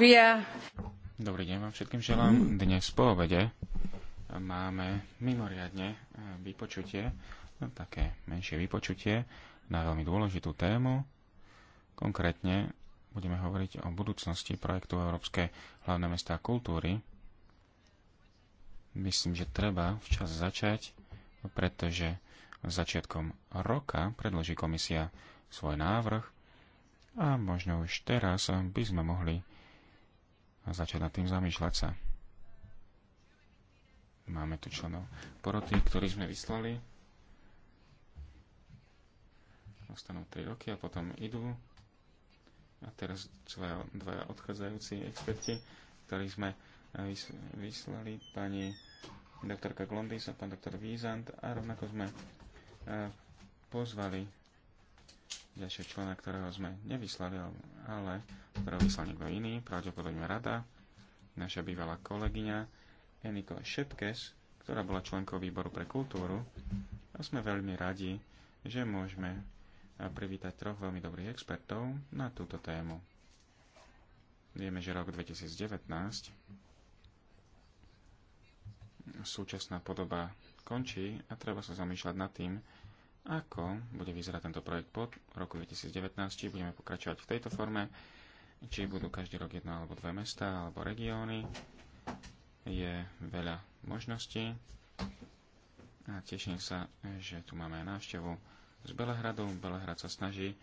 Wir... Dobrý deň vám všetkým želám. Dnes po obede máme mimoriadne eh, vypočutie, eh, také menšie vypočutie na veľmi dôležitú tému. Konkrétne budeme hovoriť o budúcnosti projektu Európske hlavné mesta kultúry. Myslím, že treba včas začať, pretože začiatkom roka predloží komisia svoj návrh a možno už teraz by sme mohli a začať nad tým zamýšľať sa. Máme tu členov poroty, ktorí sme vyslali. Ostanú 3 roky a potom idú. A teraz dvaja, dvaja odchádzajúci experti, ktorí sme vyslali, pani doktorka Glondis a pán doktor Vízant a rovnako sme eh, pozvali ďalšieho člena, ktorého sme nevyslali, ale ktorého vyslal niekto iný, pravdepodobne rada, naša bývalá kolegyňa Eniko Šepkes, ktorá bola členkou výboru pre kultúru. A sme veľmi radi, že môžeme privítať troch veľmi dobrých expertov na túto tému. Vieme, že rok 2019 súčasná podoba končí a treba sa zamýšľať nad tým, ako bude vyzerať tento projekt po roku 2019, či budeme pokračovať v tejto forme, či budú každý rok jedno alebo dve mesta alebo regióny. Je veľa možností a teším sa, že tu máme aj návštevu z Belehradu. Belehrad sa snaží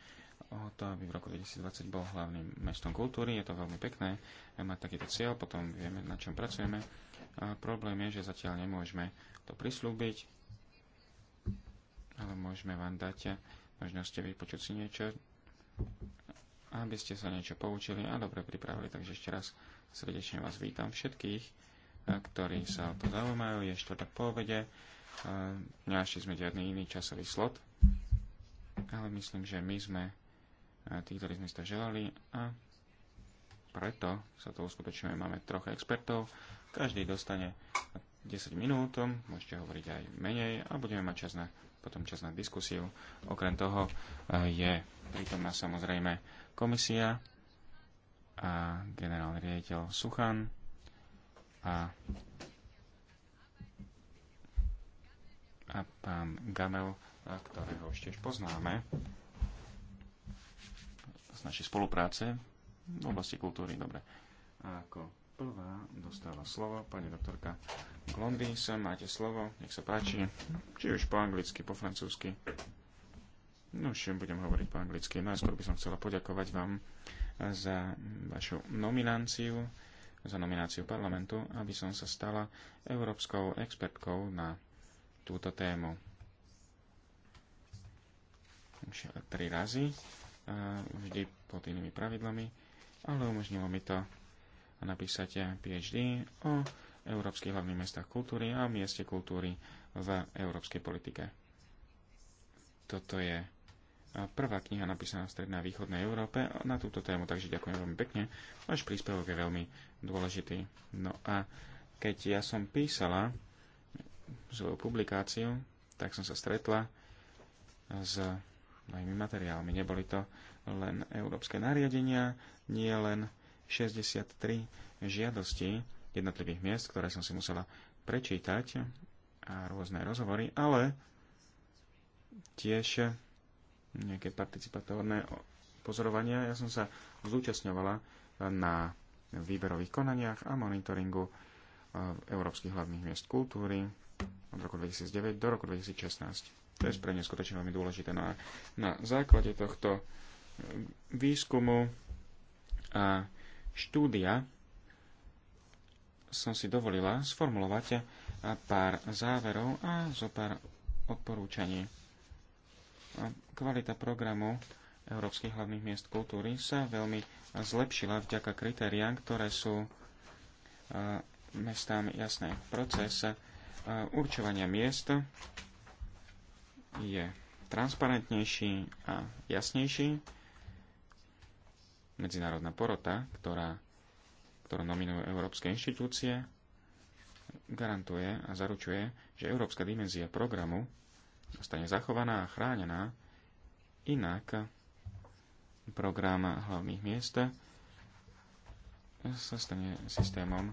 o to, aby v roku 2020 bol hlavným mestom kultúry. Je to veľmi pekné mať takýto cieľ, potom vieme, na čom pracujeme. A problém je, že zatiaľ nemôžeme to prislúbiť, ale môžeme vám dať eh, možnosť vypočuť si niečo, aby ste sa niečo poučili a dobre pripravili. Takže ešte raz srdečne vás vítam všetkých, eh, ktorí sa o to zaujímajú. Je štvrtok po obede. Eh, nenašli sme žiadny iný časový slot, ale myslím, že my sme tí, ktorí sme si to želali a preto sa to uskutočňuje. Máme troch expertov, každý dostane 10 minút, môžete hovoriť aj menej a budeme mať čas na potom čas na diskusiu. Okrem toho e, je prítomná samozrejme komisia a generálny riaditeľ Suchan a, a pán Gamel, e, ktorého už tiež poznáme z našej spolupráce v oblasti kultúry. Dobre. A ako prvá dostáva slovo pani doktorka Glondisa. Máte slovo, nech sa páči. Či už po anglicky, po francúzsky. No už budem hovoriť po anglicky. Najskôr by som chcela poďakovať vám za vašu nomináciu, za nomináciu parlamentu, aby som sa stala európskou expertkou na túto tému. Už tri razy, eh, vždy pod inými pravidlami, ale umožnilo mi to a napísať PhD o európskych hlavných mestách kultúry a mieste kultúry v európskej politike. Toto je prvá kniha napísaná v strednej a východnej Európe na túto tému, takže ďakujem veľmi pekne. Váš príspevok je veľmi dôležitý. No a keď ja som písala svoju publikáciu, tak som sa stretla s mojimi materiálmi. Neboli to len európske nariadenia, nie len 63 žiadosti jednotlivých miest, ktoré som si musela prečítať a rôzne rozhovory, ale tiež nejaké participatórne pozorovania. Ja som sa zúčastňovala na výberových konaniach a monitoringu eh, európskych hlavných miest kultúry od roku 2009 do roku 2016. To je pre neskutočne veľmi dôležité. No a na základe tohto eh, výskumu a štúdia som si dovolila sformulovať pár záverov a zo pár odporúčaní. Kvalita programu Európskych hlavných miest kultúry sa veľmi zlepšila vďaka kritériám, ktoré sú e, mestám jasné. Proces e, určovania miest je transparentnejší a jasnejší medzinárodná porota, ktorá, ktorú nominujú európske inštitúcie, garantuje a zaručuje, že európska dimenzia programu zostane zachovaná a chránená, inak program hlavných miest sa stane systémom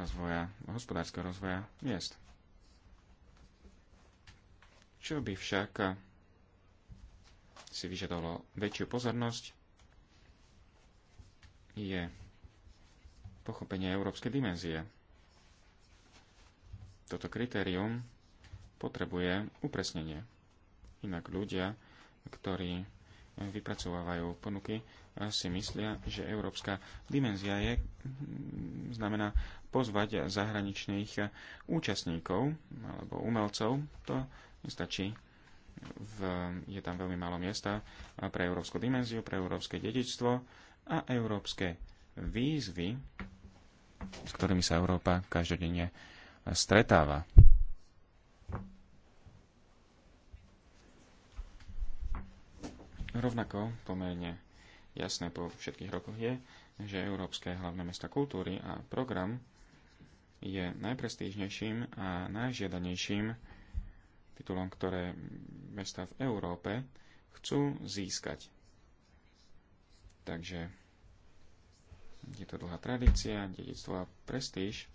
rozvoja, hospodárskeho rozvoja miest. Čo by však si vyžadalo väčšiu pozornosť je pochopenie európskej dimenzie. Toto kritérium potrebuje upresnenie. Inak ľudia, ktorí vypracovávajú ponuky, si myslia, že európska dimenzia je, znamená pozvať zahraničných účastníkov alebo umelcov. To stačí, V, je tam veľmi málo miesta pre európsku dimenziu, pre európske dedičstvo a európske výzvy, s ktorými sa Európa každodenne stretáva. Rovnako pomerne jasné po všetkých rokoch je, že Európske hlavné mesta kultúry a program je najprestížnejším a najžiadanejším titulom, ktoré mesta v Európe chcú získať. Takže je to dlhá tradícia, dedictvo a prestíž.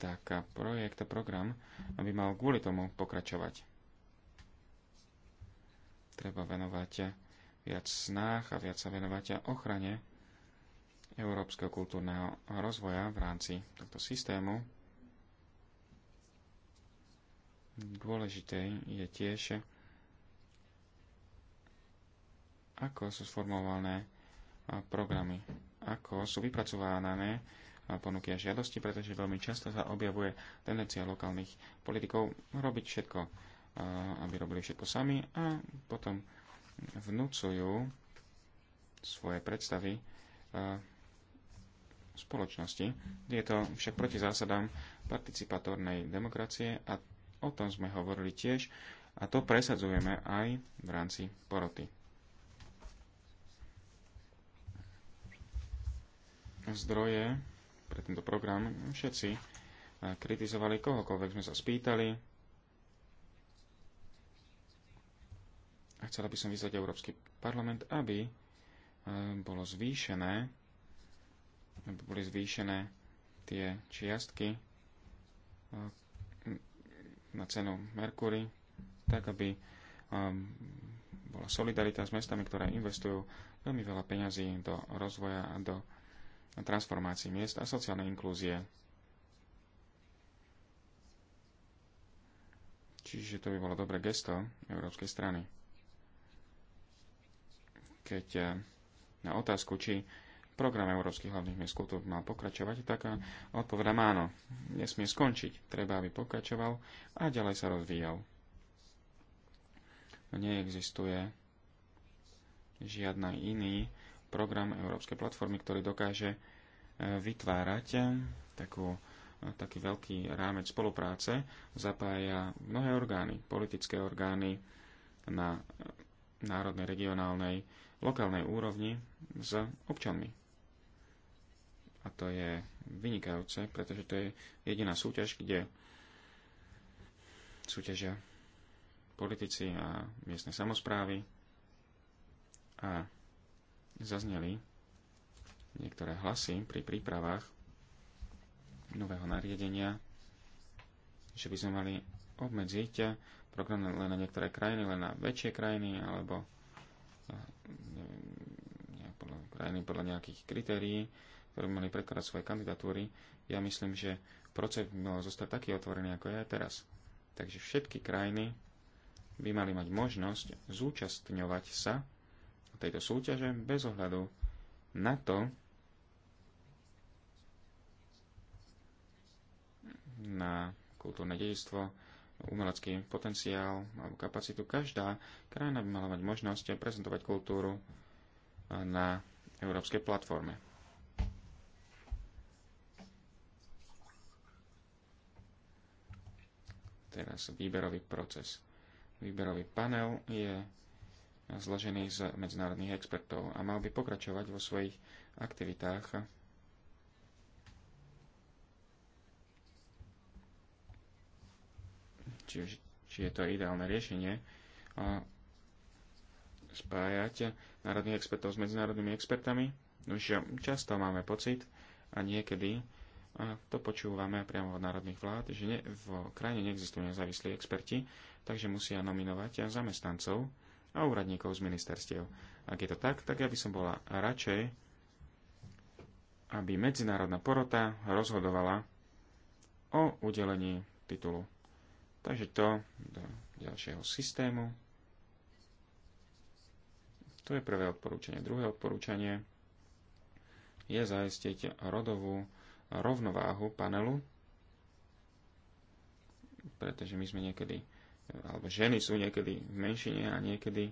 Tak a projekt a program by mal kvôli tomu pokračovať. Treba venovať viac snách a viac sa venovať ochrane európskeho kultúrneho rozvoja v rámci tohto systému. Dôležité je tiež ako sú sformované programy, ako sú vypracovávané ponuky a žiadosti, pretože veľmi často sa objavuje tendencia lokálnych politikov robiť všetko, aby robili všetko sami a potom vnúcujú svoje predstavy spoločnosti. Je to však proti zásadám participatórnej demokracie a o tom sme hovorili tiež a to presadzujeme aj v rámci poroty. zdroje pre tento program. Všetci eh, kritizovali kohokoľvek sme sa spýtali. A chcela by som vyzvať Európsky parlament, aby eh, bolo zvýšené, aby boli zvýšené tie čiastky eh, na cenu Merkury, tak aby bola solidarita s mestami, ktoré investujú veľmi veľa peňazí do rozvoja a do transformácii miest a sociálnej inklúzie. Čiže to by bolo dobré gesto Európskej strany. Keď eh, na otázku, či program Európskych hlavných miest kultúr mal pokračovať, tak eh, odpoveda áno. Nesmie skončiť. Treba, aby pokračoval a ďalej sa rozvíjal. Neexistuje žiadna iný program Európskej platformy, ktorý dokáže e, vytvárať e, takú, e, taký veľký rámec spolupráce, zapája mnohé orgány, politické orgány na národnej, regionálnej, lokálnej úrovni s občanmi. A to je vynikajúce, pretože to je jediná súťaž, kde súťažia politici a miestne samozprávy a zazneli niektoré hlasy pri prípravách nového nariadenia, že by sme mali obmedziť program len na niektoré krajiny, len na väčšie krajiny, alebo eh, neviem, podľa, krajiny podľa nejakých kritérií, ktoré by mali predkladať svoje kandidatúry. Ja myslím, že proces by mal zostať taký otvorený, ako je aj teraz. Takže všetky krajiny by mali mať možnosť zúčastňovať sa tejto súťaže bez ohľadu na to, na kultúrne dedičstvo, umelecký potenciál alebo kapacitu. Každá krajina by mala mať možnosť prezentovať kultúru eh, na európskej platforme. Teraz výberový proces. Výberový panel je zložený z medzinárodných expertov a mal by pokračovať vo svojich aktivitách. Či, či je to ideálne riešenie, spájať národných expertov s medzinárodnými expertami. Už často máme pocit a niekedy a to počúvame priamo od národných vlád, že ne, v krajine neexistujú nezávislí experti, takže musia nominovať zamestnancov, a úradníkov z ministerstiev. Ak je to tak, tak ja by som bola radšej, aby medzinárodná porota rozhodovala o udelení titulu. Takže to do ďalšieho systému. To je prvé odporúčanie. Druhé odporúčanie je zajistiť rodovú rovnováhu panelu, pretože my sme niekedy alebo ženy sú niekedy v menšine a niekedy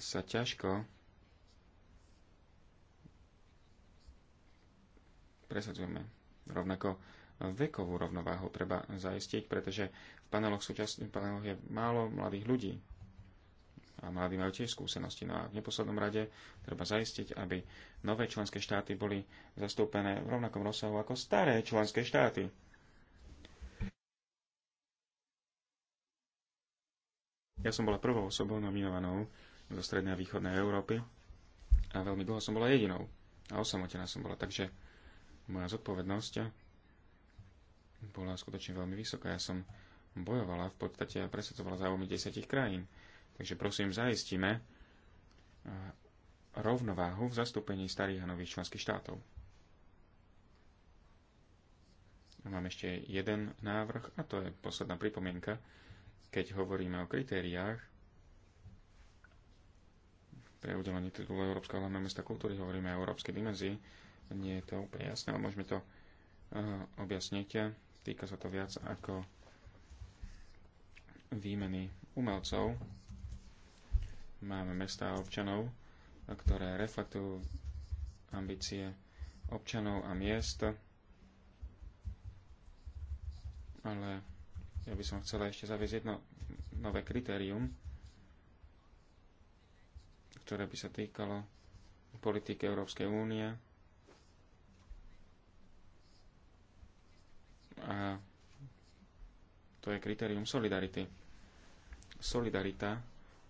sa ťažko presadzujeme. Rovnako vekovú rovnováhu treba zaistiť, pretože v paneloch, súčasných paneloch je málo mladých ľudí. A mladí majú tiež skúsenosti. No a v neposlednom rade treba zaistiť, aby nové členské štáty boli zastúpené v rovnakom rozsahu ako staré členské štáty Ja som bola prvou osobou nominovanou zo strednej a východnej Európy a veľmi dlho som bola jedinou a osamotená som bola, takže moja zodpovednosť bola skutočne veľmi vysoká. Ja som bojovala v podstate a presadzovala záujmy desiatich krajín. Takže prosím, zaistíme eh, rovnováhu v zastúpení starých a nových členských štátov. Mám ešte jeden návrh a to je posledná pripomienka. Keď hovoríme o kritériách pre udelenie titulu Európskeho hlavného mesta kultúry, hovoríme o európskej dimenzii, nie je to úplne jasné, ale môžeme to uh, objasniť. Týka sa to viac ako výmeny umelcov. Máme mesta a občanov, ktoré reflektujú ambície občanov a miest, ale ja by som chcela ešte zaviesť jedno nové kritérium, ktoré by sa týkalo politiky Európskej únie a to je kritérium solidarity. Solidarita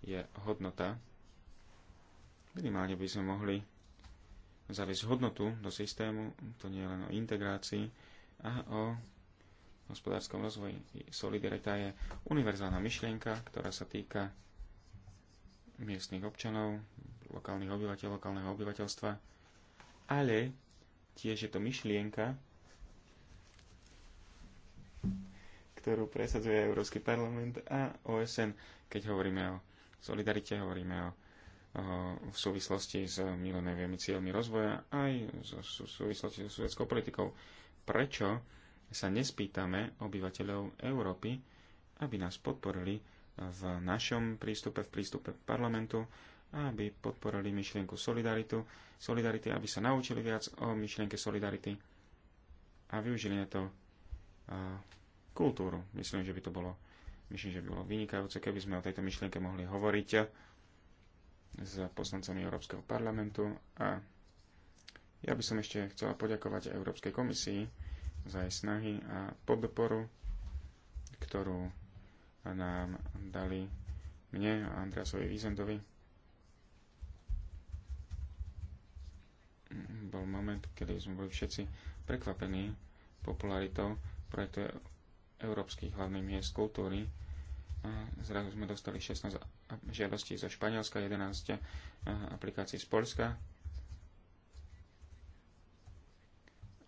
je hodnota. Minimálne by sme mohli zaviesť hodnotu do systému, to nie je len o integrácii a o hospodárskom rozvoji. Solidarita je univerzálna myšlienka, ktorá sa týka miestnych občanov, lokálnych obyvateľov, lokálneho obyvateľstva, ale tiež je to myšlienka, ktorú presadzuje Európsky parlament a OSN. Keď hovoríme o solidarite, hovoríme o, o v súvislosti s milenovými cieľmi rozvoja aj v súvislosti so sovietskou politikou. Prečo sa nespýtame obyvateľov Európy, aby nás podporili v našom prístupe, v prístupe parlamentu, aby podporili myšlienku solidaritu, solidarity, aby sa naučili viac o myšlienke solidarity a využili na to kultúru. Myslím, že by to bolo, myslím, že by bolo vynikajúce, keby sme o tejto myšlienke mohli hovoriť s poslancami Európskeho parlamentu a ja by som ešte chcela poďakovať Európskej komisii, za jej snahy a podporu, ktorú nám dali mne a Andreasovi Vizendovi Bol moment, kedy sme boli všetci prekvapení popularitou projektu európskych hlavných miest kultúry. A zrazu sme dostali 16 žiadostí zo Španielska, 11 aplikácií z Polska.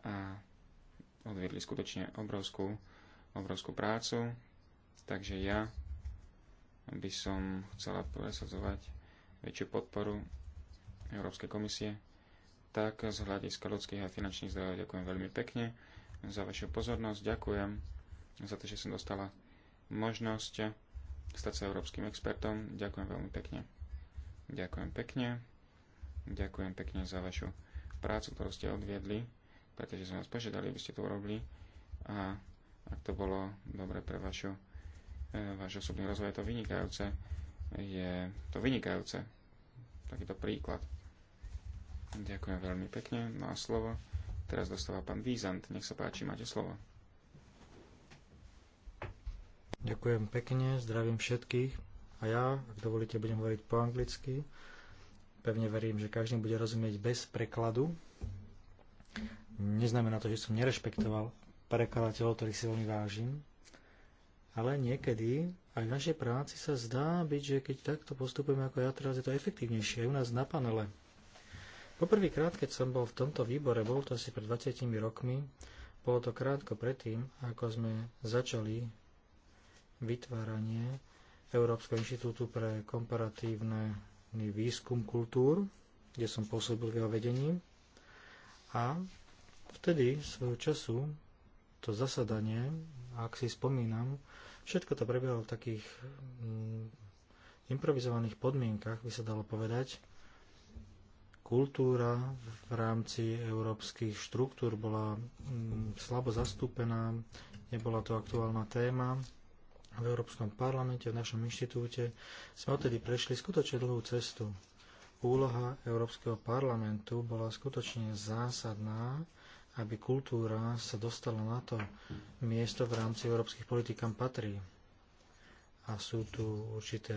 A odviedli skutočne obrovskú, obrovskú prácu, takže ja by som chcela presadzovať väčšiu podporu Európskej komisie, tak z hľadiska ľudských a finančných zdrojov ďakujem veľmi pekne za vašu pozornosť, ďakujem za to, že som dostala možnosť stať sa európskym expertom, ďakujem veľmi pekne. Ďakujem pekne, ďakujem pekne za vašu prácu, ktorú ste odviedli pretože sme vás požiadali, aby ste to urobili a ak to bolo dobre pre vašu, e, váš osobný rozvoj, je to vynikajúce. Je to vynikajúce. Takýto príklad. Ďakujem veľmi pekne. No a slovo teraz dostáva pán Vízant. Nech sa páči, máte slovo. Ďakujem pekne, zdravím všetkých. A ja, ak dovolíte, budem hovoriť po anglicky. Pevne verím, že každý bude rozumieť bez prekladu. Neznamená to, že som nerešpektoval prekladateľov, ktorých si veľmi vážim, ale niekedy aj v našej práci sa zdá byť, že keď takto postupujeme ako ja teraz, je to efektívnejšie aj u nás na panele. Poprvýkrát, keď som bol v tomto výbore, bol to asi pred 20 rokmi, bolo to krátko predtým, ako sme začali vytváranie Európskeho inštitútu pre komparatívny výskum kultúr, kde som pôsobil v jeho vedení. A Vtedy svojho času to zasadanie, ak si spomínam, všetko to prebiehalo v takých mm, improvizovaných podmienkach, by sa dalo povedať. Kultúra v rámci európskych štruktúr bola mm, slabo zastúpená, nebola to aktuálna téma. V Európskom parlamente, v našom inštitúte sme odtedy prešli skutočne dlhú cestu. Úloha Európskeho parlamentu bola skutočne zásadná aby kultúra sa dostala na to miesto v rámci európskych politik, kam patrí. A sú tu určité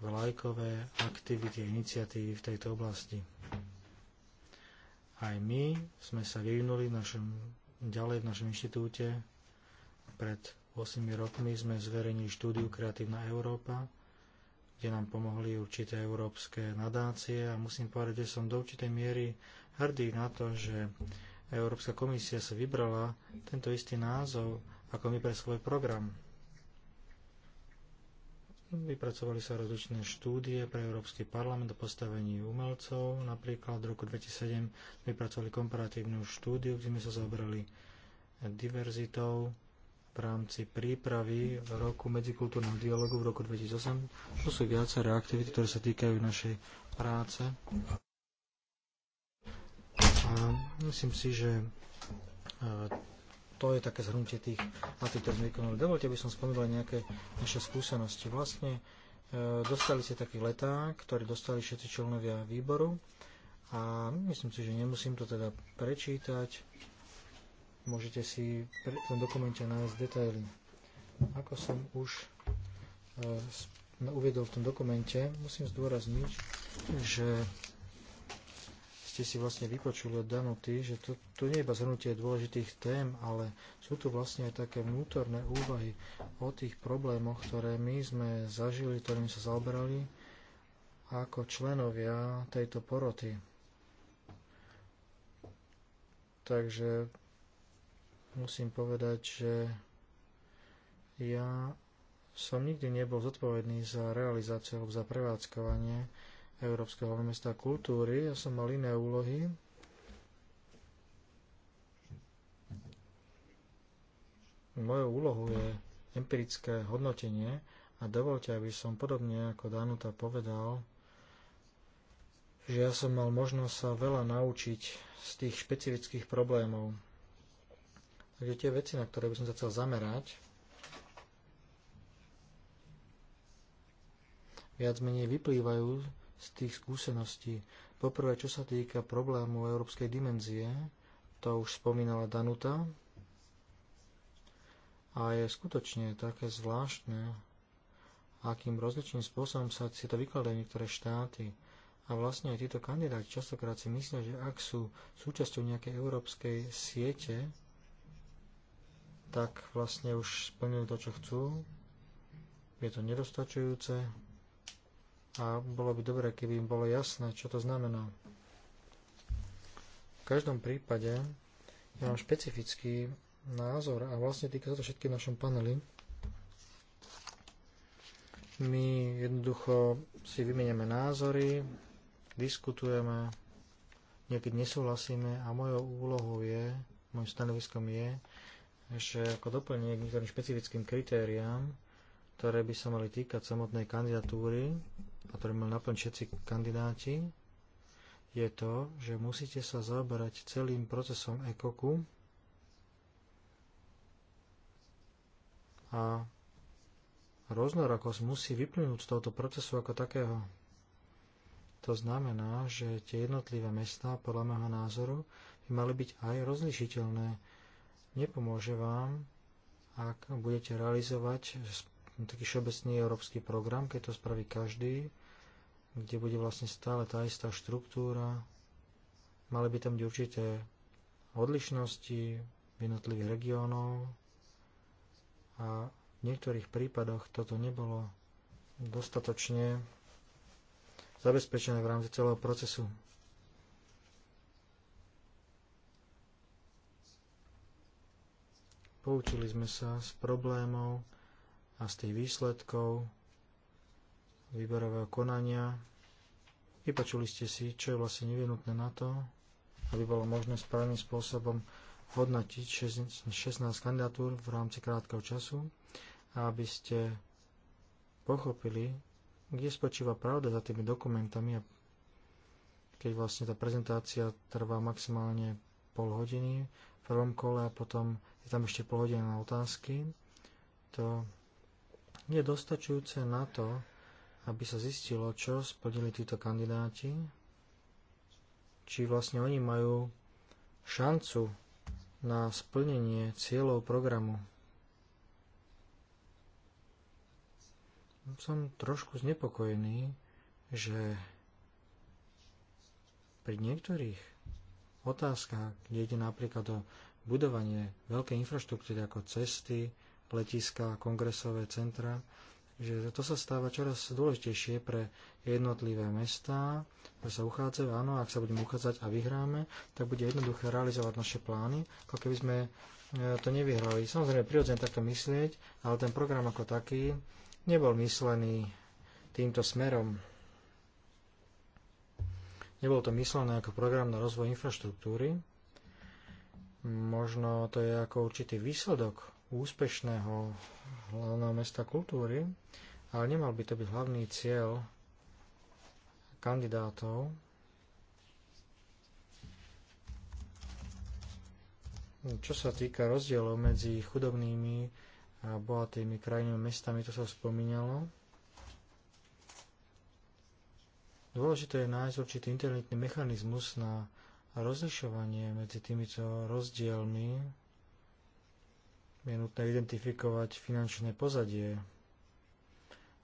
vlajkové aktivity a iniciatívy v tejto oblasti. Aj my sme sa vyvinuli v našom, ďalej v našom inštitúte. Pred 8 rokmi sme zverejnili štúdiu Kreatívna Európa, kde nám pomohli určité európske nadácie a musím povedať, že som do určitej miery hrdý na to, že Európska komisia sa vybrala tento istý názov ako my pre svoj program. Vypracovali sa rozličné štúdie pre Európsky parlament o postavení umelcov. Napríklad v roku 2007 vypracovali komparatívnu štúdiu, kde sme sa zaoberali diverzitou v rámci prípravy roku medzikultúrneho dialogu v roku 2008. To sú viaceré aktivity, ktoré sa týkajú našej práce. A myslím si, že to je také zhrnutie tých aktivít, ktoré sme vykonali. Dovolte, aby som spomínal nejaké naše skúsenosti. Vlastne e, dostali ste taký leták, ktorý dostali všetci členovia výboru a myslím si, že nemusím to teda prečítať. Môžete si v tom dokumente nájsť detaily. Ako som už e, uviedol v tom dokumente, musím zdôrazniť, že ste si vlastne vypočuli od Danuty, že to, to nie je iba zhrnutie dôležitých tém, ale sú tu vlastne aj také vnútorné úvahy o tých problémoch, ktoré my sme zažili, ktorým sa zaoberali ako členovia tejto poroty. Takže musím povedať, že ja som nikdy nebol zodpovedný za realizáciu alebo za prevádzkovanie Európskeho mesta kultúry. Ja som mal iné úlohy. Mojou úlohou je empirické hodnotenie a dovolte, aby som podobne ako Danuta povedal, že ja som mal možnosť sa veľa naučiť z tých špecifických problémov. Takže tie veci, na ktoré by som sa chcel zamerať, viac menej vyplývajú z tých skúseností. Poprvé, čo sa týka problému európskej dimenzie, to už spomínala Danuta, a je skutočne také zvláštne, akým rozličným spôsobom sa si to vykladajú niektoré štáty. A vlastne aj títo kandidáti častokrát si myslia, že ak sú súčasťou nejakej európskej siete, tak vlastne už splňujú to, čo chcú. Je to nedostačujúce, a bolo by dobré, keby im bolo jasné, čo to znamená. V každom prípade ja mám špecifický názor a vlastne týka sa to všetky v našom paneli. My jednoducho si vymeniame názory, diskutujeme, niekedy nesúhlasíme a mojou úlohou je, môj stanoviskom je, že ako doplnenie k niektorým špecifickým kritériám, ktoré by sa mali týkať samotnej kandidatúry, a ktoré mali naplniť všetci kandidáti, je to, že musíte sa zaoberať celým procesom ECOKu a rôznorakosť musí vyplynúť z tohoto procesu ako takého. To znamená, že tie jednotlivé mesta, podľa môjho názoru, by mali byť aj rozlišiteľné. Nepomôže vám, ak budete realizovať taký všeobecný európsky program, keď to spraví každý, kde bude vlastne stále tá istá štruktúra. Mali by tam byť určité odlišnosti jednotlivých regiónov a v niektorých prípadoch toto nebolo dostatočne zabezpečené v rámci celého procesu. Poučili sme sa z problémov a z tých výsledkov, výberového konania. Vypočuli ste si, čo je vlastne nevyhnutné na to, aby bolo možné správnym spôsobom hodnotiť 16 kandidatúr v rámci krátkeho času a aby ste pochopili, kde spočíva pravda za tými dokumentami a keď vlastne tá prezentácia trvá maximálne pol hodiny v prvom kole a potom je tam ešte pol na otázky, to je dostačujúce na to, aby sa zistilo, čo splnili títo kandidáti, či vlastne oni majú šancu na splnenie cieľov programu. Som trošku znepokojený, že pri niektorých otázkach, kde ide napríklad o budovanie veľkej infraštruktúry ako cesty, letiska, kongresové centra, že to sa stáva čoraz dôležitejšie pre jednotlivé mestá, ktoré sa uchádzajú. Áno, ak sa budeme uchádzať a vyhráme, tak bude jednoduché realizovať naše plány, ako keby sme e, to nevyhrali. Samozrejme, prirodzene takto myslieť, ale ten program ako taký nebol myslený týmto smerom. Nebol to myslené ako program na rozvoj infraštruktúry. Možno to je ako určitý výsledok úspešného hlavného mesta kultúry, ale nemal by to byť hlavný cieľ kandidátov. Čo sa týka rozdielov medzi chudobnými a bohatými krajinami mestami, to sa spomínalo. Dôležité je nájsť určitý inteligentný mechanizmus na rozlišovanie medzi týmito rozdielmi je nutné identifikovať finančné pozadie,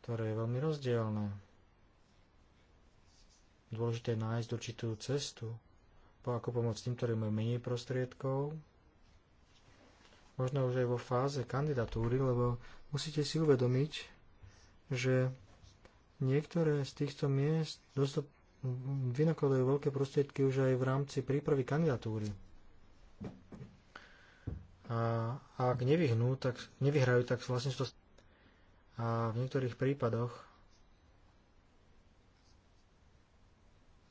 ktoré je veľmi rozdielne. Dôležité je nájsť určitú cestu, po ako pomôcť tým, ktorým majú menej prostriedkov, možno už aj vo fáze kandidatúry, lebo musíte si uvedomiť, že niektoré z týchto miest dostup, vynakladajú veľké prostriedky už aj v rámci prípravy kandidatúry. A ak nevyhnú, tak, nevyhrajú, tak vlastne sú to... A v niektorých prípadoch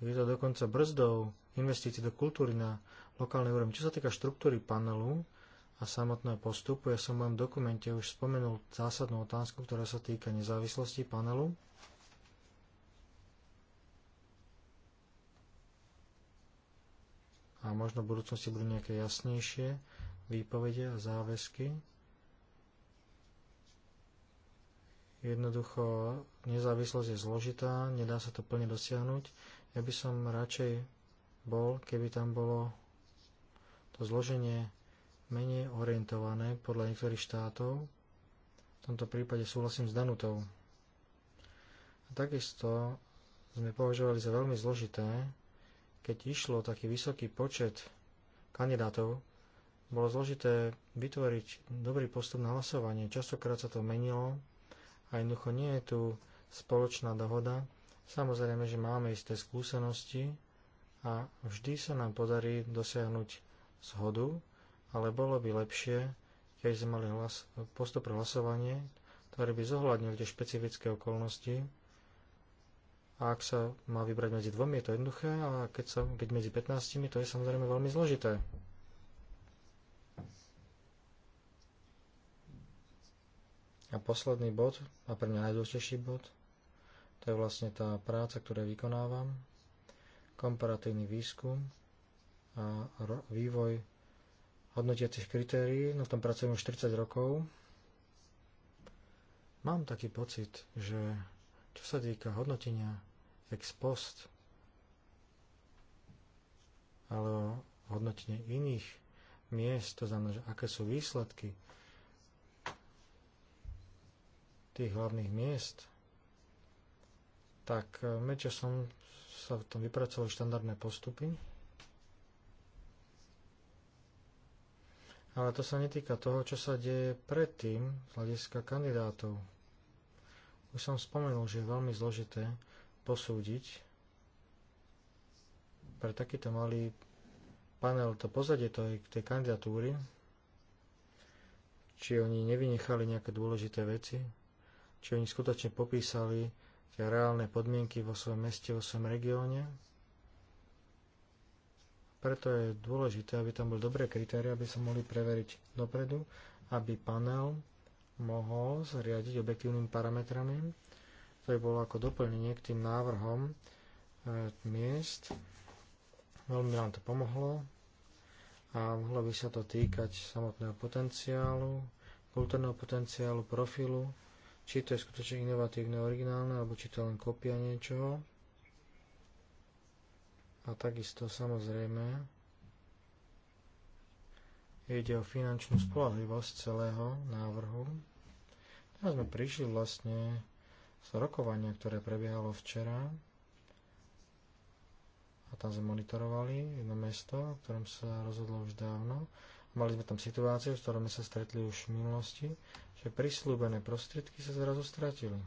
je to dokonca brzdou investícií do kultúry na lokálnej úrovni. Čo sa týka štruktúry panelu a samotného postupu, ja som v mojom dokumente už spomenul zásadnú otázku, ktorá sa týka nezávislosti panelu. a možno v budúcnosti budú nejaké jasnejšie výpovede a záväzky. Jednoducho nezávislosť je zložitá, nedá sa to plne dosiahnuť. Ja by som radšej bol, keby tam bolo to zloženie menej orientované podľa niektorých štátov. V tomto prípade súhlasím s Danutou. A takisto sme považovali za veľmi zložité, keď išlo taký vysoký počet kandidátov bolo zložité vytvoriť dobrý postup na hlasovanie. Častokrát sa to menilo a jednoducho nie je tu spoločná dohoda. Samozrejme, že máme isté skúsenosti a vždy sa nám podarí dosiahnuť zhodu, ale bolo by lepšie, keď sme mali hlas, postup pre hlasovanie, ktorý by zohľadnil tie špecifické okolnosti. A ak sa má vybrať medzi dvomi, je to jednoduché, a keď, sa, keď medzi 15, to je samozrejme veľmi zložité. A posledný bod, a pre mňa najdôležitejší bod, to je vlastne tá práca, ktorú vykonávam, komparatívny výskum a vývoj hodnotiacich kritérií, no v tom pracujem už 40 rokov. Mám taký pocit, že čo sa týka hodnotenia ex post, alebo hodnotenie iných miest, to znamená, že aké sú výsledky, tých hlavných miest, tak e, som sa v tom vypracovali štandardné postupy. Ale to sa netýka toho, čo sa deje predtým z hľadiska kandidátov. Už som spomenul, že je veľmi zložité posúdiť pre takýto malý panel to pozadie k tej kandidatúry, či oni nevynechali nejaké dôležité veci, či oni skutočne popísali tie reálne podmienky vo svojom meste, vo svojom regióne. Preto je dôležité, aby tam boli dobré kritéria, aby sa mohli preveriť dopredu, aby panel mohol zriadiť objektívnymi parametrami. To je bolo ako doplnenie k tým návrhom e, miest. Veľmi nám to pomohlo a mohlo by sa to týkať samotného potenciálu, kultúrneho potenciálu, profilu či to je skutočne inovatívne, originálne, alebo či to len kopia niečoho. A takisto samozrejme ide o finančnú spolahlivosť celého návrhu. Teraz sme prišli vlastne z rokovania, ktoré prebiehalo včera a tam sme monitorovali jedno mesto, o ktorom sa rozhodlo už dávno. Mali sme tam situáciu, s ktorou sme sa stretli už v minulosti že prislúbené prostriedky sa zrazu stratili.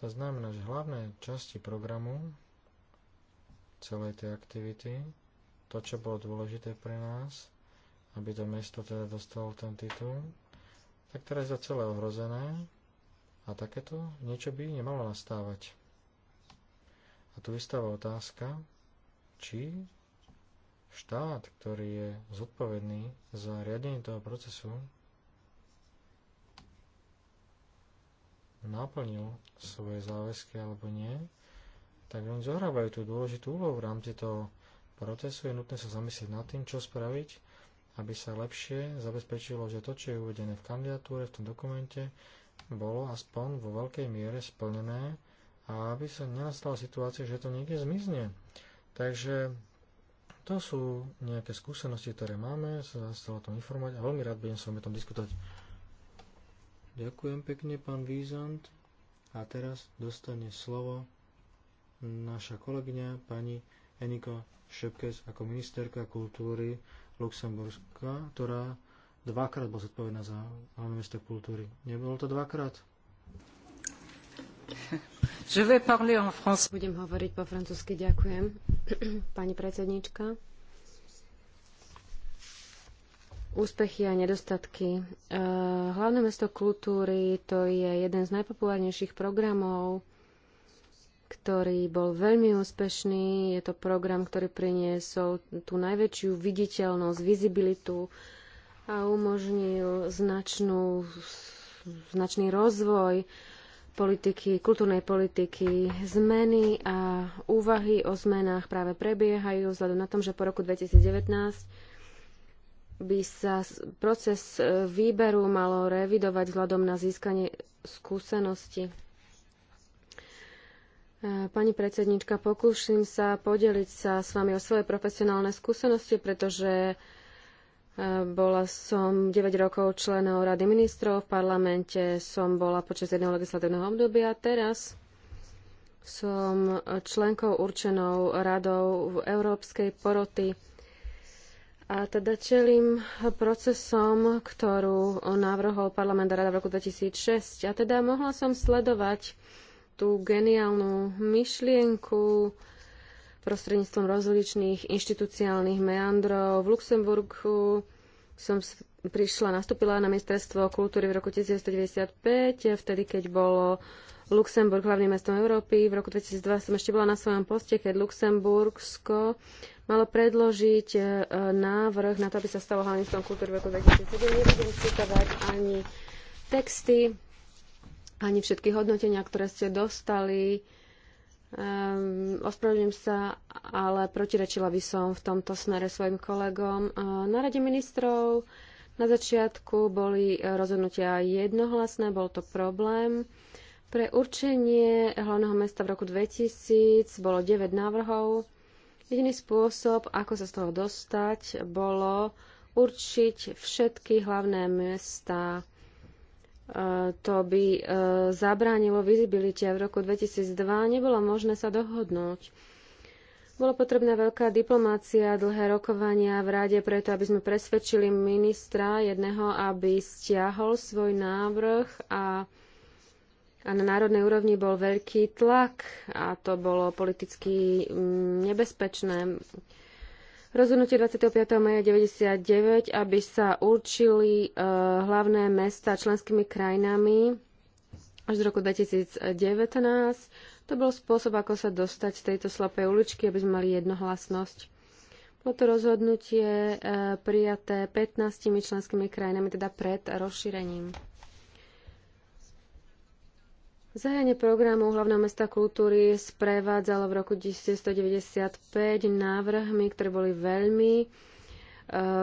To znamená, že hlavné časti programu celej tej aktivity, to, čo bolo dôležité pre nás, aby to mesto teda dostalo ten titul, tak teraz je za celé ohrozené a takéto niečo by nemalo nastávať. A tu vystáva otázka, či štát, ktorý je zodpovedný za riadenie toho procesu, naplnil svoje záväzky alebo nie, tak oni zohrávajú tú dôležitú úlohu v rámci toho procesu. Je nutné sa zamyslieť nad tým, čo spraviť, aby sa lepšie zabezpečilo, že to, čo je uvedené v kandidatúre, v tom dokumente, bolo aspoň vo veľkej miere splnené a aby sa nenastala situácia, že to niekde zmizne. Takže to sú nejaké skúsenosti, ktoré máme, sa o tom informovať a veľmi rád budem s vami o tom diskutovať. Ďakujem pekne, pán Výzant. A teraz dostane slovo naša kolegyňa pani Eniko Šepkes ako ministerka kultúry Luxemburska, ktorá dvakrát bola zodpovedná za hlavné mesto kultúry. Nebolo to dvakrát? Je vais parler en France. Budem hovoriť po francúzsky, ďakujem. Pani predsedníčka úspechy a nedostatky. E, hlavné mesto kultúry to je jeden z najpopulárnejších programov, ktorý bol veľmi úspešný. Je to program, ktorý priniesol tú najväčšiu viditeľnosť, vizibilitu a umožnil značnú, značný rozvoj politiky, kultúrnej politiky. Zmeny a úvahy o zmenách práve prebiehajú vzhľadom na tom, že po roku 2019 by sa proces e, výberu malo revidovať vzhľadom na získanie skúsenosti. E, pani predsednička, pokúsim sa podeliť sa s vami o svoje profesionálne skúsenosti, pretože e, bola som 9 rokov členom Rady ministrov, v parlamente som bola počas jedného legislatívneho obdobia, a teraz som členkou určenou radou v Európskej poroty a teda čelím procesom, ktorú navrhol parlament a rada v roku 2006. A teda mohla som sledovať tú geniálnu myšlienku prostredníctvom rozličných inštitúciálnych meandrov. V Luxemburgu som prišla, nastúpila na ministerstvo kultúry v roku 1995, vtedy, keď bolo Luxemburg hlavným mestom Európy. V roku 2002 som ešte bola na svojom poste, keď Luxembursko malo predložiť e, návrh na to, aby sa stalo hlavným stavom kultúry roku 2007. Nebudem citovať ani texty, ani všetky hodnotenia, ktoré ste dostali. Um, ospravedlňujem sa, ale protirečila by som v tomto smere svojim kolegom. Uh, na Rade ministrov na začiatku boli e, rozhodnutia jednohlasné, bol to problém. Pre určenie hlavného mesta v roku 2000 bolo 9 návrhov. Jediný spôsob, ako sa z toho dostať, bolo určiť všetky hlavné mesta. E, to by e, zabránilo vizibilite a v roku 2002 nebolo možné sa dohodnúť. Bolo potrebná veľká diplomácia, dlhé rokovania v rade preto, aby sme presvedčili ministra jedného, aby stiahol svoj návrh a a na národnej úrovni bol veľký tlak a to bolo politicky mm, nebezpečné. Rozhodnutie 25. maja 99, aby sa určili e, hlavné mesta členskými krajinami až do roku 2019. To bol spôsob, ako sa dostať z tejto slepej uličky, aby sme mali jednohlasnosť. Bolo to rozhodnutie e, prijaté 15 členskými krajinami, teda pred rozšírením. Zajanie programu Hlavného mesta kultúry sprevádzalo v roku 1995 návrhmi, ktoré boli veľmi e,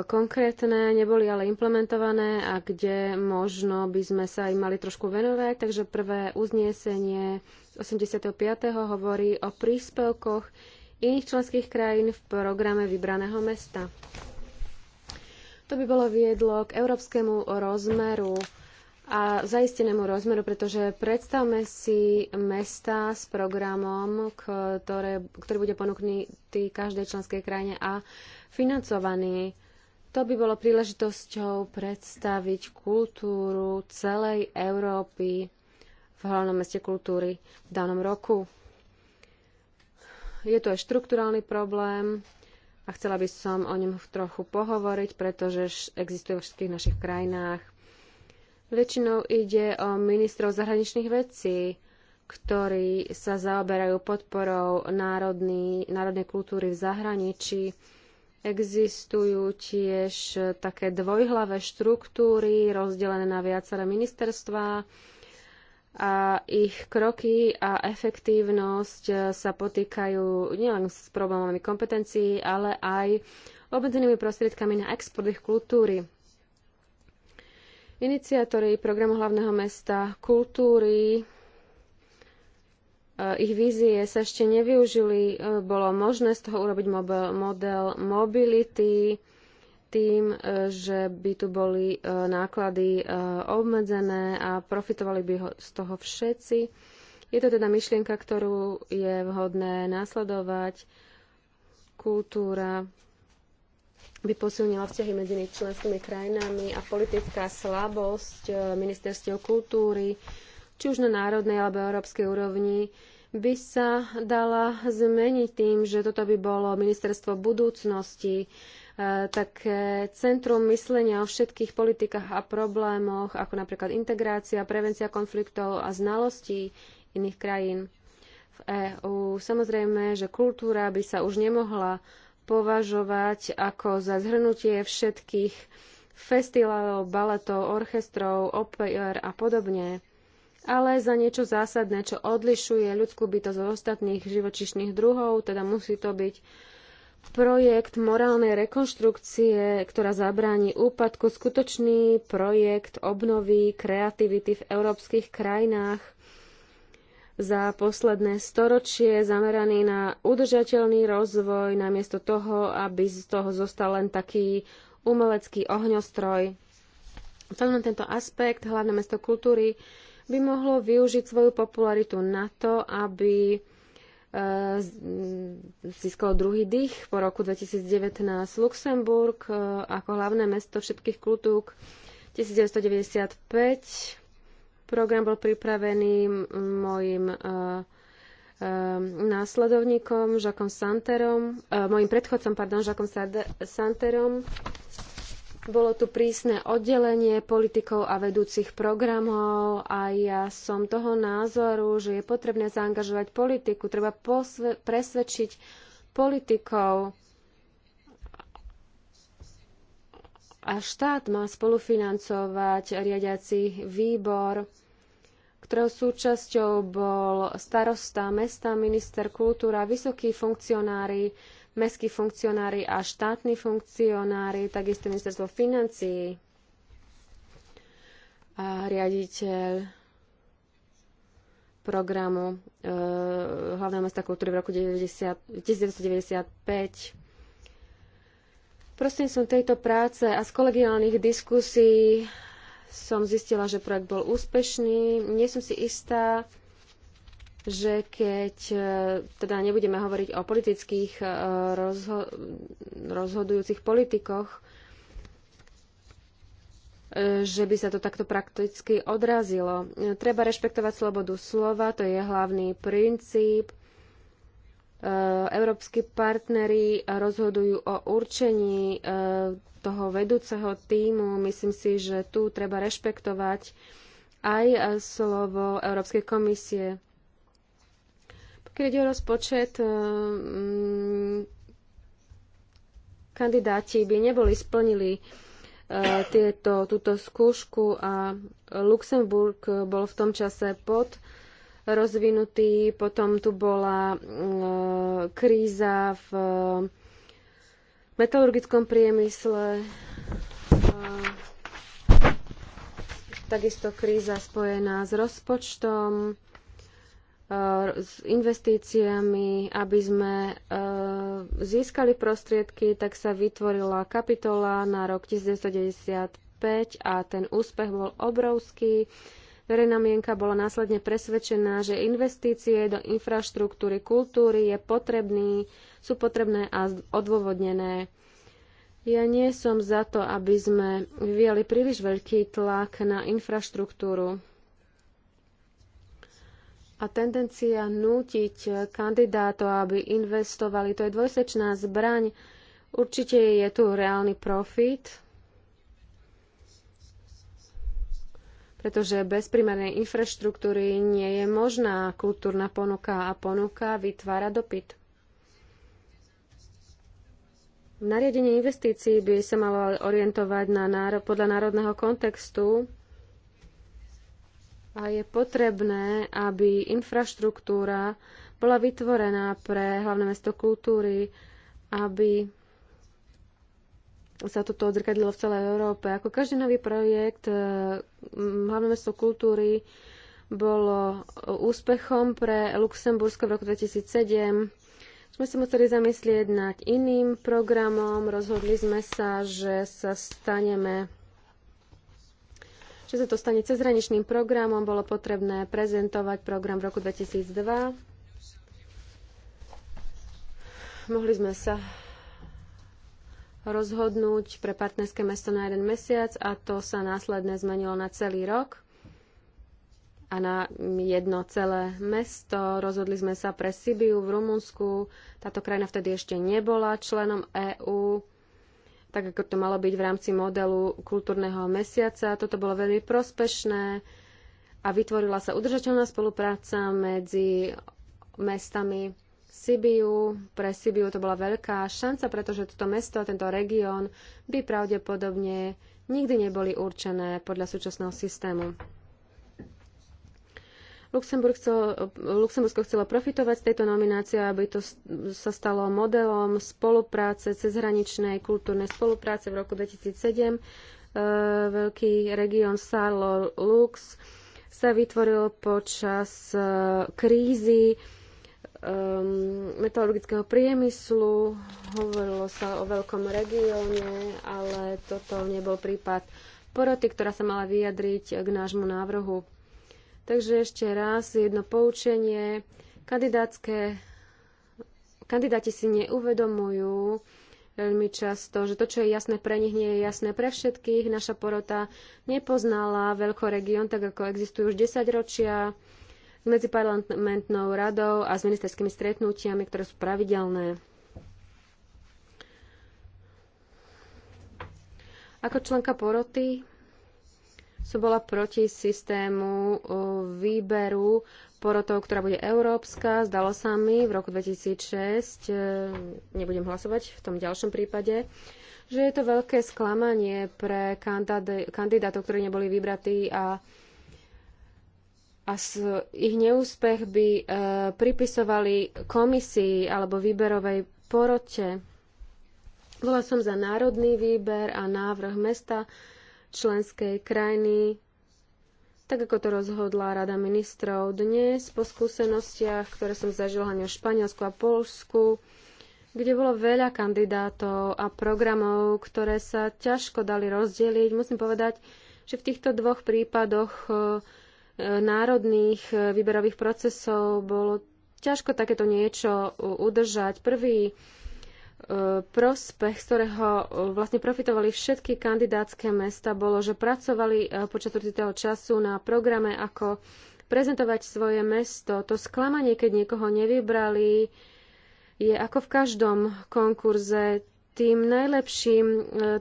konkrétne, neboli ale implementované a kde možno by sme sa im mali trošku venovať. Takže prvé uznesenie z 85. hovorí o príspevkoch iných členských krajín v programe vybraného mesta. To by bolo viedlo k európskemu rozmeru a zaistenému rozmeru, pretože predstavme si mesta s programom, ktoré, ktorý bude ponúknutý každej členskej krajine a financovaný. To by bolo príležitosťou predstaviť kultúru celej Európy v hlavnom meste kultúry v danom roku. Je to aj štrukturálny problém a chcela by som o ňom trochu pohovoriť, pretože existuje v všetkých našich krajinách – Väčšinou ide o ministrov zahraničných vecí, ktorí sa zaoberajú podporou národný, národnej kultúry v zahraničí. Existujú tiež také dvojhlavé štruktúry rozdelené na viaceré ministerstva a ich kroky a efektívnosť sa potýkajú nielen s problémami kompetencií, ale aj obmedzenými prostriedkami na export ich kultúry. Iniciátori programu hlavného mesta kultúry, e, ich vízie sa ešte nevyužili, e, bolo možné z toho urobiť model mobility tým, e, že by tu boli náklady obmedzené a profitovali by z toho všetci. Je to teda myšlienka, ktorú je vhodné nasledovať. Kultúra by posilnila vzťahy medzi členskými krajinami a politická slabosť e, ministerstiev kultúry, či už na národnej alebo európskej úrovni, by sa dala zmeniť tým, že toto by bolo ministerstvo budúcnosti, e, také centrum myslenia o všetkých politikách a problémoch, ako napríklad integrácia, prevencia konfliktov a znalostí iných krajín v EÚ. Samozrejme, že kultúra by sa už nemohla považovať ako za zhrnutie všetkých festivalov, baletov, orchestrov, oper a podobne, ale za niečo zásadné, čo odlišuje ľudskú bytosť od ostatných živočišných druhov, teda musí to byť projekt morálnej rekonštrukcie, ktorá zabráni úpadku, skutočný projekt obnovy kreativity v európskych krajinách – za posledné storočie zameraný na udržateľný rozvoj, namiesto toho, aby z toho zostal len taký umelecký ohňostroj. Vzhľadom tento aspekt, hlavné mesto kultúry by mohlo využiť svoju popularitu na to, aby e, získalo druhý dých po roku 2019 Luxemburg e, ako hlavné mesto všetkých kultúk 1995 Program bol pripravený mojim e, e, následovníkom, Žakom Santerom, e, mojim predchodcom, pardon, Žakom Santerom. Bolo tu prísne oddelenie politikov a vedúcich programov a ja som toho názoru, že je potrebné zaangažovať politiku, treba presvedčiť politikov a štát má spolufinancovať riadiaci výbor ktorého súčasťou bol starosta mesta, minister kultúra, vysokí funkcionári, mestskí funkcionári a štátni funkcionári, takisto ministerstvo financií a riaditeľ programu e, hlavného mesta kultúry v roku 90, 1995. Prostredníctvom tejto práce a z kolegiálnych diskusí som zistila, že projekt bol úspešný. Nie som si istá, že keď e, teda nebudeme hovoriť o politických e, rozho- rozhodujúcich politikoch, e, že by sa to takto prakticky odrazilo. Treba rešpektovať slobodu slova, to je hlavný princíp E, európsky partneri rozhodujú o určení e, toho vedúceho týmu. Myslím si, že tu treba rešpektovať aj e, slovo Európskej komisie. Pokiaľ ide o rozpočet, mm, kandidáti by neboli splnili tieto, túto skúšku a Luxemburg bol v tom čase pod rozvinutý. Potom tu bola mm, e, kríza v e, metalurgickom priemysle, takisto kríza spojená s rozpočtom, e, s investíciami, aby sme získali prostriedky, tak sa vytvorila kapitola na rok 1995 a ten úspech bol obrovský. Verejná mienka bola následne presvedčená, že investície do infraštruktúry kultúry je potrebný, sú potrebné a odôvodnené. Ja nie som za to, aby sme vyvíjali príliš veľký tlak na infraštruktúru a tendencia nútiť kandidátov, aby investovali, to je dvojsečná zbraň. Určite je tu reálny profit, pretože bez primernej infraštruktúry nie je možná kultúrna ponuka a ponuka vytvára dopyt. Nariadenie investícií by sa malo orientovať na náro- podľa národného kontextu a je potrebné, aby infraštruktúra bola vytvorená pre hlavné mesto kultúry, aby sa toto odzrkadlilo v celej Európe. Ako každý nový projekt, e, hlavné mesto kultúry bolo e, úspechom pre Luxembursko v roku 2007. Sme sa museli zamyslieť nad iným programom, rozhodli sme sa, že sa staneme že sa to stane cezhraničným programom, bolo potrebné prezentovať program v roku 2002. Mohli sme sa rozhodnúť pre partnerské mesto na jeden mesiac a to sa následne zmenilo na celý rok a na jedno celé mesto. Rozhodli sme sa pre Sibiu v Rumunsku. Táto krajina vtedy ešte nebola členom EÚ, tak ako to malo byť v rámci modelu kultúrneho mesiaca. Toto bolo veľmi prospešné a vytvorila sa udržateľná spolupráca medzi mestami Sibiu. Pre Sibiu to bola veľká šanca, pretože toto mesto, tento región by pravdepodobne nikdy neboli určené podľa súčasného systému. Luxemburg Luxembursko chcelo profitovať z tejto nominácie, aby to sa stalo modelom spolupráce, cezhraničnej kultúrnej spolupráce v roku 2007. E, veľký región Sarlo Lux sa vytvoril počas e, krízy um, metalurgického priemyslu, hovorilo sa o veľkom regióne, ale toto nebol prípad poroty, ktorá sa mala vyjadriť k nášmu návrhu. Takže ešte raz jedno poučenie. Kandidátske, kandidáti si neuvedomujú veľmi často, že to, čo je jasné pre nich, nie je jasné pre všetkých. Naša porota nepoznala veľký región, tak ako existujú už 10 ročia s medziparlamentnou radou a s ministerskými stretnutiami, ktoré sú pravidelné. Ako členka poroty som bola proti systému výberu porotov, ktorá bude európska. Zdalo sa mi v roku 2006, e, nebudem hlasovať v tom ďalšom prípade, že je to veľké sklamanie pre kandidátov, ktorí neboli vybratí a a ich neúspech by e, pripisovali komisii alebo výberovej porote. Bola som za národný výber a návrh mesta členskej krajiny, tak ako to rozhodla Rada ministrov dnes po skúsenostiach, ktoré som zažila hlavne v Španielsku a Polsku, kde bolo veľa kandidátov a programov, ktoré sa ťažko dali rozdeliť. Musím povedať, že v týchto dvoch prípadoch e, E, národných e, výberových procesov bolo ťažko takéto niečo udržať. Prvý e, prospech, z ktorého vlastne profitovali všetky kandidátske mesta, bolo, že pracovali počas určitého času na programe, ako prezentovať svoje mesto. To sklamanie, keď niekoho nevybrali, je ako v každom konkurze tým najlepším,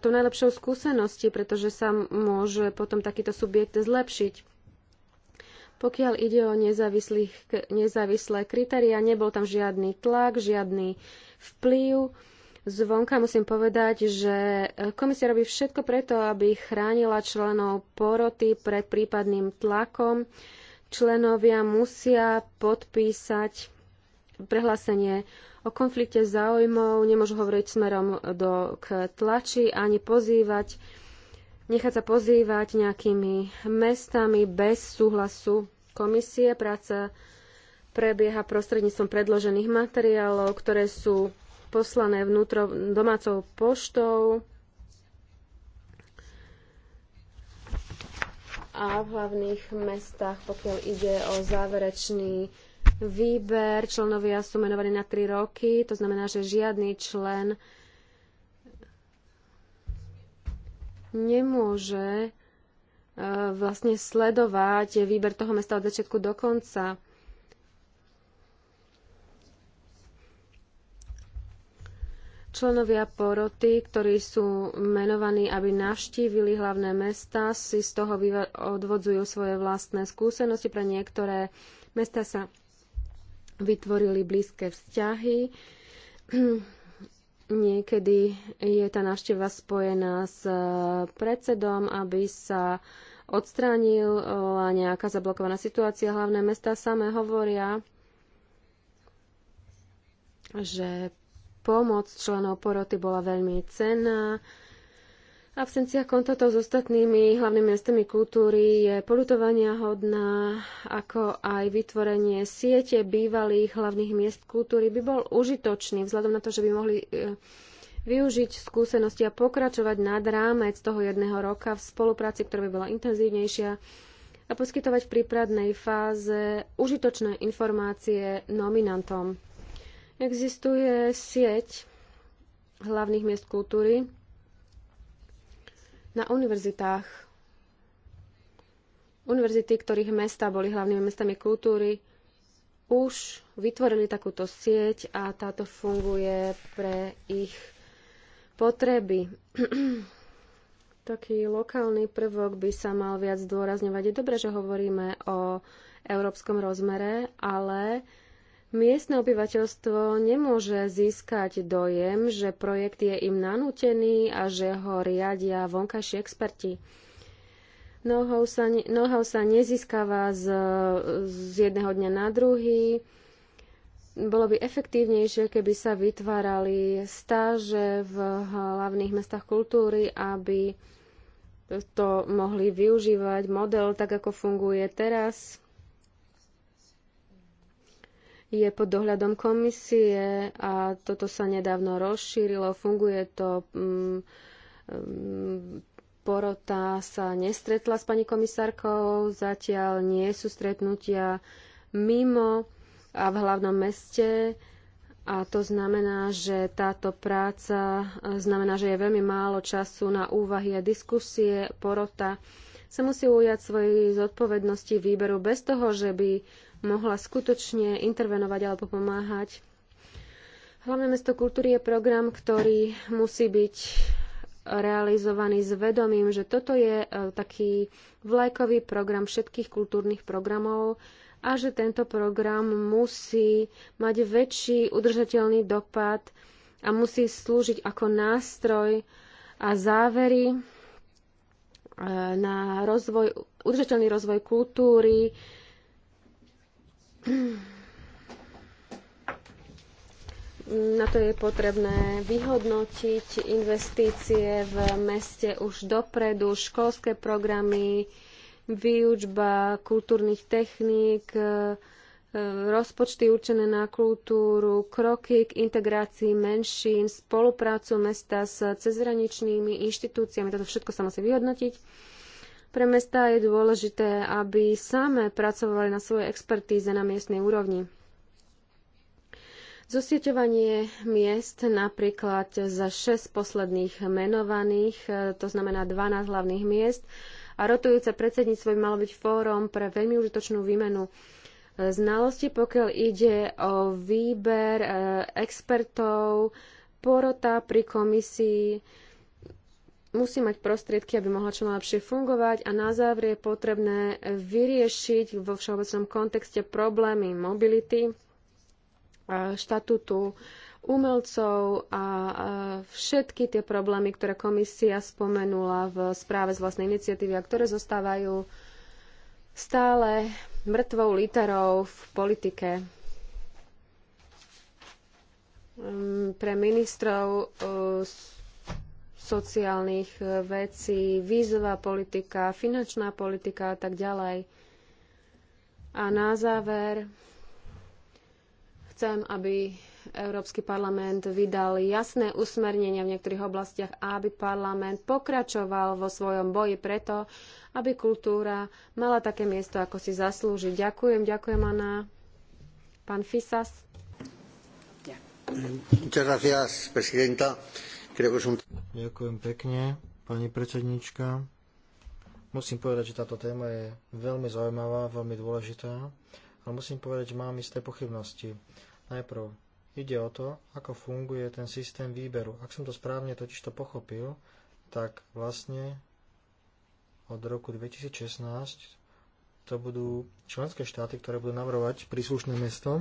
tou najlepšou skúsenosti, pretože sa môže potom takýto subjekt zlepšiť. Pokiaľ ide o nezávislé kritéria, nebol tam žiadny tlak, žiadny vplyv. Zvonka musím povedať, že e, komisia robí všetko preto, aby chránila členov poroty pred prípadným tlakom. Členovia musia podpísať prehlásenie o konflikte záujmov, nemôžu hovoriť smerom do, k tlači ani pozývať nechať sa pozývať nejakými mestami bez súhlasu komisie. Práca prebieha prostredníctvom predložených materiálov, ktoré sú poslané vnútro domácou poštou a v hlavných mestách, pokiaľ ide o záverečný výber, členovia sú menovaní na 3 roky, to znamená, že žiadny člen nemôže e, vlastne sledovať výber toho mesta od začiatku do konca. Členovia poroty, ktorí sú menovaní, aby navštívili hlavné mesta, si z toho odvodzujú svoje vlastné skúsenosti. Pre niektoré mesta sa vytvorili blízke vzťahy Niekedy je tá návšteva spojená s e, predsedom, aby sa odstránila nejaká zablokovaná situácia. Hlavné mesta samé hovoria, že pomoc členov poroty bola veľmi cenná. Absencia kontaktov s ostatnými hlavnými mestami kultúry je polutovania hodná, ako aj vytvorenie siete bývalých hlavných miest kultúry by bol užitočný, vzhľadom na to, že by mohli e, využiť skúsenosti a pokračovať nad rámec toho jedného roka v spolupráci, ktorá by bola intenzívnejšia a poskytovať v prípravnej fáze užitočné informácie nominantom. Existuje sieť hlavných miest kultúry, na univerzitách. Univerzity, ktorých mesta boli hlavnými mestami kultúry, už vytvorili takúto sieť a táto funguje pre ich potreby. Taký lokálny prvok by sa mal viac zdôrazňovať. Je dobré, že hovoríme o európskom rozmere, ale Miestne obyvateľstvo nemôže získať dojem, že projekt je im nanútený a že ho riadia vonkajší experti. Know-how sa, know sa nezískava z, z jedného dňa na druhý. Bolo by efektívnejšie, keby sa vytvárali stáže v hlavných mestách kultúry, aby to mohli využívať model tak, ako funguje teraz je pod dohľadom komisie a toto sa nedávno rozšírilo, funguje to. Um, um, porota sa nestretla s pani komisárkou, zatiaľ nie sú stretnutia mimo a v hlavnom meste. A to znamená, že táto práca znamená, že je veľmi málo času na úvahy a diskusie. Porota sa musí ujať svojej zodpovednosti výberu bez toho, že by mohla skutočne intervenovať alebo pomáhať. Hlavné mesto kultúry je program, ktorý musí byť realizovaný s vedomím, že toto je e, taký vlajkový program všetkých kultúrnych programov a že tento program musí mať väčší udržateľný dopad a musí slúžiť ako nástroj a závery e, na rozvoj, udržateľný rozvoj kultúry, na to je potrebné vyhodnotiť investície v meste už dopredu, školské programy, výučba kultúrnych techník, e, rozpočty určené na kultúru, kroky k integrácii menšín, spoluprácu mesta s cezhraničnými inštitúciami. Toto všetko sa musí vyhodnotiť pre mestá je dôležité, aby same pracovali na svojej expertíze na miestnej úrovni. Zosieťovanie miest napríklad za 6 posledných menovaných, e, to znamená 12 hlavných miest, a rotujúce predsedníctvo by malo byť fórom pre veľmi užitočnú výmenu e, znalosti, pokiaľ ide o výber e, expertov, porota pri komisii, musí mať prostriedky, aby mohla čo najlepšie fungovať a na záver je potrebné vyriešiť vo všeobecnom kontexte problémy mobility, e, štatútu umelcov a všetky tie problémy, ktoré komisia spomenula v správe z vlastnej iniciatívy a ktoré zostávajú stále mŕtvou literou v politike pre ministrov e, sociálnych e, vecí, vízová politika, finančná politika a tak ďalej. A na záver chcem, aby Európsky parlament vydal jasné usmernenia v niektorých oblastiach a aby parlament pokračoval vo svojom boji preto, aby kultúra mala také miesto, ako si zaslúži. Ďakujem, ďakujem, Anna. Pán Fisas. Ďakujem. gracias, Ďakujem pekne, pani predsednička. Musím povedať, že táto téma je veľmi zaujímavá, veľmi dôležitá, ale musím povedať, že mám isté pochybnosti. Najprv ide o to, ako funguje ten systém výberu. Ak som to správne totiž to pochopil, tak vlastne od roku 2016 to budú členské štáty, ktoré budú navrhovať príslušné mesto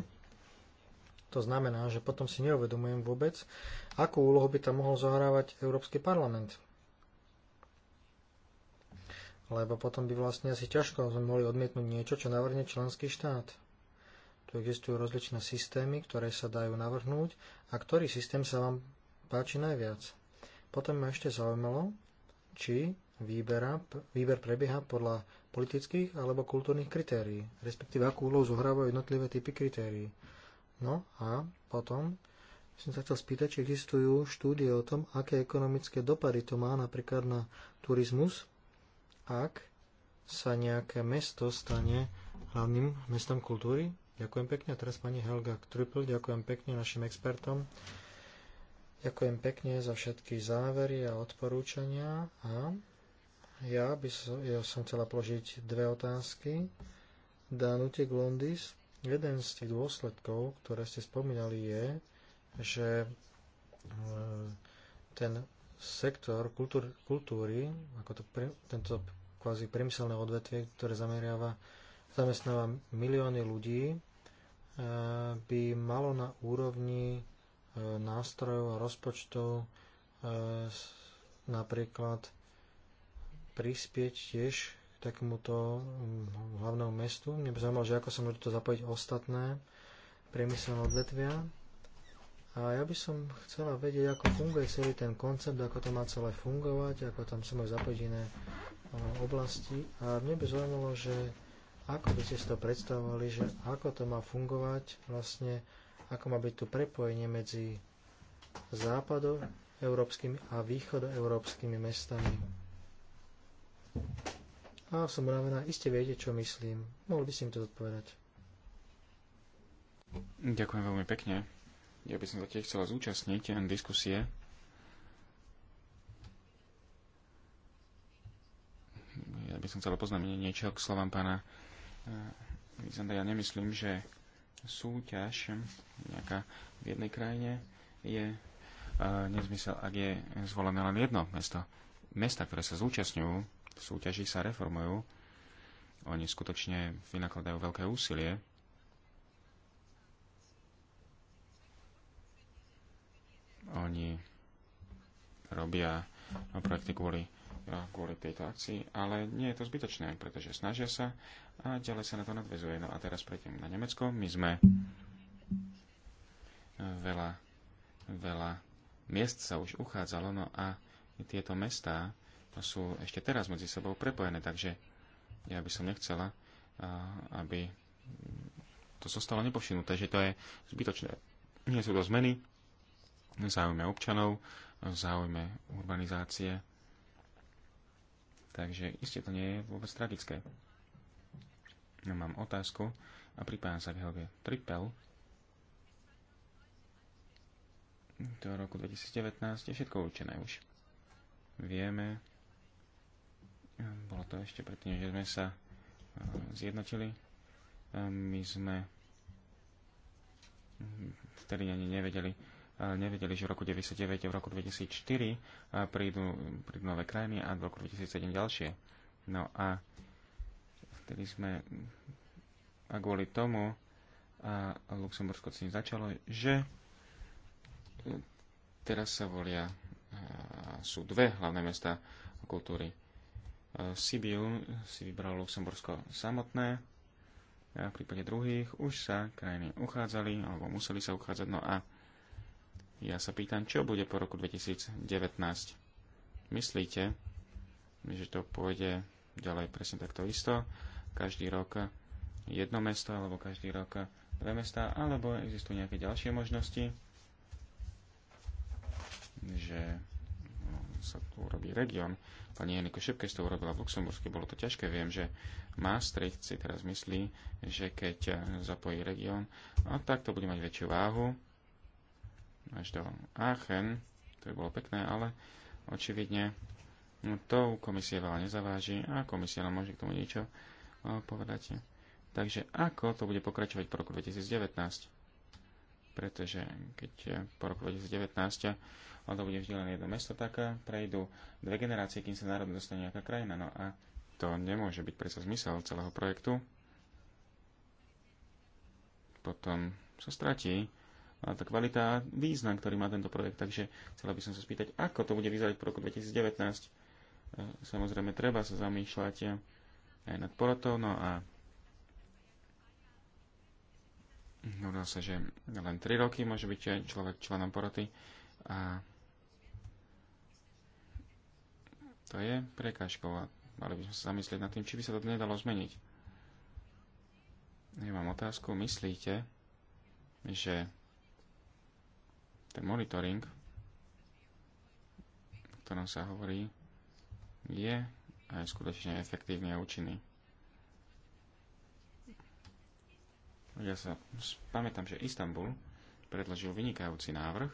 to znamená, že potom si neuvedomujem vôbec, akú úlohu by tam mohol zohrávať Európsky parlament. Lebo potom by vlastne asi ťažko sme mohli odmietnúť niečo, čo navrhne členský štát. Tu existujú rozličné systémy, ktoré sa dajú navrhnúť a ktorý systém sa vám páči najviac. Potom ma ešte zaujímalo, či výbera, výber prebieha podľa politických alebo kultúrnych kritérií, respektíve akú úlohu zohrávajú jednotlivé typy kritérií. No a potom som sa chcel spýtať, či existujú štúdie o tom, aké ekonomické dopady to má napríklad na turizmus, ak sa nejaké mesto stane hlavným mestom kultúry. Ďakujem pekne. A teraz pani Helga Trupl, ďakujem pekne našim expertom. Ďakujem pekne za všetky závery a odporúčania. A ja by som, ja som chcela položiť dve otázky. Danute Glondis Jeden z tých dôsledkov, ktoré ste spomínali, je, že e, ten sektor kultúr, kultúry, ako to, tento kvázi priemyselné odvetvie, ktoré zameriava, zamestnáva milióny ľudí, e, by malo na úrovni e, nástrojov a rozpočtov napríklad prispieť tiež takémuto mm, hlavnému mestu. Mne by zaujímalo, že ako sa môžu to zapojiť ostatné priemyselné odvetvia. A ja by som chcela vedieť, ako funguje celý ten koncept, ako to má celé fungovať, ako tam sa môžu zapojiť iné e, oblasti. A mne by zaujímalo, že ako by ste si to predstavovali, že ako to má fungovať, vlastne ako má byť tu prepojenie medzi európskymi a východoeurópskymi mestami. A som unavená, iste viete, čo myslím. Mohli by ste mi to zodpovedať. Ďakujem veľmi pekne. Ja by som sa tiež chcela zúčastniť diskusie. Ja by som chcela poznámiť niečo k slovám pána Vizanda. Eh, ja nemyslím, že súťaž nejaká v jednej krajine je eh, nezmysel, ak je zvolené len jedno mesto. Mesta, ktoré sa zúčastňujú súťaží sa reformujú. Oni skutočne vynakladajú veľké úsilie. Oni robia no, projekty kvôli, no, kvôli tejto akcii, ale nie je to zbytočné, pretože snažia sa a ďalej sa na to nadvezuje. No a teraz prejdem na Nemecko. My sme veľa, veľa miest sa už uchádzalo, no a tieto mestá sú ešte teraz medzi sebou prepojené, takže ja by som nechcela, aby to zostalo nepovšimnuté, že to je zbytočné. Nie sú to zmeny v záujme občanov, v záujme urbanizácie. Takže isté to nie je vôbec tragické. No, mám otázku a pripájam sa k Helge Trippel. Do roku 2019 je všetko určené už. Vieme, bolo to ešte predtým, že sme sa eh, zjednotili. Eh, my sme hm, vtedy ani nevedeli, eh, nevedeli, že v roku 99 v roku 2004 prídu, prídu nové krajiny a v roku 2007 ďalšie. No a vtedy sme a kvôli tomu a Luxembursko s tým začalo, že teraz sa volia sú dve hlavné mesta kultúry E, Sibiu si vybralo Luxembursko samotné, a v prípade druhých už sa krajiny uchádzali alebo museli sa uchádzať. No a ja sa pýtam, čo bude po roku 2019. Myslíte, že to pôjde ďalej presne takto isto? Každý rok jedno mesto alebo každý rok dve mesta, alebo existujú nejaké ďalšie možnosti, že sa tu urobí región. Pani Janiko Šepkes to urobila v Luxembursku, bolo to ťažké. Viem, že Maastricht si teraz myslí, že keď zapojí región, no, tak to bude mať väčšiu váhu až do Aachen. To by bolo pekné, ale očividne no, to komisie veľa nezaváži a komisia nám môže k tomu niečo povedať. Takže ako to bude pokračovať po roku 2019? Pretože keď po roku 2019 ale to bude vždy len jedno mesto, tak prejdú dve generácie, kým sa národ dostane nejaká krajina. No a to nemôže byť predsa zmysel celého projektu. Potom sa stratí a tá kvalita a význam, ktorý má tento projekt. Takže chcela by som sa spýtať, ako to bude vyzerať po roku 2019. E, samozrejme, treba sa zamýšľať aj nad porotou, no a hovorilo sa, že len 3 roky môže byť človek členom poroty a to je prekážkou a mali by sme sa zamyslieť nad tým, či by sa to nedalo zmeniť. Ja mám otázku, myslíte, že ten monitoring, o ktorom sa hovorí, je aj skutočne efektívny a účinný. Ja sa pamätám, že Istanbul predložil vynikajúci návrh,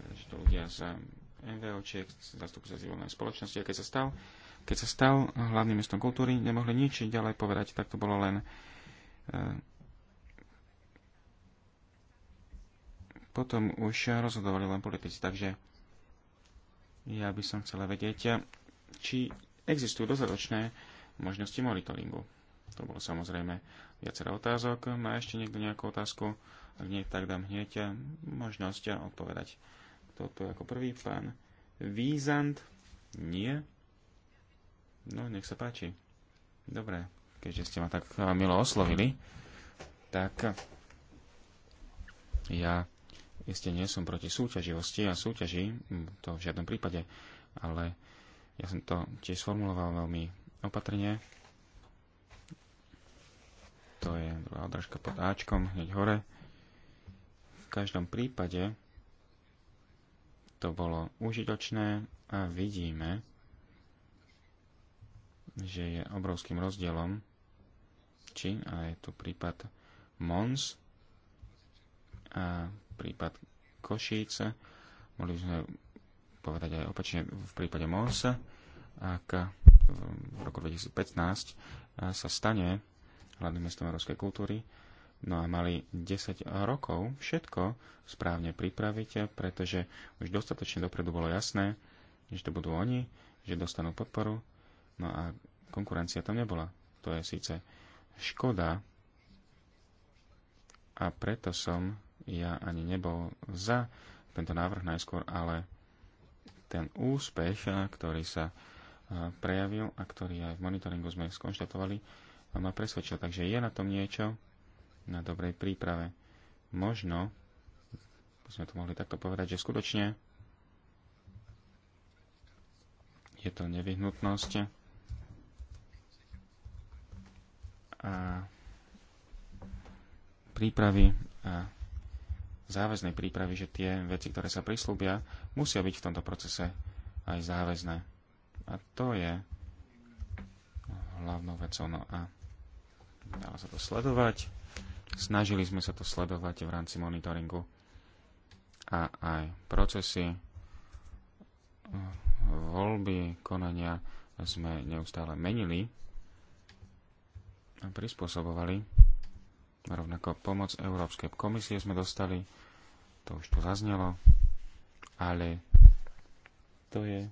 pretože to ľudia sa MVOčiek, zastupca civilnej spoločnosti, a keď sa stal, keď sa stal hlavným mestom kultúry, nemohli nič ďalej povedať, tak to bolo len eh, potom už rozhodovali len politici, takže ja by som chcela vedieť, či existujú dozoročné možnosti monitoringu. To bolo samozrejme viacero otázok. Má no ešte niekto nejakú otázku? Ak nie, tak dám hneď možnosť odpovedať. Toto ako prvý? Pán Vízant? Nie? No, nech sa páči. Dobre, keďže ste ma tak eh, milo oslovili, tak ja iste nie som proti súťaživosti a súťaži, hm, to v žiadnom prípade, ale ja som to tiež sformuloval veľmi opatrne. To je druhá odrážka pod Ačkom, hneď hore. V každom prípade to bolo užitočné a vidíme, že je obrovským rozdielom, či, a je tu prípad Mons a prípad Košíce, mohli by sme povedať aj opačne v prípade Mons, ak v roku 2015 sa stane hlavným mestom európskej kultúry, No a mali 10 rokov všetko správne pripraviť, pretože už dostatočne dopredu bolo jasné, že to budú oni, že dostanú podporu. No a konkurencia tam nebola. To je síce škoda a preto som ja ani nebol za tento návrh najskôr, ale ten úspech, ktorý sa e, prejavil a ktorý aj v monitoringu sme skonštatovali, ma presvedčil. Takže je na tom niečo, na dobrej príprave. Možno, by sme to mohli takto povedať, že skutočne je to nevyhnutnosť a prípravy a záväznej prípravy, že tie veci, ktoré sa prislúbia, musia byť v tomto procese aj záväzné. A to je hlavnou vecou. No a dá sa to sledovať. Snažili sme sa to sledovať v rámci monitoringu a aj procesy voľby, konania sme neustále menili a prispôsobovali. Rovnako pomoc Európskej komisie sme dostali, to už tu zaznelo, ale to je,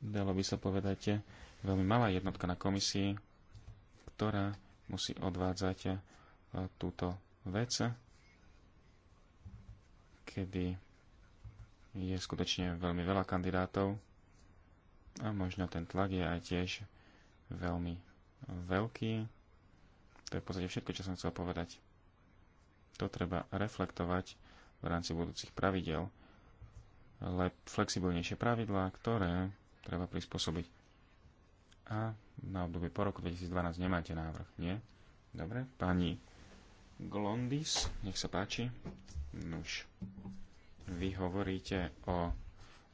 dalo by sa povedať, veľmi malá jednotka na komisii, ktorá musí odvádzať E, túto vec, kedy je skutočne veľmi veľa kandidátov a možno ten tlak je aj tiež veľmi veľký. To je v podstate všetko, čo som chcel povedať. To treba reflektovať v rámci budúcich pravidel, ale flexibilnejšie pravidlá, ktoré treba prispôsobiť. A na obdobie po roku 2012 nemáte návrh, nie? Dobre, pani Glondis, nech sa páči. Nuž, vy hovoríte o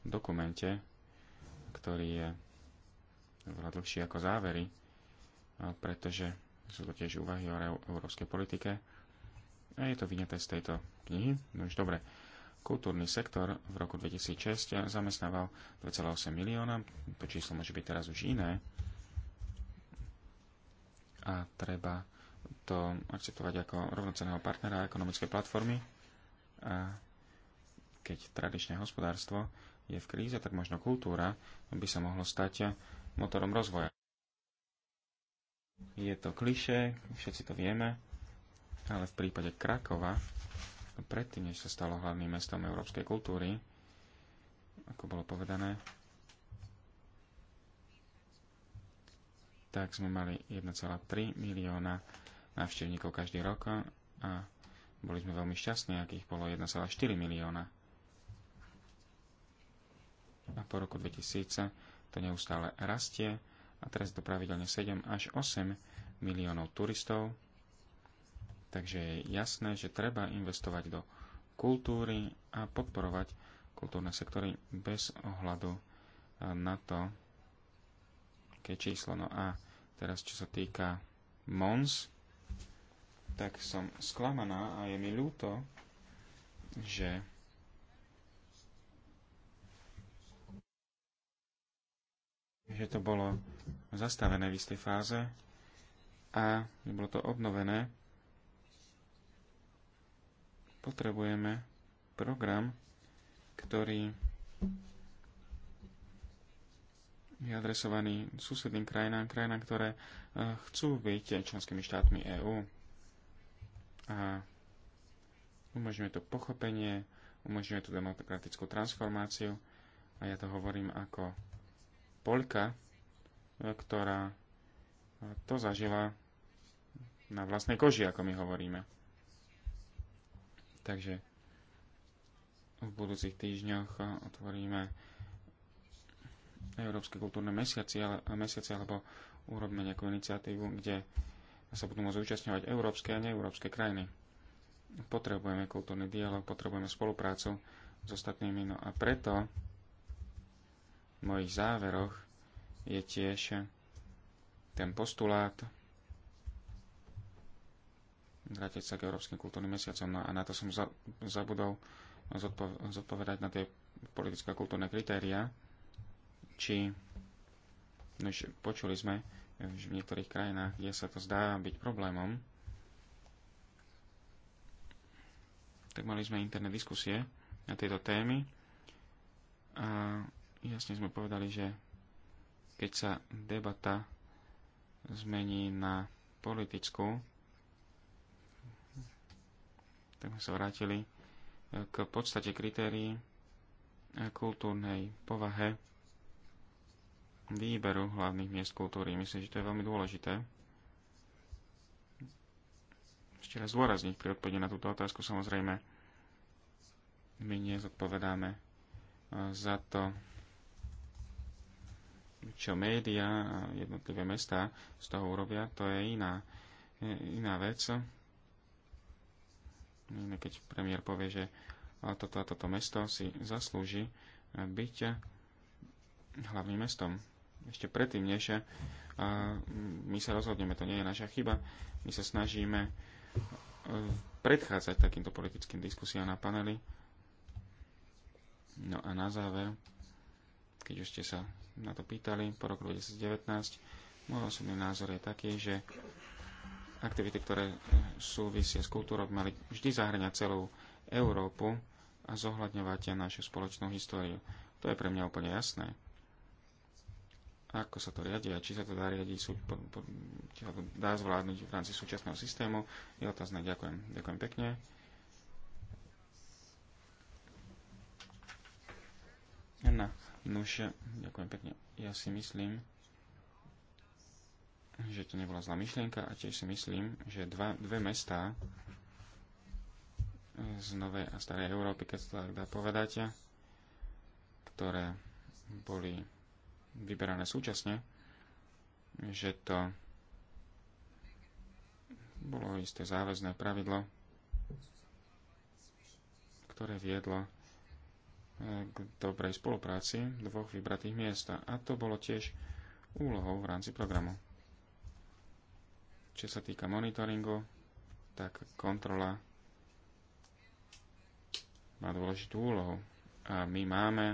dokumente, ktorý je oveľa dlhší ako závery, pretože sú to tiež úvahy o európskej politike a je to vyňaté z tejto knihy. Nuž, dobre, kultúrny sektor v roku 2006 zamestnával 2,8 milióna, to číslo môže byť teraz už iné a treba to akceptovať ako rovnoceného partnera ekonomickej platformy. A keď tradičné hospodárstvo je v kríze, tak možno kultúra by sa mohlo stať motorom rozvoja. Je to kliše, všetci to vieme, ale v prípade Krakova, predtým, než sa stalo hlavným mestom európskej kultúry, ako bolo povedané, tak sme mali 1,3 milióna návštevníkov každý rok a boli sme veľmi šťastní, akých bolo 1,4 milióna. A po roku 2000 to neustále rastie a teraz to pravidelne 7 až 8 miliónov turistov. Takže je jasné, že treba investovať do kultúry a podporovať kultúrne sektory bez ohľadu e, na to, aké číslo. No a teraz, čo sa týka Mons, tak som sklamaná a je mi ľúto, že že to bolo zastavené v istej fáze a nebolo to obnovené. Potrebujeme program, ktorý je adresovaný susedným krajinám, krajinám, ktoré eh, chcú byť členskými štátmi EÚ a umožňuje to pochopenie, umožňuje to demokratickú transformáciu a ja to hovorím ako Polka, e, ktorá e, to zažila na vlastnej koži, ako my hovoríme. Takže v budúcich týždňoch e, otvoríme Európske kultúrne mesiace, ale, mesiace alebo urobme nejakú iniciatívu, kde sa budú môcť zúčastňovať európske a neeurópske krajiny. Potrebujeme kultúrny dialog, potrebujeme spoluprácu s ostatnými, no a preto v mojich záveroch je tiež ten postulát vrátiť sa k Európskym kultúrnym mesiacom. No a na to som za, zabudol zodpo, zodpovedať na tie politické a kultúrne kritéria, či no, počuli sme, v niektorých krajinách, kde sa to zdá byť problémom, tak mali sme interné diskusie na tieto témy a jasne sme povedali, že keď sa debata zmení na politickú, tak sme sa vrátili k podstate kritérií kultúrnej povahe výberu hlavných miest kultúry. Myslím, že to je veľmi dôležité. Ešte raz zôrazniť pri odpovede na túto otázku. Samozrejme, my nezodpovedáme e, za to, čo média a jednotlivé mesta z toho urobia, to je iná, e, iná vec. Keď premiér povie, že e, toto a toto mesto si zaslúži byť hlavným mestom ešte predtým, než eh, my sa rozhodneme, to nie je naša chyba. My sa snažíme eh, predchádzať takýmto politickým diskusiám na paneli. No a na záver, keď už ste sa na to pýtali, po roku 2019, môj osobný názor je taký, že aktivity, ktoré eh, súvisia s kultúrou, mali vždy zahrňať celú Európu a zohľadňovať našu spoločnú históriu. To je pre mňa úplne jasné ako sa to riadi a či sa to dá riadiť, sú, po, po, či sa to dá zvládnuť v rámci súčasného systému, je otázne. Ďakujem. Ďakujem pekne. No, nuž, ďakujem pekne. Ja si myslím, že to nebola zlá myšlienka a tiež si myslím, že dva, dve mestá z Novej a Starej Európy, keď sa tak dá povedať, ktoré boli vyberané súčasne, že to bolo isté záväzné pravidlo, ktoré viedlo e, k dobrej spolupráci dvoch vybratých miest a to bolo tiež úlohou v rámci programu. Čo sa týka monitoringu, tak kontrola má dôležitú úlohu a my máme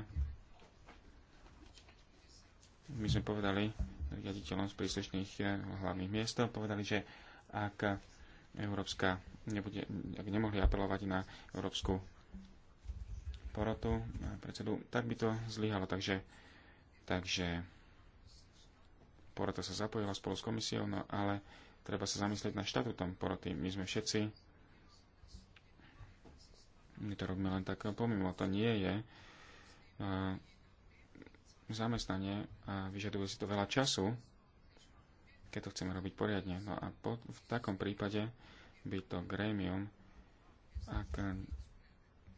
my sme povedali riaditeľom z príslušných eh, hlavných miest, povedali, že ak Európska nebude, ak nemohli apelovať na Európsku porotu, na predsedu, tak by to zlyhalo. Takže, takže porota sa zapojila spolu s komisiou, no ale treba sa zamyslieť na štatutom poroty. My sme všetci, my to robíme len tak pomimo, to nie je eh, zamestnanie a vyžaduje si to veľa času, keď to chceme robiť poriadne. No a po, v takom prípade by to grémium, ak,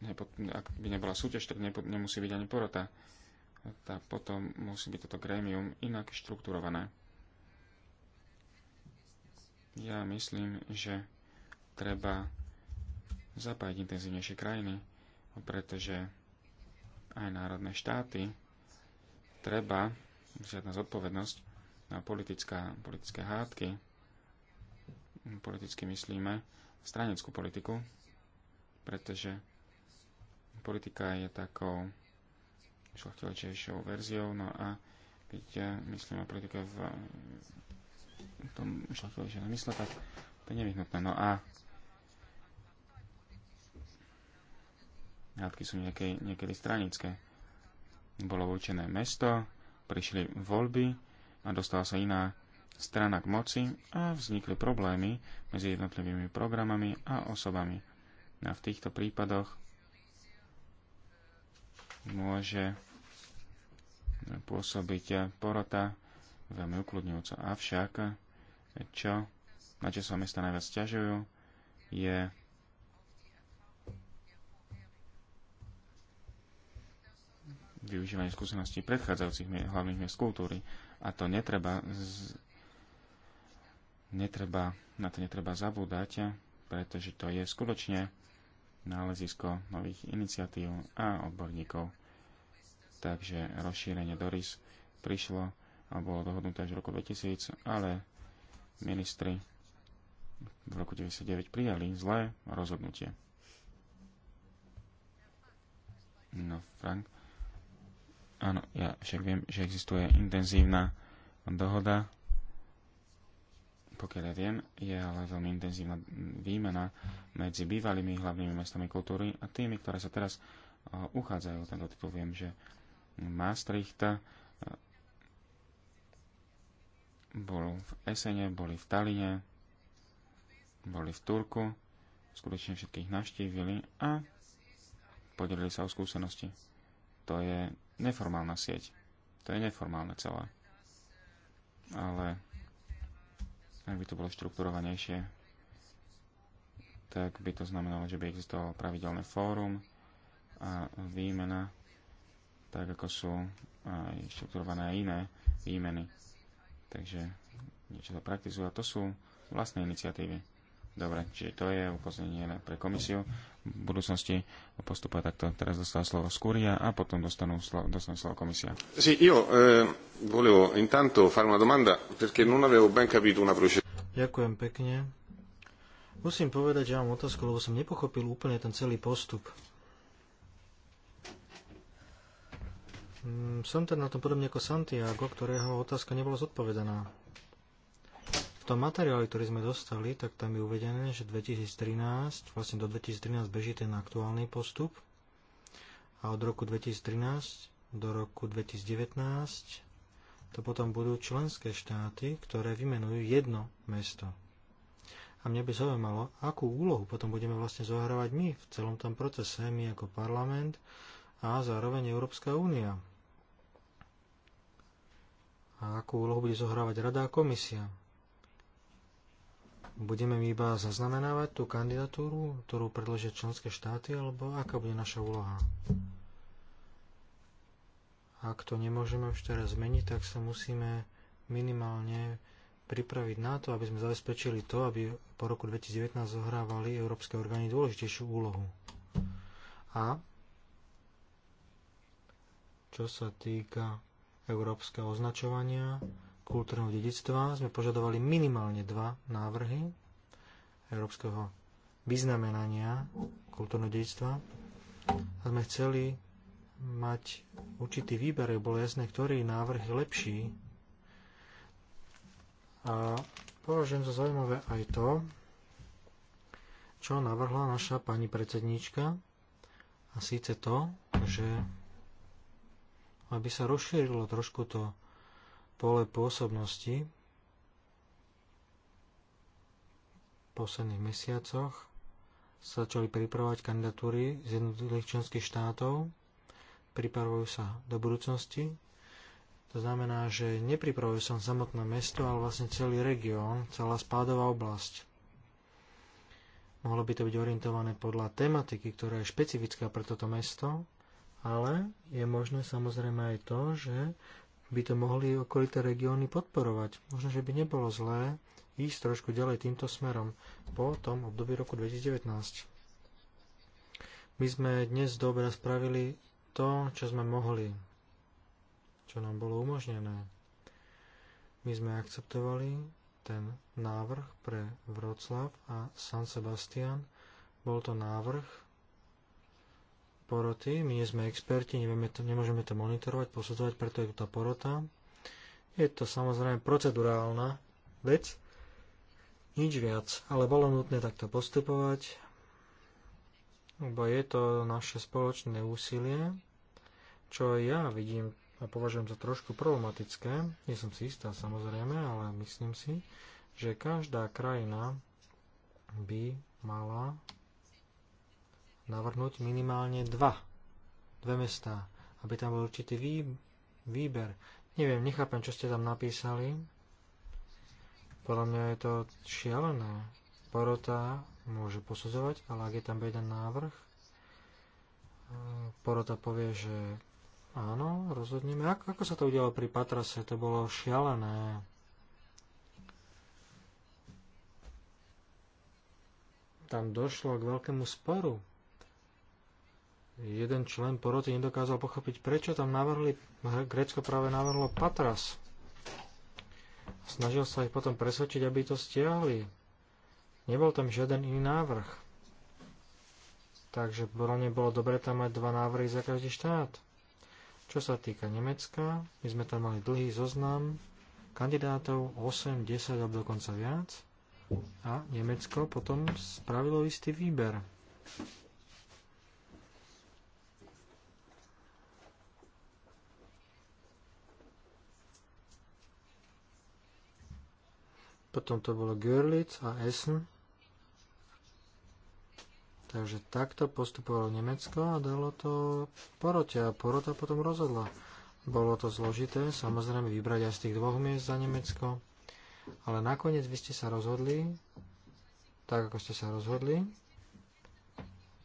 nepo, ak by nebola súťaž, tak nepo, nemusí byť ani porota. A potom musí byť toto grémium inak štrukturované. Ja myslím, že treba zapájať intenzívnejšie krajiny, pretože aj národné štáty treba žiadna zodpovednosť na politická, politické hádky. Politicky myslíme stranickú politiku, pretože politika je takou šlachtilečejšou verziou, no a keď myslíme o politike v, tom šlachtilečejšom mysle, tak to je nevyhnutné. No a hádky sú niekej, niekedy stranické bolo určené mesto, prišli voľby a dostala sa iná strana k moci a vznikli problémy medzi jednotlivými programami a osobami. A v týchto prípadoch môže pôsobiť porota veľmi ukludňujúco. Avšak, čo, na čo sa mesta najviac ťažujú, je využívanie skúseností predchádzajúcich hlavných miest kultúry. A to netreba, z, netreba, na to netreba zabúdať, pretože to je skutočne nálezisko nových iniciatív a odborníkov. Takže rozšírenie DORIS prišlo a bolo dohodnuté až v roku 2000, ale ministri v roku 99 prijali zlé rozhodnutie. No, Frank, Áno, ja však viem, že existuje intenzívna dohoda. Pokiaľ ja viem, je ale veľmi intenzívna výmena medzi bývalými hlavnými mestami kultúry a tými, ktoré sa teraz uchádzajú o tento titul. Viem, že Maastricht e, bol v Esene, boli v Taline, boli v Turku, skutočne všetkých navštívili a podelili sa o skúsenosti to je neformálna sieť. To je neformálne celé. Ale ak by to bolo štrukturovanejšie, tak by to znamenalo, že by existovalo pravidelné fórum a výmena, tak ako sú aj štrukturované iné výmeny. Takže niečo sa praktizuje a to sú vlastné iniciatívy. Dobre, čiže to je upozornenie pre komisiu v budúcnosti postupovať takto. Teraz dostal slovo Skúria a potom dostanú slovo, dostanú slovo komisia. Sí, io eh, volevo intanto fare una domanda perché non avevo ben capito una procedura. Ďakujem pekne. Musím povedať, že mám otázku, lebo som nepochopil úplne ten celý postup. Mm, som teda na tom podobne ako Santiago, ktorého otázka nebola zodpovedaná. V tom materiáli, ktorý sme dostali, tak tam je uvedené, že 2013, vlastne do 2013 beží ten aktuálny postup a od roku 2013 do roku 2019 to potom budú členské štáty, ktoré vymenujú jedno mesto. A mňa by zaujímalo, akú úlohu potom budeme vlastne zohrávať my v celom tom procese, my ako parlament a zároveň Európska únia. A akú úlohu bude zohrávať Rada a komisia budeme my iba zaznamenávať tú kandidatúru, ktorú predložia členské štáty, alebo aká bude naša úloha? Ak to nemôžeme už teraz zmeniť, tak sa musíme minimálne pripraviť na to, aby sme zabezpečili to, aby po roku 2019 zohrávali európske orgány dôležitejšiu úlohu. A čo sa týka európskeho označovania, kultúrneho dedictva sme požadovali minimálne dva návrhy európskeho vyznamenania kultúrneho dedictva a sme chceli mať určitý výber, bolo jasné, ktorý návrh je lepší. A považujem za zaujímavé aj to, čo navrhla naša pani predsedníčka, a síce to, že aby sa rozšírilo trošku to pole pôsobnosti v posledných mesiacoch sa začali pripravovať kandidatúry z jednotlivých členských štátov, pripravujú sa do budúcnosti. To znamená, že nepripravujú sa samotné mesto, ale vlastne celý región, celá spádová oblasť. Mohlo by to byť orientované podľa tematiky, ktorá je špecifická pre toto mesto, ale je možné samozrejme aj to, že by to mohli okolité regióny podporovať. Možno, že by nebolo zlé ísť trošku ďalej týmto smerom po tom období roku 2019. My sme dnes dobre spravili to, čo sme mohli, čo nám bolo umožnené. My sme akceptovali ten návrh pre Vroclav a San Sebastian. Bol to návrh, poroty. My nie sme experti, nevieme to, nemôžeme to monitorovať, posudzovať, preto je tu tá porota. Je to samozrejme procedurálna vec, nič viac, ale bolo nutné takto postupovať, lebo je to naše spoločné úsilie, čo ja vidím a považujem za trošku problematické, nie som si istá samozrejme, ale myslím si, že každá krajina by mala navrhnúť minimálne dva, dve mestá, aby tam bol určitý výber. Neviem, nechápem, čo ste tam napísali. Podľa mňa je to šialené. Porota môže posudzovať, ale ak je tam jeden návrh, eh, porota povie, že áno, rozhodneme. Ako, ako sa to udialo pri Patrase? To bolo šialené. tam došlo k veľkému sporu jeden člen poroty nedokázal pochopiť, prečo tam navrhli, Grécko práve navrhlo Patras. Snažil sa ich potom presvedčiť, aby to stiahli. Nebol tam žiaden iný návrh. Takže bolo nebolo bolo dobre tam mať dva návrhy za každý štát. Čo sa týka Nemecka, my sme tam mali dlhý zoznam kandidátov 8, 10 alebo dokonca viac. A Nemecko potom spravilo istý výber. Potom to bolo Görlitz a Essen. Takže takto postupovalo Nemecko a dalo to porote a porota potom rozhodla. Bolo to zložité, samozrejme vybrať aj z tých dvoch miest za Nemecko, ale nakoniec vy ste sa rozhodli, tak ako ste sa rozhodli.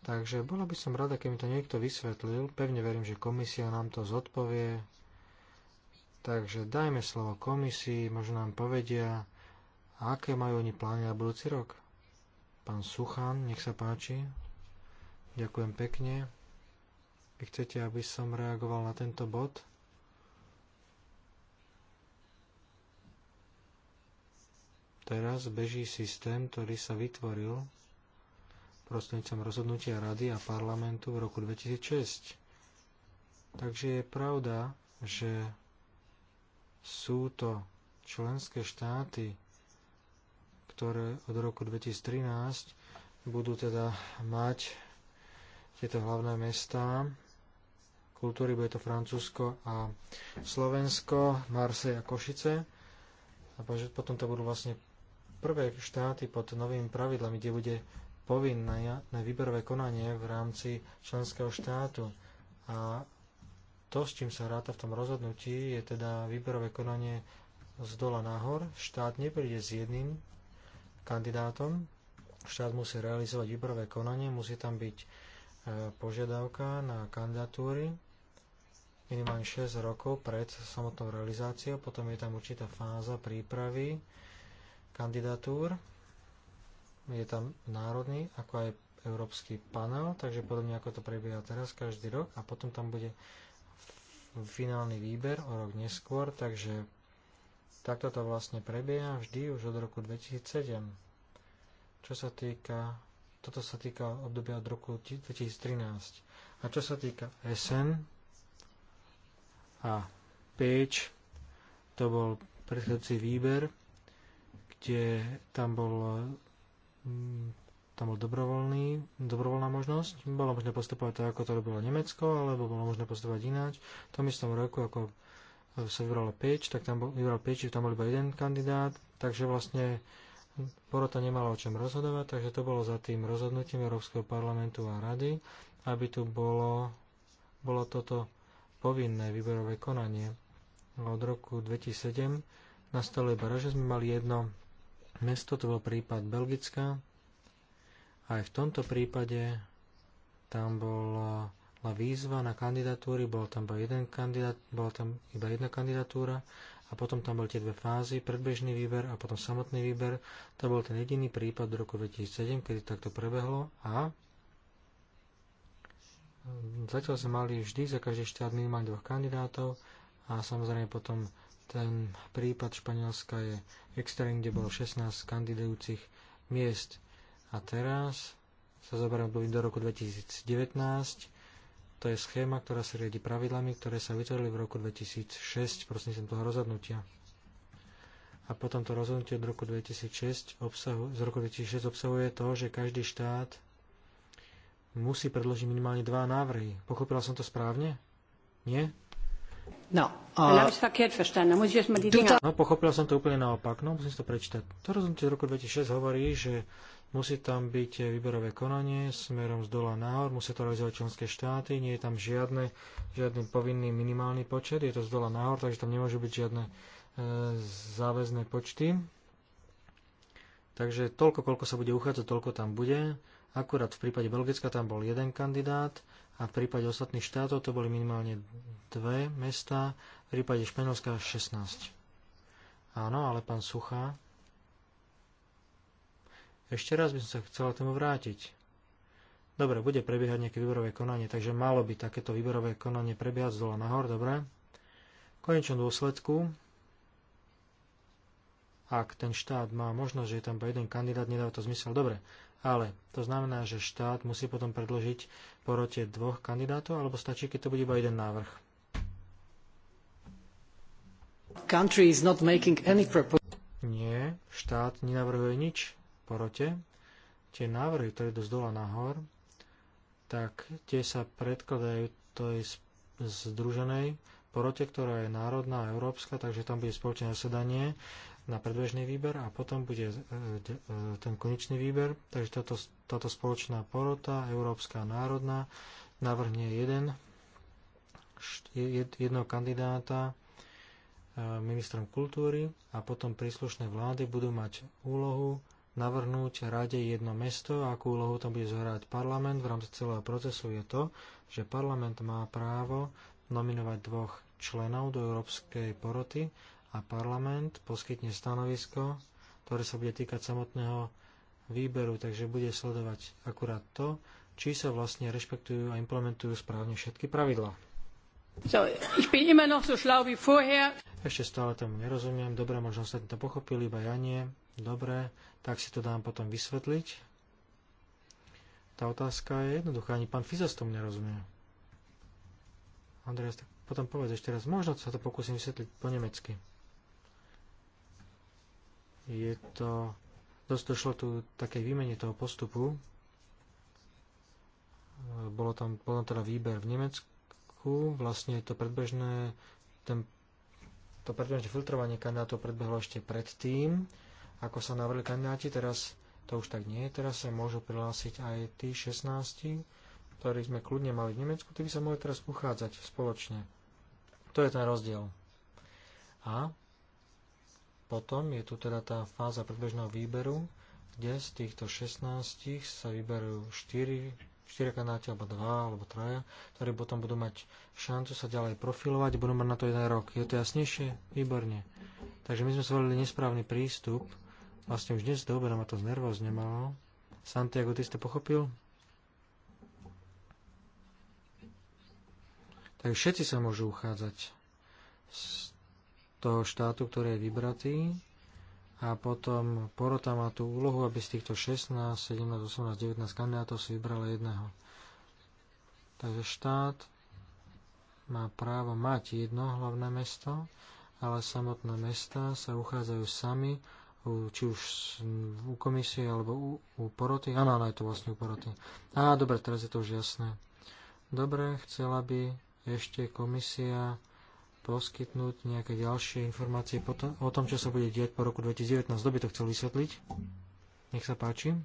Takže bola by som rada, keby to niekto vysvetlil. Pevne verím, že komisia nám to zodpovie. Takže dajme slovo komisii, možno nám povedia, a Aké majú oni plány na budúci rok? Pán Suchan, nech sa páči. Ďakujem pekne. Vy chcete, aby som reagoval na tento bod? Teraz beží systém, ktorý sa vytvoril prostrednícom rozhodnutia Rady a parlamentu v roku 2006. Takže je pravda, že sú to členské štáty, ktoré od roku 2013 budú teda mať tieto hlavné mesta, kultúry, bude to Francúzsko a Slovensko, Marse a Košice. A potom to budú vlastne prvé štáty pod novými pravidlami, kde bude povinné na výberové konanie v rámci členského štátu. A to, s čím sa ráta v tom rozhodnutí, je teda výberové konanie z dola nahor. Štát nepríde s jedným kandidátom. Štát musí realizovať výberové konanie, musí tam byť e, požiadavka na kandidatúry minimálne 6 rokov pred samotnou realizáciou, potom je tam určitá fáza prípravy kandidatúr, je tam národný ako aj európsky panel, takže podobne ako to prebieha teraz každý rok a potom tam bude finálny výber o rok neskôr, takže Takto to vlastne prebieha vždy už od roku 2007. Čo sa týka, toto sa týka obdobia od roku 2013. A čo sa týka SN a Page, to bol predchádzajúci výber, kde tam bol mm, tam bol dobrovoľný, dobrovoľná možnosť. Bolo možné postupovať tak, ako to robilo Nemecko, alebo bolo možné postupovať ináč. V tom istom roku, ako sa vybralo 5, tak tam bol, vybral 5, čiže tam bol iba jeden kandidát, takže vlastne porota nemala o čom rozhodovať, takže to bolo za tým rozhodnutím Európskeho parlamentu a rady, aby tu bolo, bolo toto povinné výberové konanie. Od roku 2007 nastalo iba že sme mali jedno mesto, to bol prípad Belgická. Aj v tomto prípade tam bolo bola výzva na kandidatúry, bol tam iba jeden kandidát, bola tam iba jedna kandidatúra a potom tam boli tie dve fázy, predbežný výber a potom samotný výber. To bol ten jediný prípad v roku 2007, kedy takto prebehlo a zatiaľ sme mali vždy za každý štát minimálne dvoch kandidátov a samozrejme potom ten prípad Španielska je extrém, kde bolo 16 kandidujúcich miest. A teraz sa zoberieme do roku 2019 to je schéma, ktorá sa riadi pravidlami, ktoré sa vytvorili v roku 2006 prostredníctvom toho rozhodnutia. A potom to rozhodnutie od roku 2006 obsahu, z roku 2006 obsahuje to, že každý štát musí predložiť minimálne dva návrhy. Pochopila som to správne? Nie? No, uh, no, pochopila som to úplne naopak. No, musím si to prečítať. To rozhodnutie z roku 2006 hovorí, že Musí tam byť výberové konanie smerom z dola nahor, musia to realizovať členské štáty, nie je tam žiadne, žiadny povinný minimálny počet, je to z dola nahor, takže tam nemôžu byť žiadne e, záväzné počty. Takže toľko, koľko sa bude uchádzať, toľko tam bude. Akurát v prípade Belgicka tam bol jeden kandidát a v prípade ostatných štátov to boli minimálne dve mesta, v prípade Španielska 16. Áno, ale pán Sucha ešte raz by som sa chcela tomu vrátiť. Dobre, bude prebiehať nejaké výberové konanie, takže malo by takéto výberové konanie prebiehať z dola nahor, dobre? V konečnom dôsledku, ak ten štát má možnosť, že je tam jeden kandidát, nedáva to zmysel, dobre. Ale to znamená, že štát musí potom predložiť porote dvoch kandidátov, alebo stačí, keď to bude iba jeden návrh. Nie, štát nenavrhuje nič porote. Tie návrhy, ktoré idú z dola nahor, tak tie sa predkladajú tej združenej porote, ktorá je národná a európska, takže tam bude spoločné zasedanie na predbežný výber a potom bude e, e, ten konečný výber. Takže táto, táto spoločná porota, európska a národná, navrhne jeden, jedného kandidáta e, ministrom kultúry a potom príslušné vlády budú mať úlohu navrhnúť rade jedno mesto a akú úlohu tam bude zohrať parlament v rámci celého procesu je to, že parlament má právo nominovať dvoch členov do Európskej poroty a parlament poskytne stanovisko, ktoré sa bude týkať samotného výberu, takže bude sledovať akurát to, či sa vlastne rešpektujú a implementujú správne všetky pravidlá. So, ich bin immer noch so schlau wie vorher. Ešte stále tomu nerozumiem. Dobre, možno ostatní to pochopili, iba ja nie. Dobre, tak si to dám potom vysvetliť. Tá otázka je jednoduchá, ani pán Fizas tomu nerozumie. Andreas, tak potom povedz ešte raz. Možno sa to pokúsim vysvetliť po nemecky. Je to... Dosť došlo tu také výmene toho postupu. Bolo tam, bol tam teda výber v Nemecku. Vlastne to predbežné, ten, to predbežné filtrovanie kandidátov predbehlo ešte predtým ako sa navrli kandidáti, teraz to už tak nie je, teraz sa môžu prihlásiť aj tí 16, ktorí sme kľudne mali v Nemecku, tí by sa mohli teraz uchádzať spoločne. To je ten rozdiel. A potom je tu teda tá fáza predbežného výberu, kde z týchto 16 sa vyberú 4, 4 kandidáti, alebo 2, alebo 3, ktorí potom budú mať šancu sa ďalej profilovať, budú mať na to jeden rok. Je to jasnejšie? Výborne. Takže my sme zvolili nesprávny prístup, Vlastne už dnes dobre, ma to znervozne malo. Santiago, ty si to pochopil? Tak všetci sa môžu uchádzať z toho štátu, ktorý je vybratý a potom porota má tú úlohu, aby z týchto 16, 17, 18, 19 kandidátov si vybrala jedného. Takže štát má právo mať jedno hlavné mesto, ale samotné mesta sa uchádzajú sami či už u komisie alebo u, u poroty. Áno, áno, je to vlastne u poroty. Á, dobre, teraz je to už jasné. Dobre, chcela by ešte komisia poskytnúť nejaké ďalšie informácie o tom, čo sa bude diať po roku 2019. Kto by to chcel vysvetliť? Nech sa páči.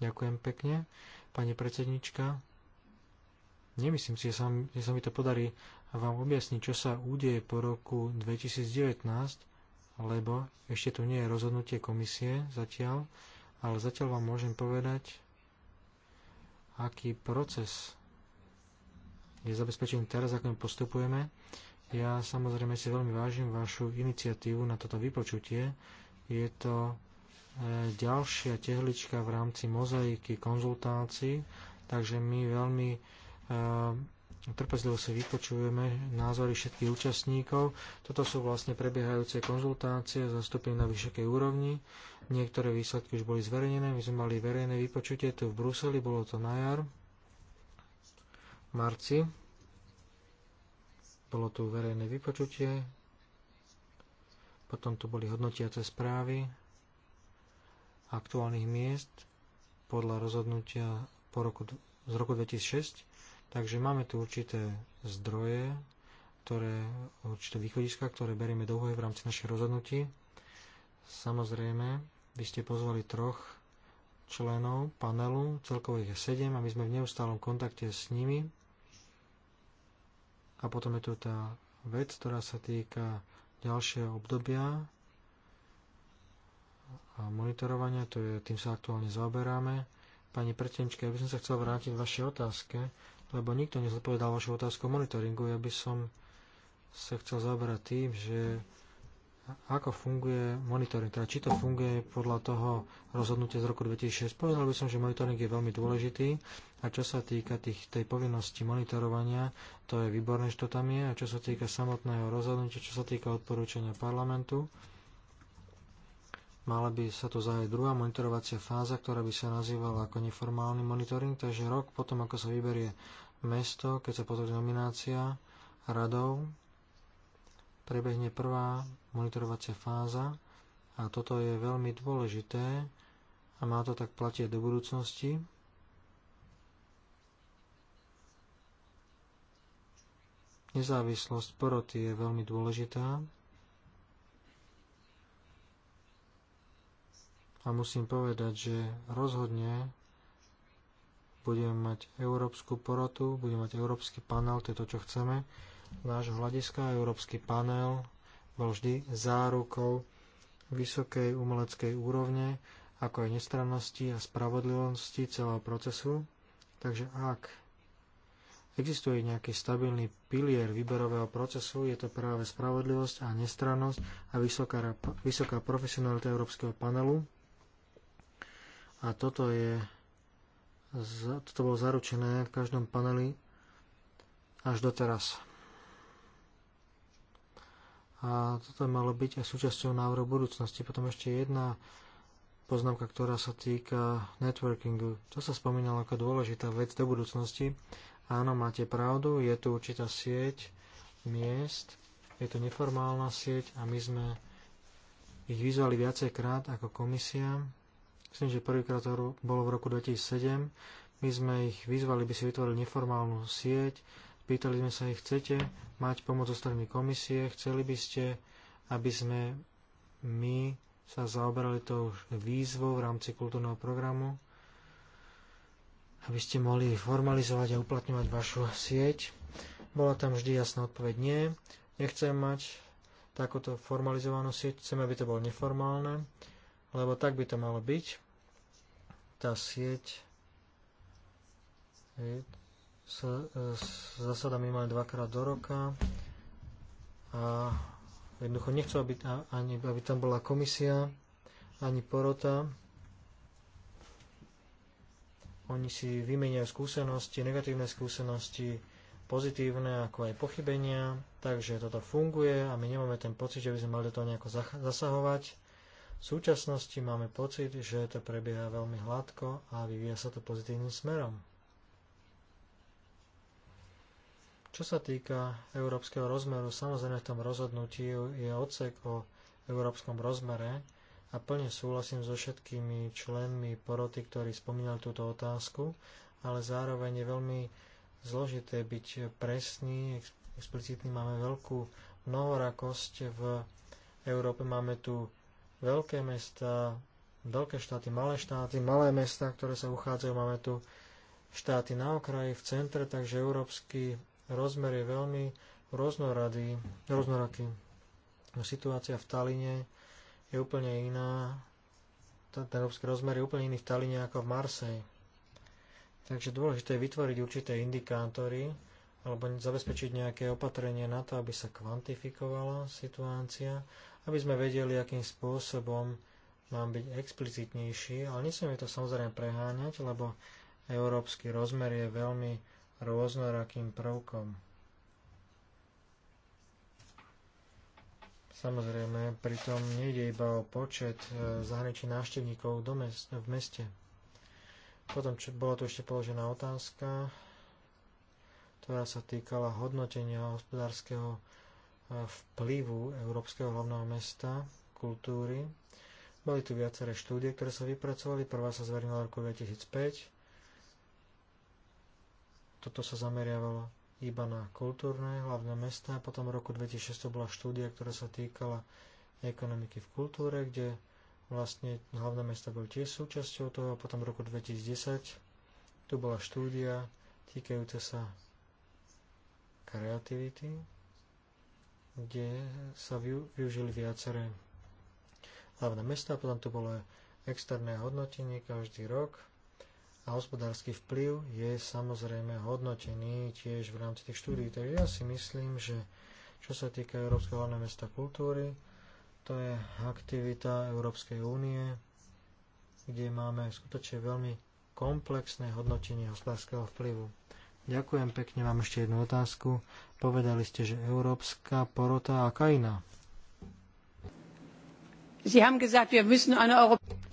Ďakujem pekne. Pani predsednička, nemyslím si, že sa, že sa mi to podarí vám objasniť, čo sa udeje po roku 2019 lebo ešte tu nie je rozhodnutie komisie zatiaľ, ale zatiaľ vám môžem povedať, aký proces je zabezpečený teraz, ako postupujeme. Ja samozrejme si veľmi vážim vašu iniciatívu na toto vypočutie. Je to e, ďalšia tehlička v rámci mozaiky konzultácií, takže my veľmi e, trpezlivo si vypočujeme názory všetkých účastníkov. Toto sú vlastne prebiehajúce konzultácie zastúpené na vysokej úrovni. Niektoré výsledky už boli zverejnené. My sme mali verejné vypočutie tu v Bruseli, bolo to na jar, v marci. Bolo tu verejné vypočutie, potom tu boli hodnotiace správy aktuálnych miest podľa rozhodnutia po roku, z roku 2006 Takže máme tu určité zdroje, ktoré, určité východiska, ktoré berieme do v rámci našich rozhodnutí. Samozrejme, vy ste pozvali troch členov panelu, celkovo ich je 7 a my sme v neustálom kontakte s nimi. A potom je tu tá vec, ktorá sa týka ďalšieho obdobia a monitorovania, to je, tým sa aktuálne zaoberáme. Pani Pretenčka, ja by som sa chcel vrátiť k vašej otázke lebo nikto nezodpovedal vašu otázku o monitoringu. Ja by som sa chcel zaoberať tým, že ako funguje monitoring, teda či to funguje podľa toho rozhodnutia z roku 2006. Povedal by som, že monitoring je veľmi dôležitý a čo sa týka tých, tej povinnosti monitorovania, to je výborné, že to tam je a čo sa týka samotného rozhodnutia, čo sa týka odporúčania parlamentu, Mala by sa tu zájať druhá monitorovacia fáza, ktorá by sa nazývala ako neformálny monitoring, takže rok potom, ako sa vyberie mesto, keď sa potvrdí nominácia radov, prebehne prvá monitorovacia fáza a toto je veľmi dôležité a má to tak platiť do budúcnosti. Nezávislosť poroty je veľmi dôležitá a musím povedať, že rozhodne budeme mať európsku porotu, budeme mať európsky panel, to je to, čo chceme. Nášho hľadiska európsky panel bol vždy zárukou vysokej umeleckej úrovne, ako aj nestrannosti a spravodlivosti celého procesu. Takže ak existuje nejaký stabilný pilier výberového procesu, je to práve spravodlivosť a nestrannosť a vysoká, vysoká profesionalita Európskeho panelu. A toto je toto bolo zaručené v každom paneli až doteraz. A toto malo byť aj súčasťou návrhu budúcnosti. Potom ešte jedna poznámka, ktorá sa týka networkingu. To sa spomínalo ako dôležitá vec do budúcnosti. Áno, máte pravdu, je tu určitá sieť miest, je to neformálna sieť a my sme ich vyzvali viacejkrát ako komisia, Myslím, že prvýkrát to bolo v roku 2007. My sme ich vyzvali, by si vytvorili neformálnu sieť. Pýtali sme sa ich, chcete mať pomoc zo strany komisie? Chceli by ste, aby sme my sa zaoberali tou výzvou v rámci kultúrneho programu, aby ste mohli formalizovať a uplatňovať vašu sieť. Bola tam vždy jasná odpoveď nie. Nechcem mať takúto formalizovanú sieť, chcem, aby to bolo neformálne, lebo tak by to malo byť tá sieť sa zasada minimálne dvakrát do roka a jednoducho nechcú, aby, ani, aby tam bola komisia, ani porota. Oni si vymeniajú skúsenosti, negatívne skúsenosti, pozitívne ako aj pochybenia, takže toto funguje a my nemáme ten pocit, že by sme mali do toho nejako zasahovať. V súčasnosti máme pocit, že to prebieha veľmi hladko a vyvíja sa to pozitívnym smerom. Čo sa týka európskeho rozmeru, samozrejme v tom rozhodnutí je odsek o európskom rozmere a plne súhlasím so všetkými členmi poroty, ktorí spomínali túto otázku, ale zároveň je veľmi zložité byť presný, explicitný, máme veľkú mnohorakosť v Európe, máme tu veľké mesta, veľké štáty, malé štáty, malé mesta, ktoré sa uchádzajú. Máme tu štáty na okraji, v centre, takže európsky rozmer je veľmi rôznorodý, rôznoraký. Situácia v Taline je úplne iná, ten európsky rozmer je úplne iný v Taline ako v Marseji. Takže dôležité je vytvoriť určité indikátory alebo zabezpečiť nejaké opatrenie na to, aby sa kvantifikovala situácia aby sme vedeli, akým spôsobom mám byť explicitnejší, ale nesmieme to samozrejme preháňať, lebo európsky rozmer je veľmi rôznorakým prvkom. Samozrejme, pritom nejde iba o počet e, zahraničných návštevníkov v meste. Potom čo, bola tu ešte položená otázka, ktorá sa týkala hodnotenia hospodárskeho vplyvu Európskeho hlavného mesta kultúry. Boli tu viaceré štúdie, ktoré sa vypracovali. Prvá sa zverejnila v roku 2005. Toto sa zameriavalo iba na kultúrne hlavné mesta. Potom v roku 2006 bola štúdia, ktorá sa týkala ekonomiky v kultúre, kde vlastne hlavné mesta boli tiež súčasťou toho. A potom v roku 2010 tu bola štúdia týkajúca sa kreativity, kde sa využili viaceré hlavné mesta, potom tu bolo externé hodnotenie každý rok a hospodársky vplyv je samozrejme hodnotený tiež v rámci tých štúdí. Takže ja si myslím, že čo sa týka Európskeho hlavného mesta kultúry, to je aktivita Európskej únie, kde máme skutočne veľmi komplexné hodnotenie hospodárskeho vplyvu. Ďakujem pekne, mám ešte jednu otázku. Povedali ste, že európska porota a krajina.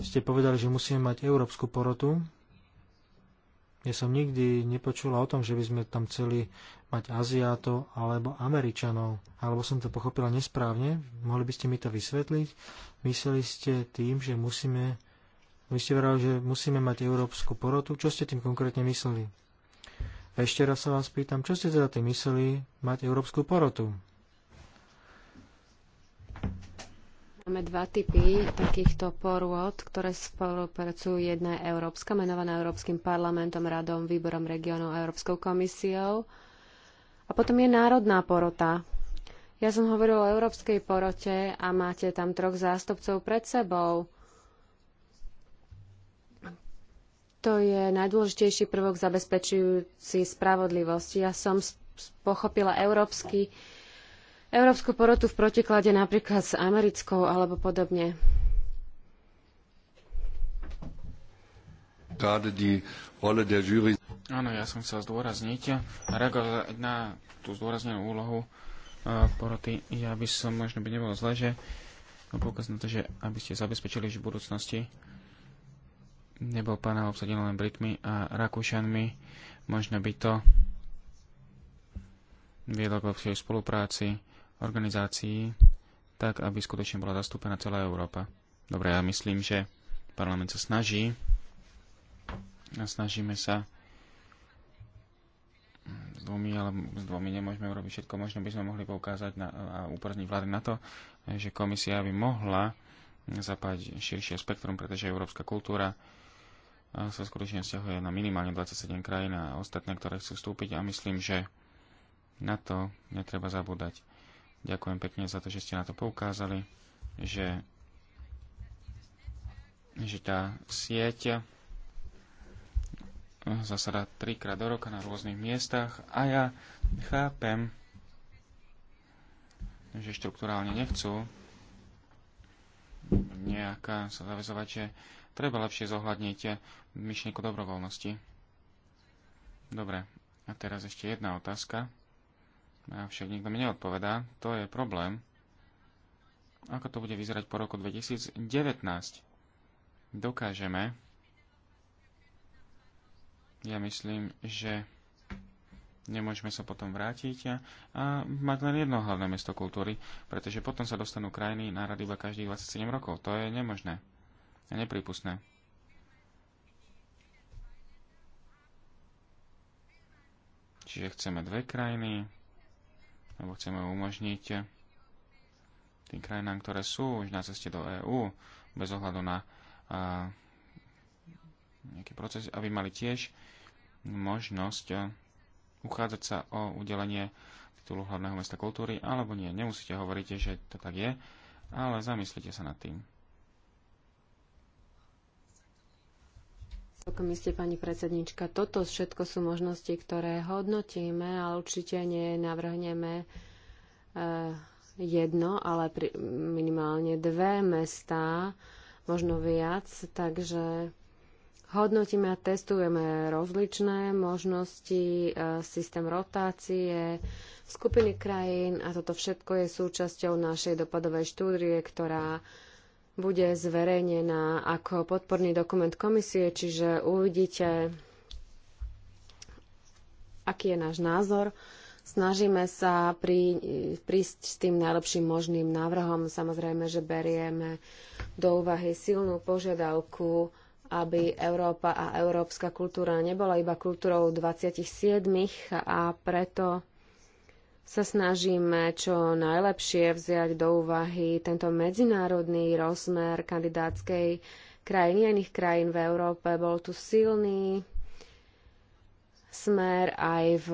Ste povedali, že musíme mať európsku porotu. Ja som nikdy nepočula o tom, že by sme tam chceli mať Aziátov alebo Američanov. Alebo som to pochopila nesprávne. Mohli by ste mi to vysvetliť? Mysleli ste tým, že musíme... Vy ste verali, že musíme mať európsku porotu. Čo ste tým konkrétne mysleli? Ešte raz sa vás pýtam, čo ste teda tým mysleli mať európsku porotu? Máme dva typy takýchto porôd, ktoré spolupracujú. Jedna je európska, menovaná Európskym parlamentom, radom, výborom regionov a Európskou komisiou. A potom je národná porota. Ja som hovoril o európskej porote a máte tam troch zástupcov pred sebou. To je najdôležitejší prvok zabezpečujúci spravodlivosť. Ja som pochopila európsky, európsku porotu v protiklade napríklad s americkou alebo podobne. Áno, ja som chcel zdôrazniť na tú zdôraznenú úlohu e, poroty. Ja by som možno by nebolo zle, že no, poukaz na to, že aby ste zabezpečili, že v budúcnosti nebol panel obsadený len Britmi a Rakúšanmi. Možno by to viedlo k lepšej spolupráci organizácií, tak aby skutočne bola zastúpená celá Európa. Dobre, ja myslím, že parlament sa snaží a snažíme sa s dvomi, ale s dvomi nemôžeme urobiť všetko. Možno by sme mohli poukázať na, a upozniť vlády na to, že komisia by mohla zapať širšie spektrum, pretože európska kultúra sa skutočne vzťahuje na minimálne 27 krajín a ostatné, ktoré chcú vstúpiť a myslím, že na to netreba zabúdať. Ďakujem pekne za to, že ste na to poukázali, že, že tá sieť zasada trikrát do roka na rôznych miestach a ja chápem, že štruktúrálne nechcú nejaká sa zavezovať, že treba lepšie zohľadniť eh, myšlienku dobrovoľnosti. Dobre, a teraz ešte jedna otázka. Avšak nikto mi neodpovedá. To je problém. Ako to bude vyzerať po roku 2019? Dokážeme. Ja myslím, že nemôžeme sa potom vrátiť a, a mať len jedno hlavné mesto kultúry, pretože potom sa dostanú krajiny na iba každých 27 rokov. To je nemožné je nepripustné. Čiže chceme dve krajiny, alebo chceme umožniť tým krajinám, ktoré sú už na ceste do EÚ, bez ohľadu na a, nejaký proces, aby mali tiež možnosť a, uchádzať sa o udelenie titulu hlavného mesta kultúry, alebo nie. Nemusíte hovoriť, že to tak je, ale zamyslite sa nad tým. Ďakujem ste pani predsednička, toto všetko sú možnosti, ktoré hodnotíme, ale určite nenavrhneme eh, jedno, ale pri, minimálne dve mestá, možno viac, takže hodnotíme a testujeme rozličné možnosti, eh, systém rotácie, skupiny krajín a toto všetko je súčasťou našej dopadovej štúdie, ktorá bude zverejnená ako podporný dokument komisie, čiže uvidíte, aký je náš názor. Snažíme sa prí, prísť s tým najlepším možným návrhom. Samozrejme, že berieme do úvahy silnú požiadavku, aby Európa a európska kultúra nebola iba kultúrou 27 a preto sa snažíme čo najlepšie vziať do úvahy tento medzinárodný rozmer kandidátskej krajiny a iných krajín v Európe. Bol tu silný smer aj v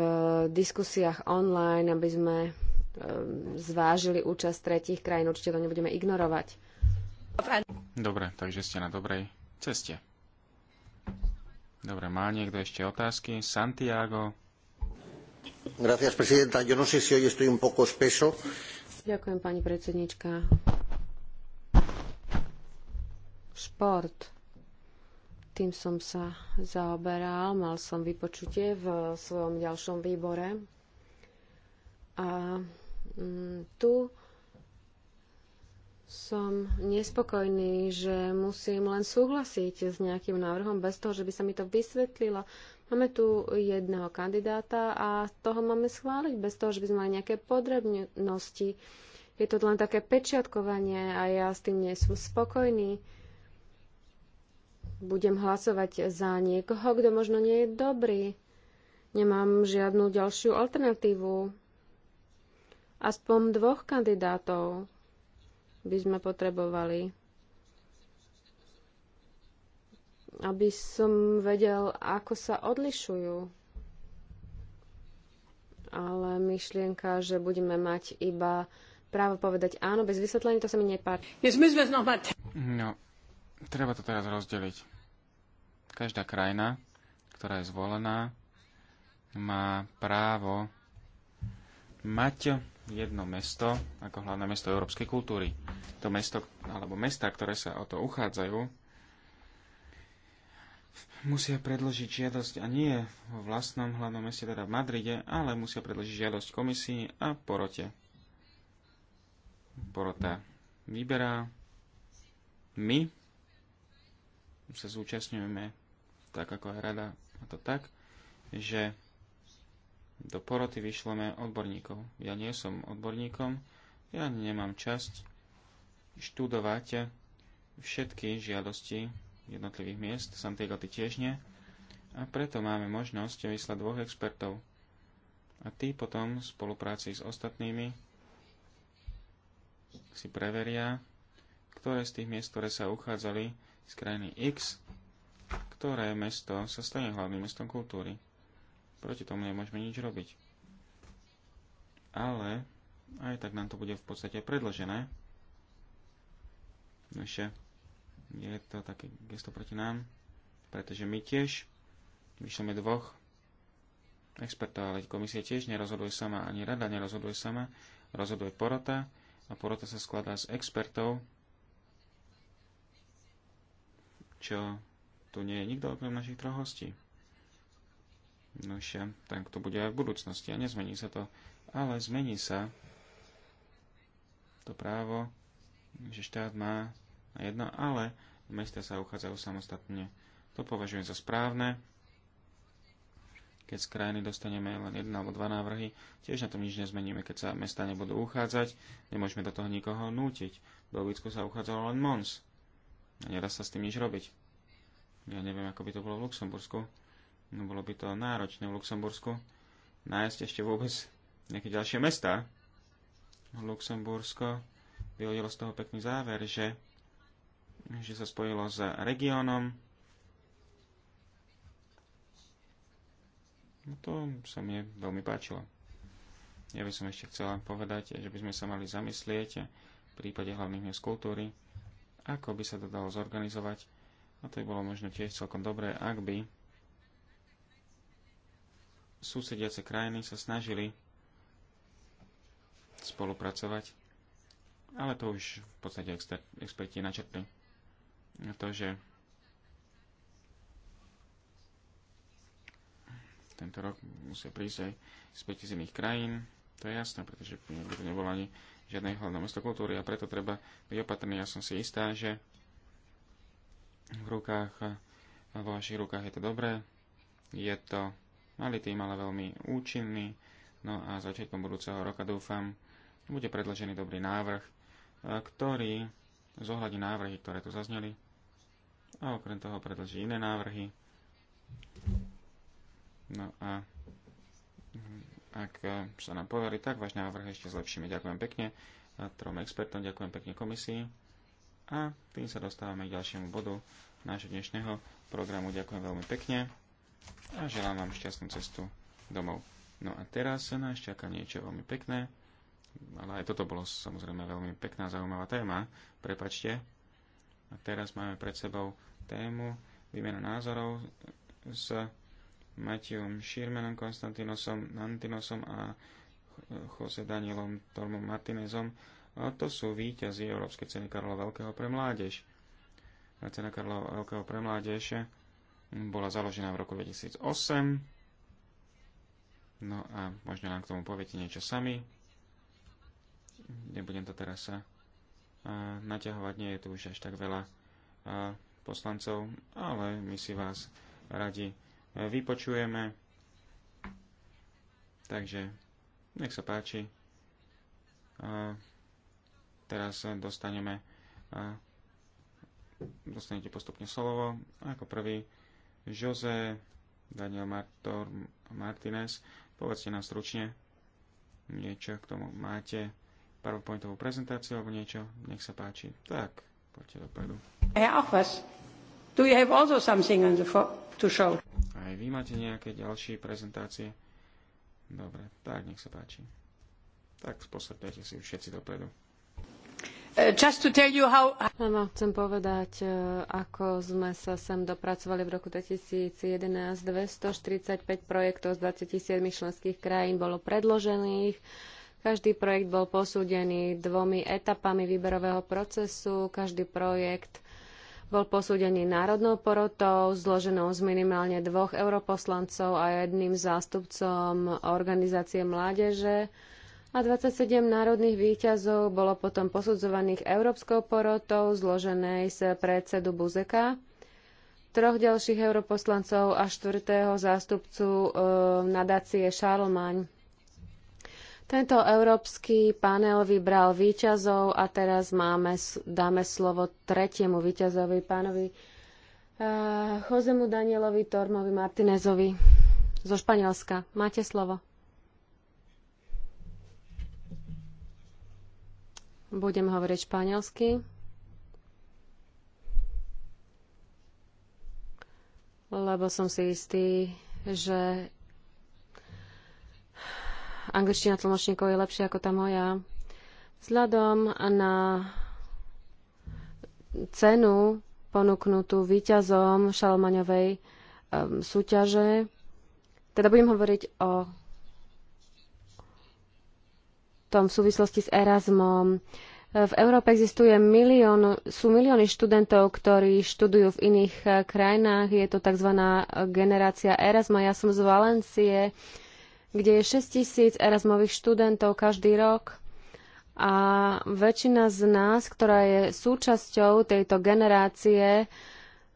diskusiách online, aby sme e, zvážili účasť tretích krajín. Určite to nebudeme ignorovať. Dobre, takže ste na dobrej ceste. Dobre, má niekto ešte otázky? Santiago? Gracias, presidenta. Yo no sé si hoy estoy un poco espeso. Ďakujem, pani predsednička. Šport. Tým som sa zaoberal. Mal som vypočutie v svojom ďalšom výbore. A mm, tu som nespokojný, že musím len súhlasiť s nejakým návrhom bez toho, že by sa mi to vysvetlilo. Máme tu jedného kandidáta a toho máme schváliť bez toho, že by sme mali nejaké podrobnosti. Je to len také pečiatkovanie a ja s tým nie som spokojný. Budem hlasovať za niekoho, kto možno nie je dobrý. Nemám žiadnu ďalšiu alternatívu. Aspoň dvoch kandidátov by sme potrebovali. aby som vedel, ako sa odlišujú. Ale myšlienka, že budeme mať iba právo povedať áno, bez vysvetlenia, to sa mi nepáči. No, no, treba to teraz rozdeliť. Každá krajina, ktorá je zvolená, má právo mať jedno mesto ako hlavné mesto európskej kultúry. To mesto, alebo mesta, ktoré sa o to uchádzajú, musia predložiť žiadosť a nie vo vlastnom hlavnom meste, teda v Madride, ale musia predložiť žiadosť komisii a porote. Porota vyberá. My sa zúčastňujeme tak ako aj rada a to tak, že do poroty vyšleme odborníkov. Ja nie som odborníkom, ja nemám časť študovať všetky žiadosti jednotlivých miest, Santiago ty tiež nie. A preto máme možnosť vyslať dvoch expertov. A tí potom v spolupráci s ostatnými si preveria, ktoré z tých miest, ktoré sa uchádzali z krajiny X, ktoré mesto sa stane hlavným mestom kultúry. Proti tomu nemôžeme nič robiť. Ale aj tak nám to bude v podstate predložené. Naše je to také gesto proti nám, pretože my tiež vyšleme dvoch expertov, ale komisia tiež nerozhoduje sama, ani rada nerozhoduje sama, rozhoduje porota a porota sa skladá z expertov, čo tu nie je nikto okrem našich troch hostí. No ešte, tak to bude aj v budúcnosti a nezmení sa to, ale zmení sa to právo, že štát má jedno, ale mesta sa uchádzajú samostatne. To považujem za správne. Keď z krajiny dostaneme len jedna alebo dva návrhy, tiež na tom nič nezmeníme. Keď sa mesta nebudú uchádzať, nemôžeme do toho nikoho nútiť. V Belgicku sa uchádzalo len Mons. A nedá sa s tým nič robiť. Ja neviem, ako by to bolo v Luxembursku. No bolo by to náročné v Luxembursku nájsť ešte vôbec nejaké ďalšie mesta. Luxembursko vyhodilo z toho pekný záver, že že sa spojilo s regiónom. No to sa mi veľmi páčilo. Ja by som ešte chcela povedať, že by sme sa mali zamyslieť v prípade hlavných miest kultúry, ako by sa to dalo zorganizovať. A to by bolo možno tiež celkom dobré, ak by susediace krajiny sa snažili spolupracovať, ale to už v podstate experti načrtli to, že tento rok musia prísť aj späť z iných krajín. To je jasné, pretože nikdy to nebolo ani žiadne hlavné mesto kultúry a preto treba byť opatrný. Ja som si istá, že v rukách, vo vašich rukách je to dobré. Je to malý tým, ale veľmi účinný. No a začiatkom budúceho roka dúfam, bude predložený dobrý návrh, ktorý zohľadí návrhy, ktoré tu zazneli a okrem toho predlží iné návrhy. No a ak sa nám povedali, tak váš návrh ešte zlepšíme. Ďakujem pekne a trom expertom, ďakujem pekne komisii a tým sa dostávame k ďalšiemu bodu nášho dnešného programu. Ďakujem veľmi pekne a želám vám šťastnú cestu domov. No a teraz sa nás čaká niečo veľmi pekné, ale aj toto bolo samozrejme veľmi pekná, zaujímavá téma. Prepačte, a teraz máme pred sebou tému výmenu názorov s Matiom Šírmenom, Konstantinosom Antinosom a Jose Danielom Tormom Martinezom. A to sú víťazi Európskej ceny Karla Veľkého pre mládež. A cena Karla Veľkého pre mládež bola založená v roku 2008. No a možno nám k tomu poviete niečo sami. Nebudem to teraz sa naťahovať. Nie je tu už až tak veľa poslancov, ale my si vás radi e, vypočujeme. Takže nech sa páči. Teraz dostaneme dostanete postupne slovo. Ako prvý Jose Daniel Martor Martinez. Povedzte nám stručne niečo k tomu máte PowerPointovú prezentáciu alebo niečo. Nech sa páči. Tak, poďte dopredu. Do you have also something on the to show? Aj vy máte nejaké ďalšie prezentácie? Dobre, tak nech sa páči. Tak posledajte si všetci dopredu. Uh, just to tell you how... Áno, chcem povedať, uh, ako sme sa sem dopracovali v roku 2011. 245 projektov z 27 členských krajín bolo predložených každý projekt bol posúdený dvomi etapami výberového procesu. Každý projekt bol posúdený národnou porotou, zloženou z minimálne dvoch europoslancov a jedným zástupcom organizácie mládeže. A 27 národných výťazov bolo potom posudzovaných európskou porotou, zloženej z predsedu Buzeka, troch ďalších europoslancov a štvrtého zástupcu e, nadácie Šarlmaň. Tento európsky panel vybral výťazov a teraz máme, dáme slovo tretiemu výťazovi, pánovi uh, Josemu Danielovi Tormovi Martinezovi zo Španielska. Máte slovo. Budem hovoriť španielsky. Lebo som si istý, že angličtina tlmočníkov je lepšia ako tá moja. Vzhľadom na cenu ponúknutú výťazom Šalmaňovej um, súťaže, teda budem hovoriť o tom v súvislosti s Erasmom. V Európe existuje milión, sú milióny študentov, ktorí študujú v iných eh, krajinách. Je to tzv. Eh, generácia Erasma. Ja som z Valencie kde je 6 tisíc Erasmových študentov každý rok a väčšina z nás, ktorá je súčasťou tejto generácie,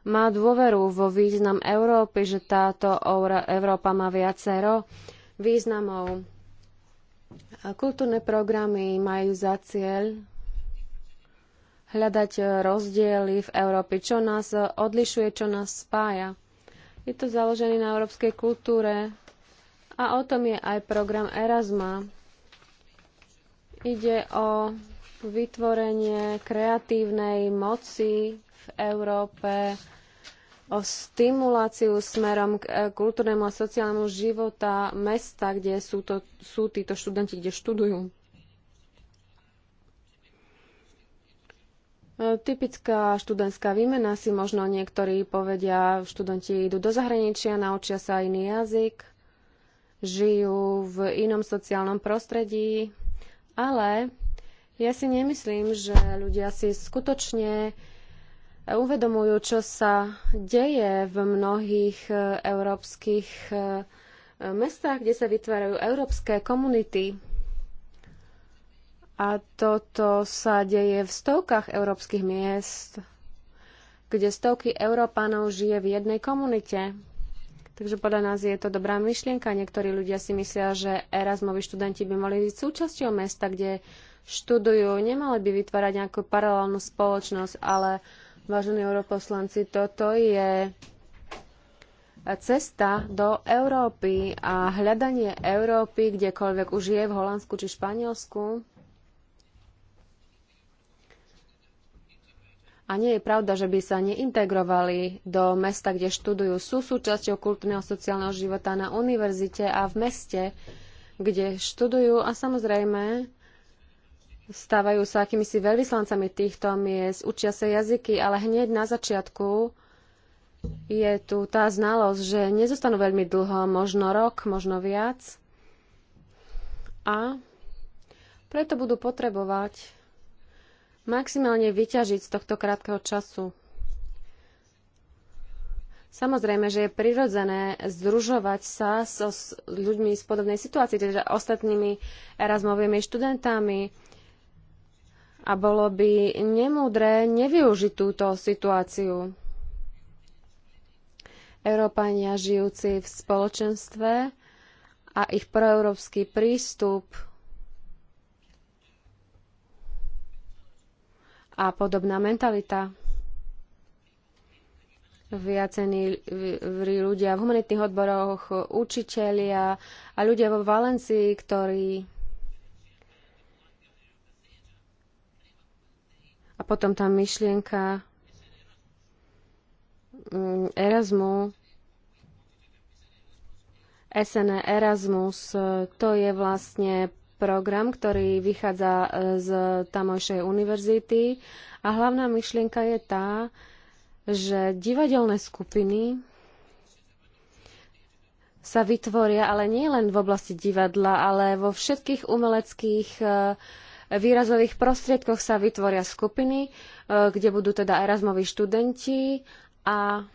má dôveru vo význam Európy, že táto Európa má viacero významov. Kultúrne programy majú za cieľ hľadať rozdiely v Európe, čo nás odlišuje, čo nás spája. Je to založené na európskej kultúre, a o tom je aj program Erasma. Ide o vytvorenie kreatívnej moci v Európe, o stimuláciu smerom k e, kultúrnemu a sociálnemu života mesta, kde sú, to, sú títo študenti, kde študujú. E, typická študentská výmena si možno niektorí povedia, študenti idú do zahraničia, naučia sa iný jazyk, žijú v inom sociálnom prostredí, ale ja si nemyslím, že ľudia si skutočne uvedomujú, čo sa deje v mnohých e, európskych e, mestách, kde sa vytvárajú európske komunity. A toto sa deje v stovkách európskych miest, kde stovky Európanov žije v jednej komunite. Takže podľa nás je to dobrá myšlienka. Niektorí ľudia si myslia, že Erasmovi študenti by mali byť súčasťou mesta, kde študujú. Nemali by vytvárať nejakú paralelnú spoločnosť, ale vážení europoslanci, toto je cesta do Európy a hľadanie Európy kdekoľvek už je v Holandsku či Španielsku A nie je pravda, že by sa neintegrovali do mesta, kde študujú. Sú súčasťou kultúrneho sociálneho života na univerzite a v meste, kde študujú a samozrejme stávajú sa akýmisi veľvyslancami týchto miest, učia sa jazyky, ale hneď na začiatku je tu tá znalosť, že nezostanú veľmi dlho, možno rok, možno viac. A preto budú potrebovať maximálne vyťažiť z tohto krátkeho času. Samozrejme, že je prirodzené združovať sa so s ľuďmi z podobnej situácie, teda ostatnými Erasmovými študentami. A bolo by nemúdre nevyužiť túto situáciu. Európania žijúci v spoločenstve a ich proeurópsky prístup a podobná mentalita. Viacení ľudia v humanitných odboroch, učitelia a ľudia vo Valencii, ktorí A potom tá myšlienka mm, Erasmu, SN e Erasmus, to je vlastne program, ktorý vychádza e, z tamojšej univerzity. A hlavná myšlienka je tá, že divadelné skupiny sa vytvoria, ale nie len v oblasti divadla, ale vo všetkých umeleckých e, výrazových prostriedkoch sa vytvoria skupiny, e, kde budú teda Erasmoví študenti a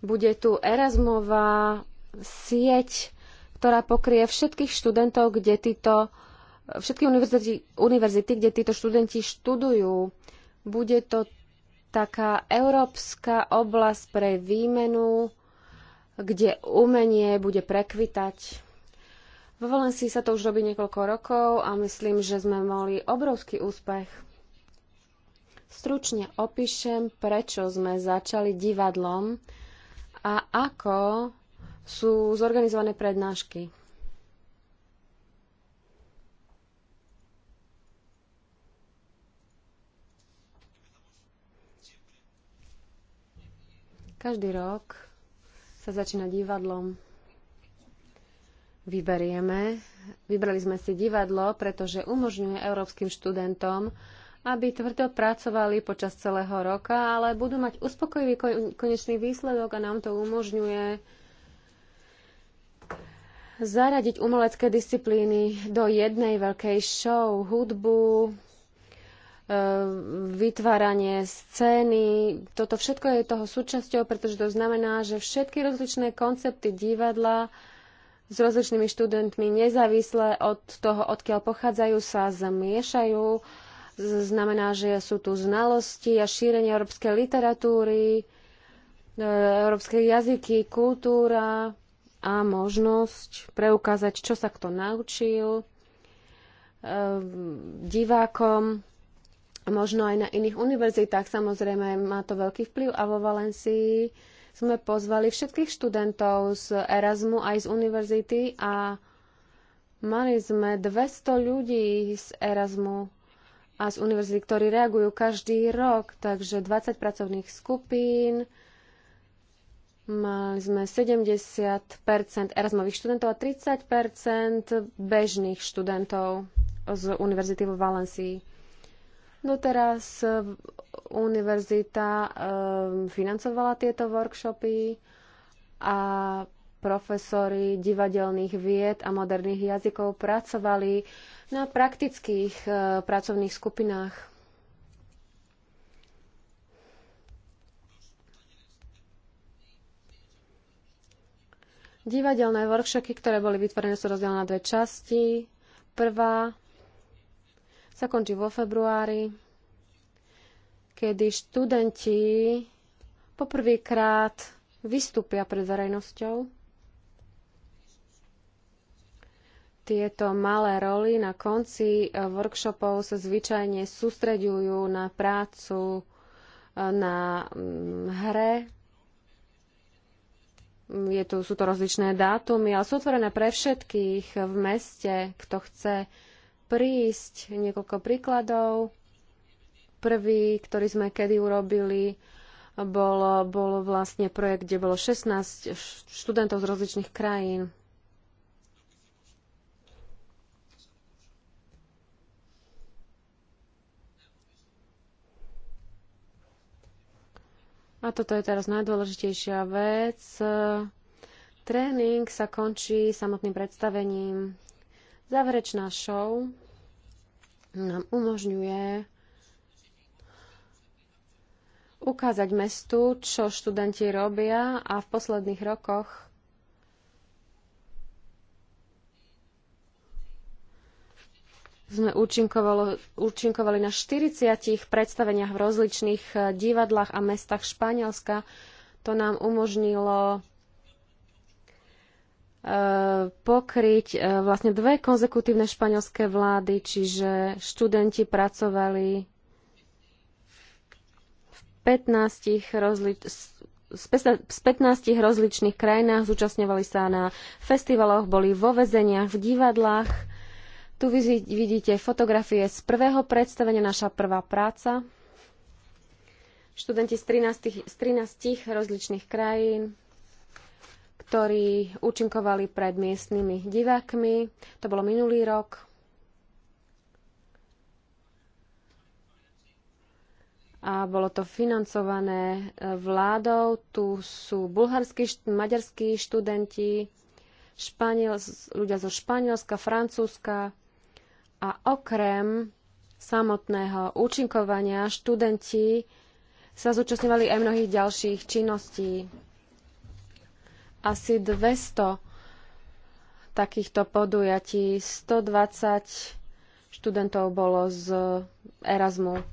bude tu Erasmová sieť ktorá pokrie všetkých študentov, kde títo, všetky univerzity, univerzity, kde títo študenti študujú. Bude to taká európska oblasť pre výmenu, kde umenie bude prekvitať. Vo Valencii sa to už robí niekoľko rokov a myslím, že sme mali obrovský úspech. Stručne opíšem, prečo sme začali divadlom a ako sú zorganizované prednášky. Každý rok sa začína divadlom. Vyberieme. Vybrali sme si divadlo, pretože umožňuje európskym študentom, aby tvrdo pracovali počas celého roka, ale budú mať uspokojivý konečný výsledok a nám to umožňuje zaradiť umelecké disciplíny do jednej veľkej show, hudbu, e, vytváranie scény. Toto všetko je toho súčasťou, pretože to znamená, že všetky rozličné koncepty divadla s rozličnými študentmi nezávisle od toho, odkiaľ pochádzajú, sa zmiešajú. Znamená, že sú tu znalosti a šírenie európskej literatúry, e, európskej jazyky, kultúra, a možnosť preukázať, čo sa kto naučil e, divákom, možno aj na iných univerzitách. Samozrejme, má to veľký vplyv a vo Valencii sme pozvali všetkých študentov z Erasmu aj z univerzity a mali sme 200 ľudí z Erasmu a z univerzity, ktorí reagujú každý rok, takže 20 pracovných skupín, Mali sme 70 Erasmových študentov a 30 bežných študentov z Univerzity vo Valencii. teraz univerzita ehm, financovala tieto workshopy a profesori divadelných vied a moderných jazykov pracovali na praktických ehm, pracovných skupinách Divadelné workshopy, ktoré boli vytvorené, sú rozdelené na dve časti. Prvá sa končí vo februári, kedy študenti poprvýkrát vystúpia pred verejnosťou. Tieto malé roly na konci eh, workshopov sa zvyčajne sústreďujú na prácu eh, na mm, hre je to, sú to rozličné dátumy, ale sú otvorené pre všetkých v meste, kto chce prísť. Niekoľko príkladov. Prvý, ktorý sme kedy urobili, bol, bol vlastne projekt, kde bolo 16 študentov z rozličných krajín. a toto je teraz najdôležitejšia vec, tréning sa končí samotným predstavením. Záverečná show nám umožňuje ukázať mestu, čo študenti robia a v posledných rokoch sme účinkovali na 40 predstaveniach v rozličných eh, divadlách a mestách Španielska. To nám umožnilo eh, pokryť eh, vlastne dve konzekutívne španielské vlády, čiže študenti pracovali v 15 rozlič- z 15 rozličných krajinách, zúčastňovali sa na festivaloch, boli vo väzeniach, v divadlách tu vidíte fotografie z prvého predstavenia, naša prvá práca. Študenti z 13, z 13 rozličných krajín, ktorí účinkovali pred miestnymi divákmi. To bolo minulý rok. A bolo to financované e, vládou. Tu sú bulharskí, maďarskí študenti, Španiel, ľudia zo Španielska, Francúzska, a okrem samotného účinkovania študenti sa zúčastňovali aj mnohých ďalších činností. Asi 200 takýchto podujatí, 120 študentov bolo z Erasmu.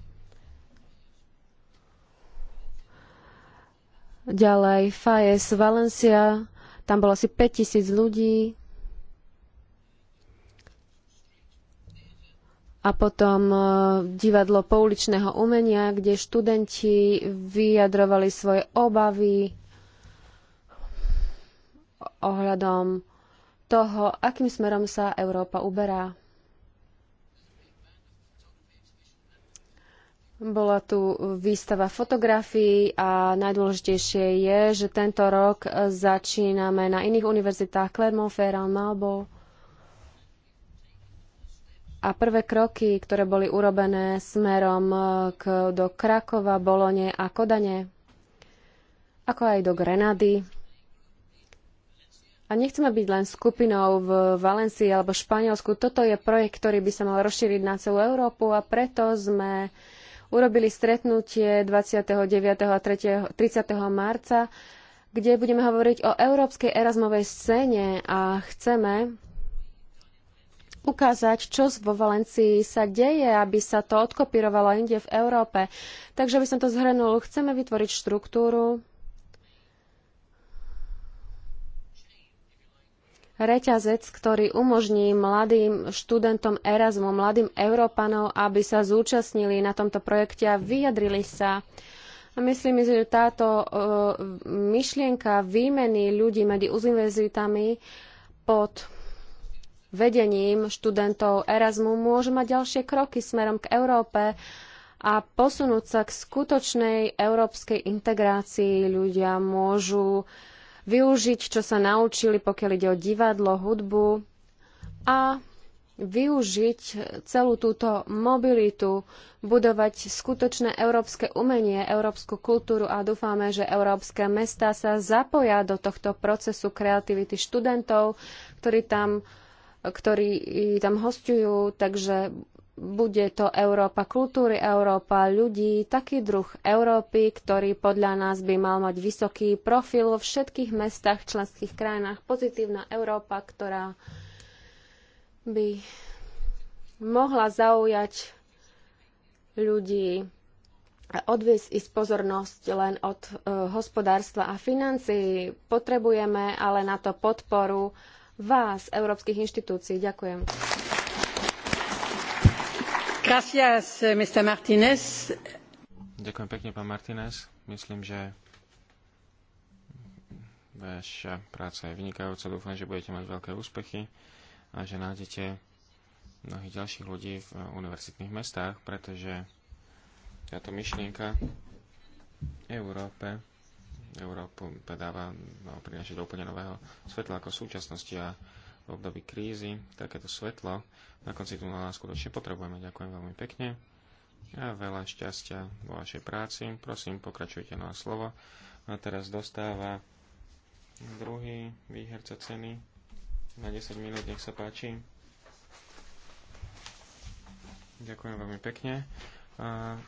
Ďalej FAES Valencia, tam bolo asi 5000 ľudí. a potom e, divadlo pouličného umenia, kde študenti vyjadrovali svoje obavy ohľadom toho, akým smerom sa Európa uberá. Bola tu výstava fotografií a najdôležitejšie je, že tento rok začíname na iných univerzitách Clermont-Ferrand, Malbo, a prvé kroky, ktoré boli urobené smerom e, k, do Krakova, Bolone a Kodane, ako aj do Grenady. A nechceme byť len skupinou v Valencii alebo Španielsku. Toto je projekt, ktorý by sa mal rozšíriť na celú Európu a preto sme urobili stretnutie 29. a 30. marca, kde budeme hovoriť o európskej Erasmovej scéne a chceme ukázať, čo vo Valencii sa deje, aby sa to odkopírovalo inde v Európe. Takže by som to zhrnul. Chceme vytvoriť štruktúru, reťazec, ktorý umožní mladým študentom Erasmu, mladým Európanov, aby sa zúčastnili na tomto projekte a vyjadrili sa. A myslím, že táto uh, myšlienka výmeny ľudí medzi univerzitami pod vedením študentov Erasmu môže mať ďalšie kroky smerom k Európe a posunúť sa k skutočnej európskej integrácii. Ľudia môžu využiť, čo sa naučili, pokiaľ ide o divadlo, hudbu a využiť celú túto mobilitu, budovať skutočné európske umenie, európsku kultúru a dúfame, že európske mesta sa zapoja do tohto procesu kreativity študentov, ktorí tam ktorí tam hostujú, takže bude to Európa kultúry, Európa ľudí, taký druh Európy, ktorý podľa nás by mal mať vysoký profil vo všetkých mestách, členských krajinách. Pozitívna Európa, ktorá by mohla zaujať ľudí a odviesť ich pozornosť len od e, hospodárstva a financií. Potrebujeme ale na to podporu vás, európskych inštitúcií. Ďakujem. Gracias, eh, Mr. Martinez. Ďakujem pekne, pán Martinez. Myslím, že vaša práca je vynikajúca. Dúfam, že budete mať veľké úspechy a že nájdete mnohých ďalších ľudí v univerzitných mestách, pretože táto myšlienka Európe Európu predáva, no, prináša do úplne nového svetla ako v súčasnosti a v období krízy takéto svetlo na konci tunela skutočne potrebujeme. Ďakujem veľmi pekne a veľa šťastia vo vašej práci. Prosím, pokračujte na no slovo. A teraz dostáva druhý výherca ceny na 10 minút, nech sa páči. Ďakujem veľmi pekne. A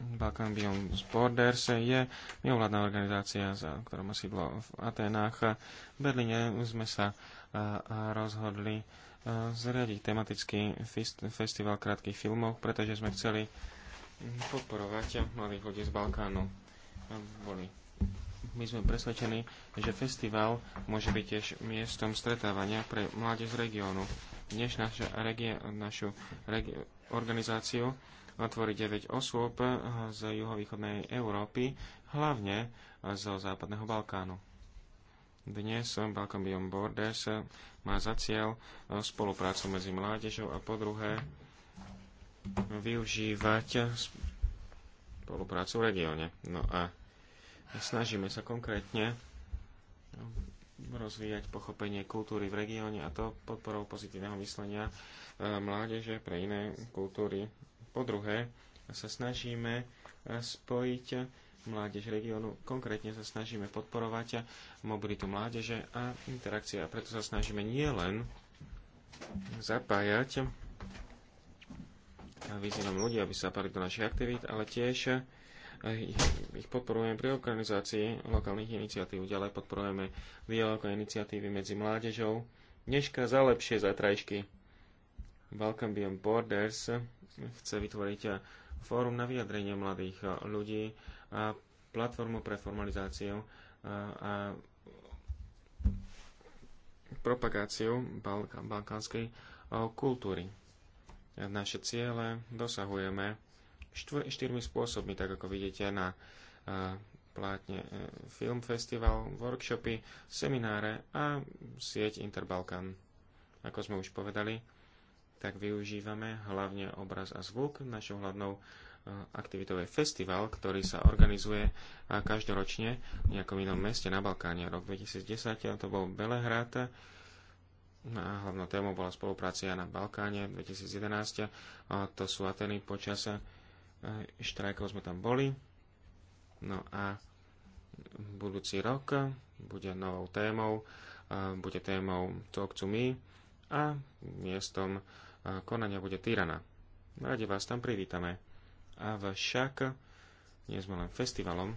Balkan Beyond Borders je mimovládna organizácia, za ktorom asi sídlo v Atenách. V Berlíne sme sa rozhodli zriadiť tematický festival krátkých filmov, pretože sme chceli podporovať mladých ľudí z Balkánu. Boli. My sme presvedčení, že festival môže byť tiež miestom stretávania pre mládež z regiónu. Dnes naša regie, našu regi- organizáciu otvoriť 9 osôb z juhovýchodnej Európy, hlavne zo západného Balkánu. Dnes Balkan Beyond Borders má za cieľ spoluprácu medzi mládežou a po druhé využívať spoluprácu v regióne. No a snažíme sa konkrétne rozvíjať pochopenie kultúry v regióne a to podporou pozitívneho myslenia e, mládeže pre iné kultúry po druhé, sa snažíme eh, spojiť mládež regiónu. Konkrétne sa snažíme podporovať mobilitu mládeže a interakcie. A preto sa snažíme nielen zapájať a vyzývam ľudí, aby sa zapali do našich aktivít, ale tiež eh, ich, podporujeme pri organizácii lokálnych iniciatív. Ďalej podporujeme dialog iniciatívy medzi mládežou. Dneška za lepšie zatrajšky. Welcome Beyond Borders chce vytvoriť eh, fórum na vyjadrenie mladých eh, ľudí a platformu pre formalizáciu eh, a propagáciu balkánskej kultúry. Naše ciele dosahujeme štyrmi spôsobmi, tak ako vidíte na plátne Film Festival, workshopy, semináre a sieť Interbalkan. Ako sme už povedali, tak využívame hlavne obraz a zvuk. Našou hlavnou eh, aktivitou je festival, ktorý sa organizuje eh, každoročne v nejakom inom meste na Balkáne. Rok 2010 eh, to bol Belehrad. No a hlavnou témou bola spolupráca na Balkáne 2011. to sú Ateny počas štrajkov sme tam boli. No a budúci rok bude novou témou, bude témou Talk to Me a miestom konania bude tyrana. Radi vás tam privítame. Avšak nie sme len festivalom.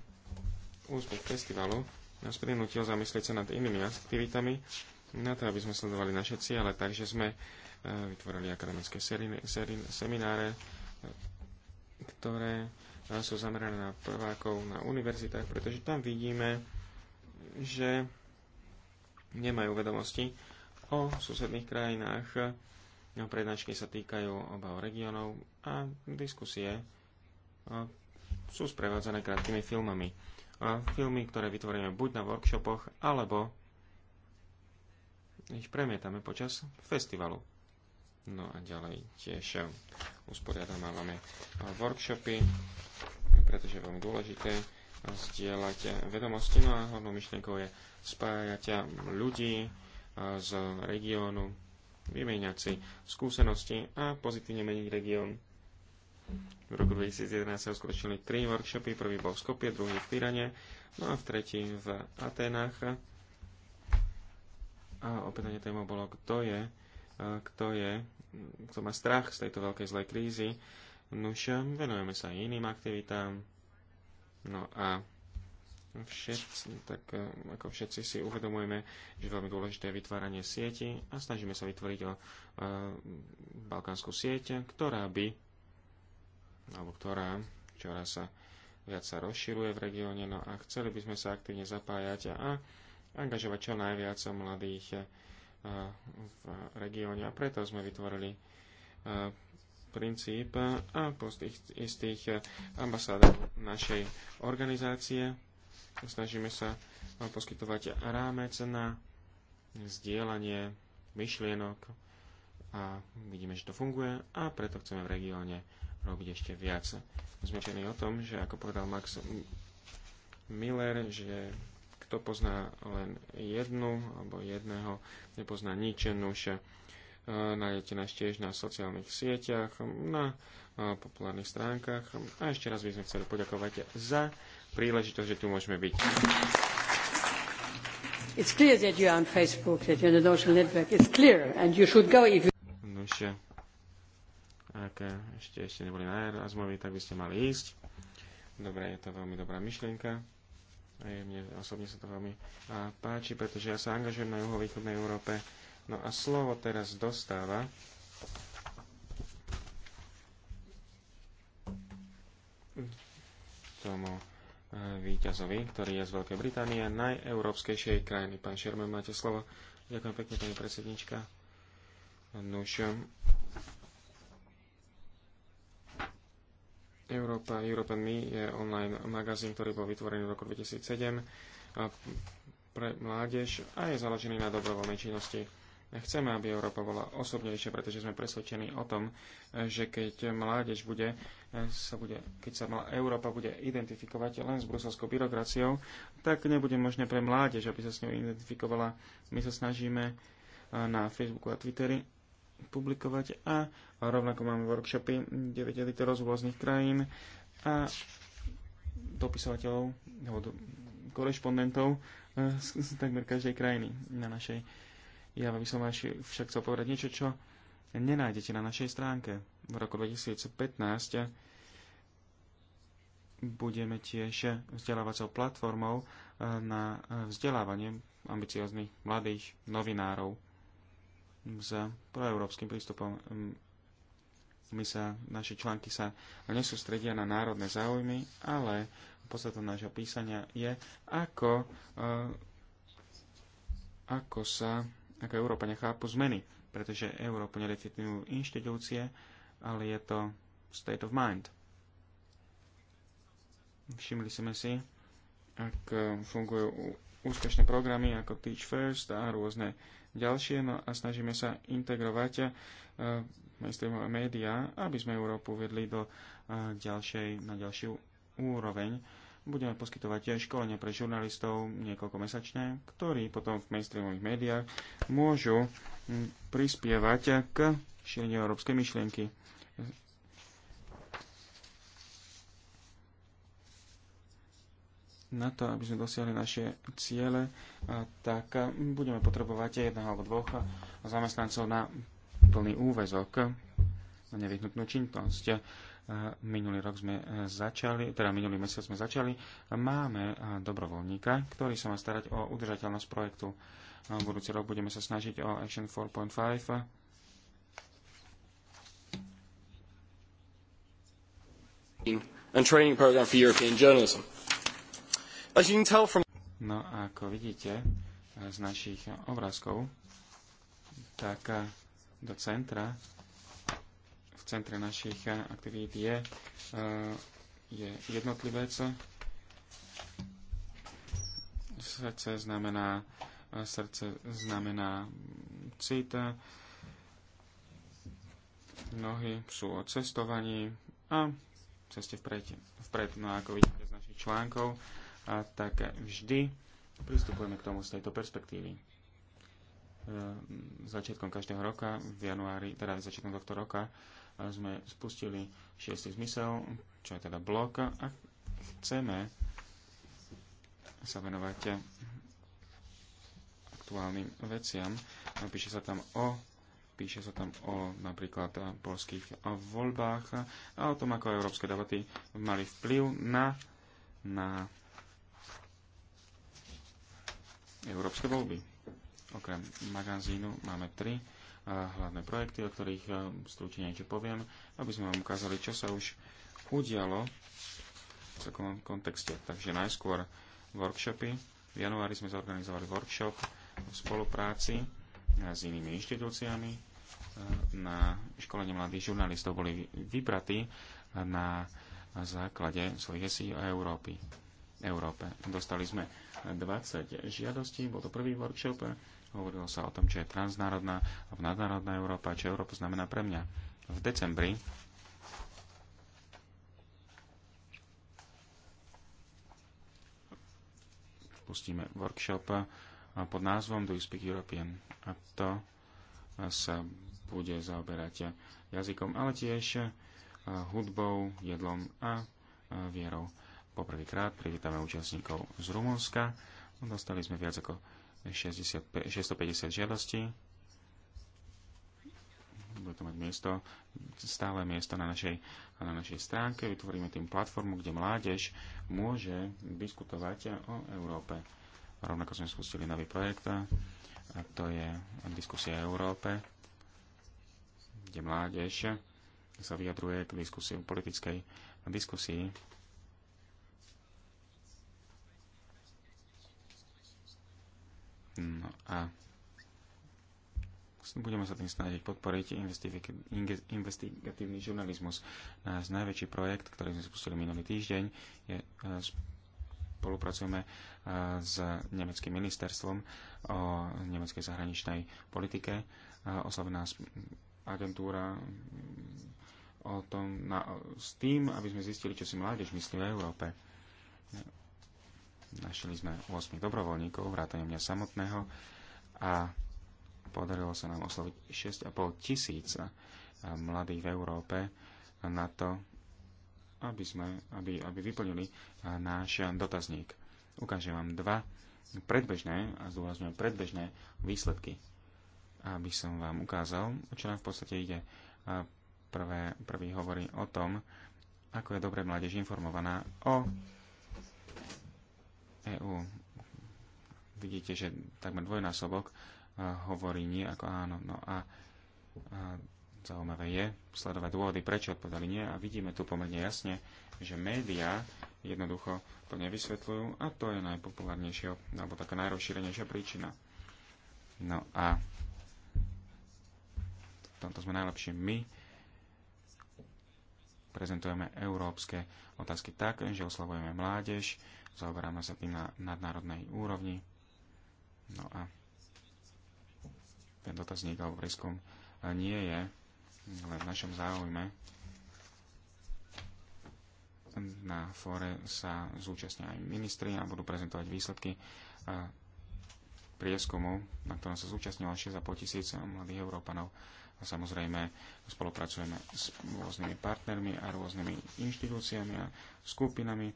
Úspech festivalu nás prinútil zamyslieť sa nad inými aktivitami, na to, aby sme sledovali naše ciele, takže sme e, vytvorili akademické serine, serine, semináre, ktoré e, sú zamerané na prvákov na univerzitách, pretože tam vidíme, že nemajú vedomosti o susedných krajinách, jeho no, prednášky sa týkajú obav regiónov a diskusie sú sprevádzané krátkými filmami. A filmy, ktoré vytvoríme buď na workshopoch, alebo ich premietame počas festivalu. No a ďalej tiež usporiadávame workshopy, pretože je veľmi dôležité zdieľať vedomosti. No a hlavnou myšlienkou je spájať ľudí z regiónu, vymeniať si skúsenosti a pozitívne meniť región. V roku 2011 sa uskutočnili tri workshopy, prvý bol v Skopie, druhý v Pirane, no a v tretí v Atenách. A opätovne téma bolo, kto je, kto je, kto má strach z tejto veľkej zlej krízy. Nuž, venujeme sa iným aktivitám. No a všetci, tak eh, ako všetci si uvedomujeme, že veľmi dôležité je vytváranie sieti a snažíme sa vytvoriť o eh, e, balkánsku sieť, ktorá by, alebo ktorá čoraz sa viac sa rozširuje v regióne, no a chceli by sme sa aktívne zapájať a, a angažovať čo najviac mladých e, v regióne a preto sme vytvorili e, princíp a istých ambasádov našej organizácie Snažíme sa poskytovať rámec na zdieľanie myšlienok a vidíme, že to funguje a preto chceme v regióne robiť ešte viac. Sme o tom, že ako povedal Max Miller, že kto pozná len jednu alebo jedného, nepozná nič, nuž e, nájdete nás tiež na sociálnych sieťach, na e, populárnych stránkach. A ešte raz by sme chceli poďakovať za príležitosť, že tu môžeme byť. Nože, ak ešte, ešte neboli na Erasmovi, tak by ste mali ísť. Dobre, je to veľmi dobrá myšlienka. A je, mne osobne sa to veľmi a, páči, pretože ja sa angažujem na juhovýchodnej Európe. No a slovo teraz dostáva tomu víťazovi, ktorý je z Veľkej Británie, najeurópskejšej krajiny. Pán Šerman, máte slovo. Ďakujem pekne, pani predsednička. Nuž, um, Európa, European Me je online magazín, ktorý bol vytvorený v roku 2007 pre mládež a je založený na dobrovoľnej činnosti. Chceme, aby Európa bola osobnejšia, pretože sme presvedčení o tom, že keď mládež bude, sa bude, keď sa mla, Európa bude identifikovať len s bruselskou byrokraciou, tak nebude možné pre mládež, aby sa s ňou identifikovala. My sa snažíme eh, na Facebooku a Twitteri publikovať a rovnako máme workshopy, kde vedeli to z rôznych krajín a dopisovateľov alebo korešpondentov eh, z takmer každej krajiny na našej ja by som vám však chcel povedať niečo, čo nenájdete na našej stránke. V roku 2015 budeme tiež vzdelávacou platformou eh, na vzdelávanie ambicioznych mladých novinárov s proeurópskym prístupom. Mm, my sa, naše články sa nesústredia na národné záujmy, ale podstate nášho písania je, ako, eh, ako sa ako Európa nechápu zmeny, pretože Európu nedefinujú inštitúcie, ale je to state of mind. Všimli sme si, ak fungujú úspešné programy ako Teach First a rôzne ďalšie, no a snažíme sa integrovať eh, mainstreamové médiá, aby sme Európu vedli do eh, ďalšej, na ďalšiu úroveň budeme poskytovať aj školenia pre žurnalistov niekoľko mesačne, ktorí potom v mainstreamových médiách môžu mm, prispievať k šíreniu európskej myšlienky. Na to, aby sme dosiahli naše ciele, tak budeme potrebovať jedného alebo dvoch zamestnancov na plný úvezok, na nevyhnutnú činnosť Minulý rok sme e, začali, teda minulý mesiac sme začali. Máme e, dobrovoľníka, ktorý sa má starať o udržateľnosť projektu. V budúci rok budeme sa snažiť o Action 4.5. and training program for European journalism. As you can tell from No a ako vidíte e, z našich obrázkov, tak do centra v centre našich aktivít je, eh, je jednotlivec. Srdce znamená, eh, srdce znamená cit, nohy sú o cestovaní a ceste vpred, vpred no ako vidíte z našich článkov, a eh, tak vždy pristupujeme k tomu z tejto perspektívy začiatkom každého roka, v januári, teda začiatkom tohto roka, sme spustili šiestý zmysel, čo je teda blok a chceme sa venovať aktuálnym veciam. Píše sa tam o Píše sa tam o napríklad polských voľbách a o tom, ako európske debaty mali vplyv na, na európske voľby. Okrem magazínu máme tri hlavné projekty, o ktorých e, stručne niečo poviem, aby sme vám ukázali, čo sa už udialo v takom kontexte. Takže najskôr workshopy. V januári sme zorganizovali workshop v spolupráci e, s inými inštitúciami. E, na školenie mladých žurnalistov boli vybratí na základe svojich esí o Európy. Európe. Dostali sme 20 žiadostí, bol to prvý workshop, Hovorilo sa o tom, čo je transnárodná a nadnárodná Európa, čo Európa znamená pre mňa. V decembri spustíme workshop pod názvom Do You Speak European. A to sa bude zaoberať jazykom, ale tiež hudbou, jedlom a vierou. Poprvýkrát privítame účastníkov z Rumunska. Dostali sme viac ako 650 žiadostí. Bude to mať miesto, stále miesto na našej, na našej stránke. Vytvoríme tým platformu, kde mládež môže diskutovať o Európe. Rovnako sme spustili nový projekt a to je diskusia o Európe, kde mládež sa vyjadruje k diskusii, politickej diskusii No a budeme sa tým snažiť podporiť investigatívny žurnalizmus. Náš najväčší projekt, ktorý sme spustili minulý týždeň, je e, spolupracujeme e, s nemeckým ministerstvom o nemeckej zahraničnej politike. E, Oslavná agentúra mm, o tom, na, s tým, aby sme zistili, čo si mládež myslí v Európe. Našli sme 8 dobrovoľníkov, vrátane mňa samotného a podarilo sa nám osloviť 6,5 tisíc mladých v Európe na to, aby, sme, aby, aby vyplnili náš dotazník. Ukážem vám dva predbežné, a zdôrazňujem predbežné výsledky, aby som vám ukázal, o čo nám v podstate ide. Prvé, prvý hovorí o tom, ako je dobre mládež informovaná o EÚ. Vidíte, že takmer dvojnásobok e, hovorí nie ako áno. No a, a zaujímavé je sledovať dôvody, prečo odpovedali nie a vidíme tu pomerne jasne, že médiá jednoducho to nevysvetľujú a to je najpopulárnejšia alebo taká najrozšírenejšia príčina. No a v tomto sme najlepšie my prezentujeme európske otázky tak, že oslavujeme mládež, zaoberáme sa tým na nadnárodnej úrovni. No a ten dotazník alebo prieskum nie je len v našom záujme. Na fóre sa zúčastnia aj ministri a budú prezentovať výsledky prieskumu, na ktorom sa zúčastnilo 6,5 tisíc mladých Európanov. A samozrejme spolupracujeme s rôznymi partnermi a rôznymi inštitúciami a skupinami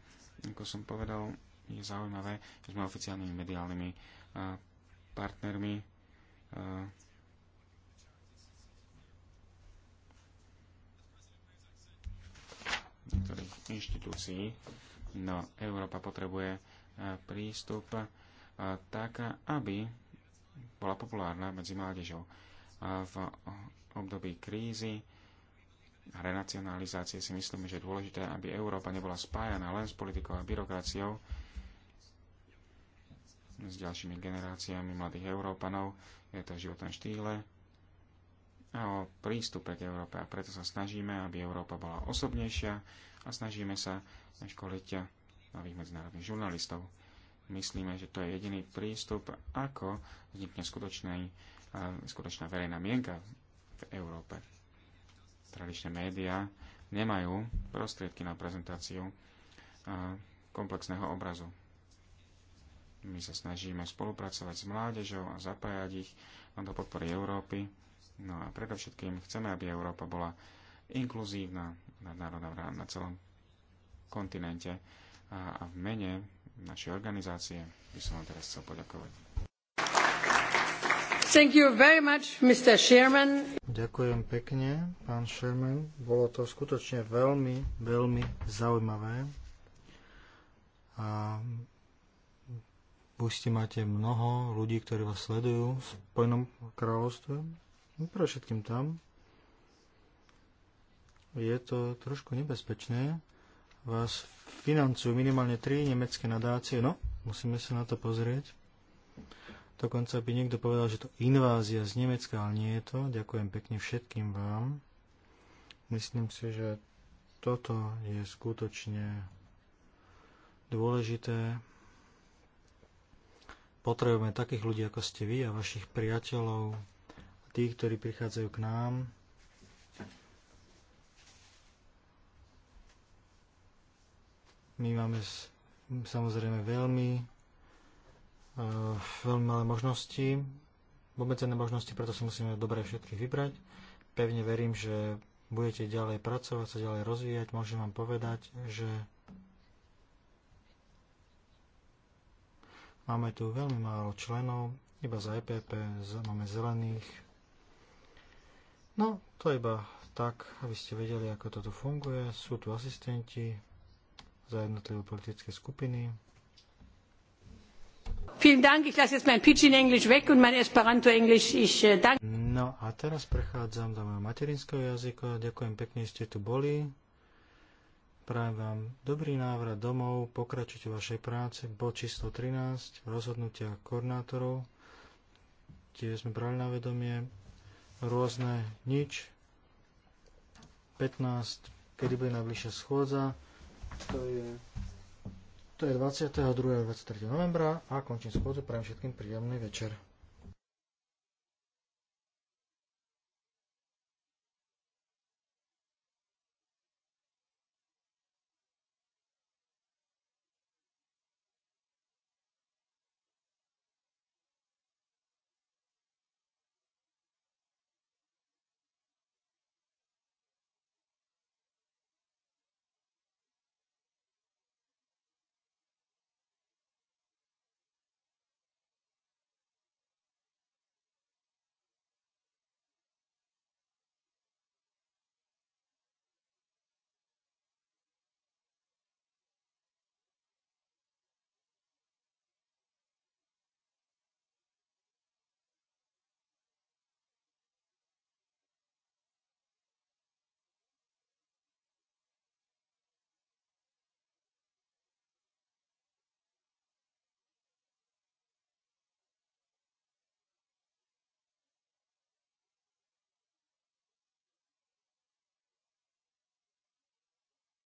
ako som povedal, je zaujímavé, že sme oficiálnymi mediálnymi partnermi niektorých inštitúcií. No, Európa potrebuje prístup tak, aby bola populárna medzi mládežou. V období krízy a renacionalizácie si myslíme, že je dôležité, aby Európa nebola spájana len s politikou a byrokraciou, s ďalšími generáciami mladých Európanov. Je to životné životnom štýle a o prístupe k Európe. A preto sa snažíme, aby Európa bola osobnejšia a snažíme sa školiť nových medzinárodných žurnalistov. Myslíme, že to je jediný prístup, ako vznikne skutočná verejná mienka v Európe tradičné médiá nemajú prostriedky na prezentáciu komplexného obrazu. My sa snažíme spolupracovať s mládežou a zapájať ich do podpory Európy. No a predovšetkým chceme, aby Európa bola inkluzívna nadnárodná na celom kontinente a, a v mene našej organizácie by som vám teraz chcel poďakovať. Much, Ďakujem pekne, pán Sherman. Bolo to skutočne veľmi, veľmi zaujímavé. A v máte mnoho ľudí, ktorí vás sledujú v Spojenom kráľovstve. No, pre všetkým tam. Je to trošku nebezpečné. Vás financujú minimálne tri nemecké nadácie. No, musíme sa na to pozrieť. Dokonca by niekto povedal, že to invázia z Nemecka, ale nie je to. Ďakujem pekne všetkým vám. Myslím si, že toto je skutočne dôležité. Potrebujeme takých ľudí, ako ste vy a vašich priateľov, tých, ktorí prichádzajú k nám. My máme samozrejme veľmi veľmi malé možnosti, obmedzené možnosti, preto si musíme dobre všetkých vybrať. Pevne verím, že budete ďalej pracovať, sa ďalej rozvíjať. Môžem vám povedať, že máme tu veľmi málo členov, iba za EPP, máme zelených. No, to iba tak, aby ste vedeli, ako toto funguje. Sú tu asistenti za jednotlivé politické skupiny. No a teraz prechádzam do mojho materinského jazyka. Ďakujem pekne, že ste tu boli. Prajem vám dobrý návrat domov, pokračujte vašej práce. Bod číslo 13, rozhodnutia koordinátorov. Tie sme brali na vedomie. Rôzne nič. 15, kedy bude najbližšia schôdza. To je to je 22. a 23. novembra a končím schôdzu. Prajem všetkým príjemný večer.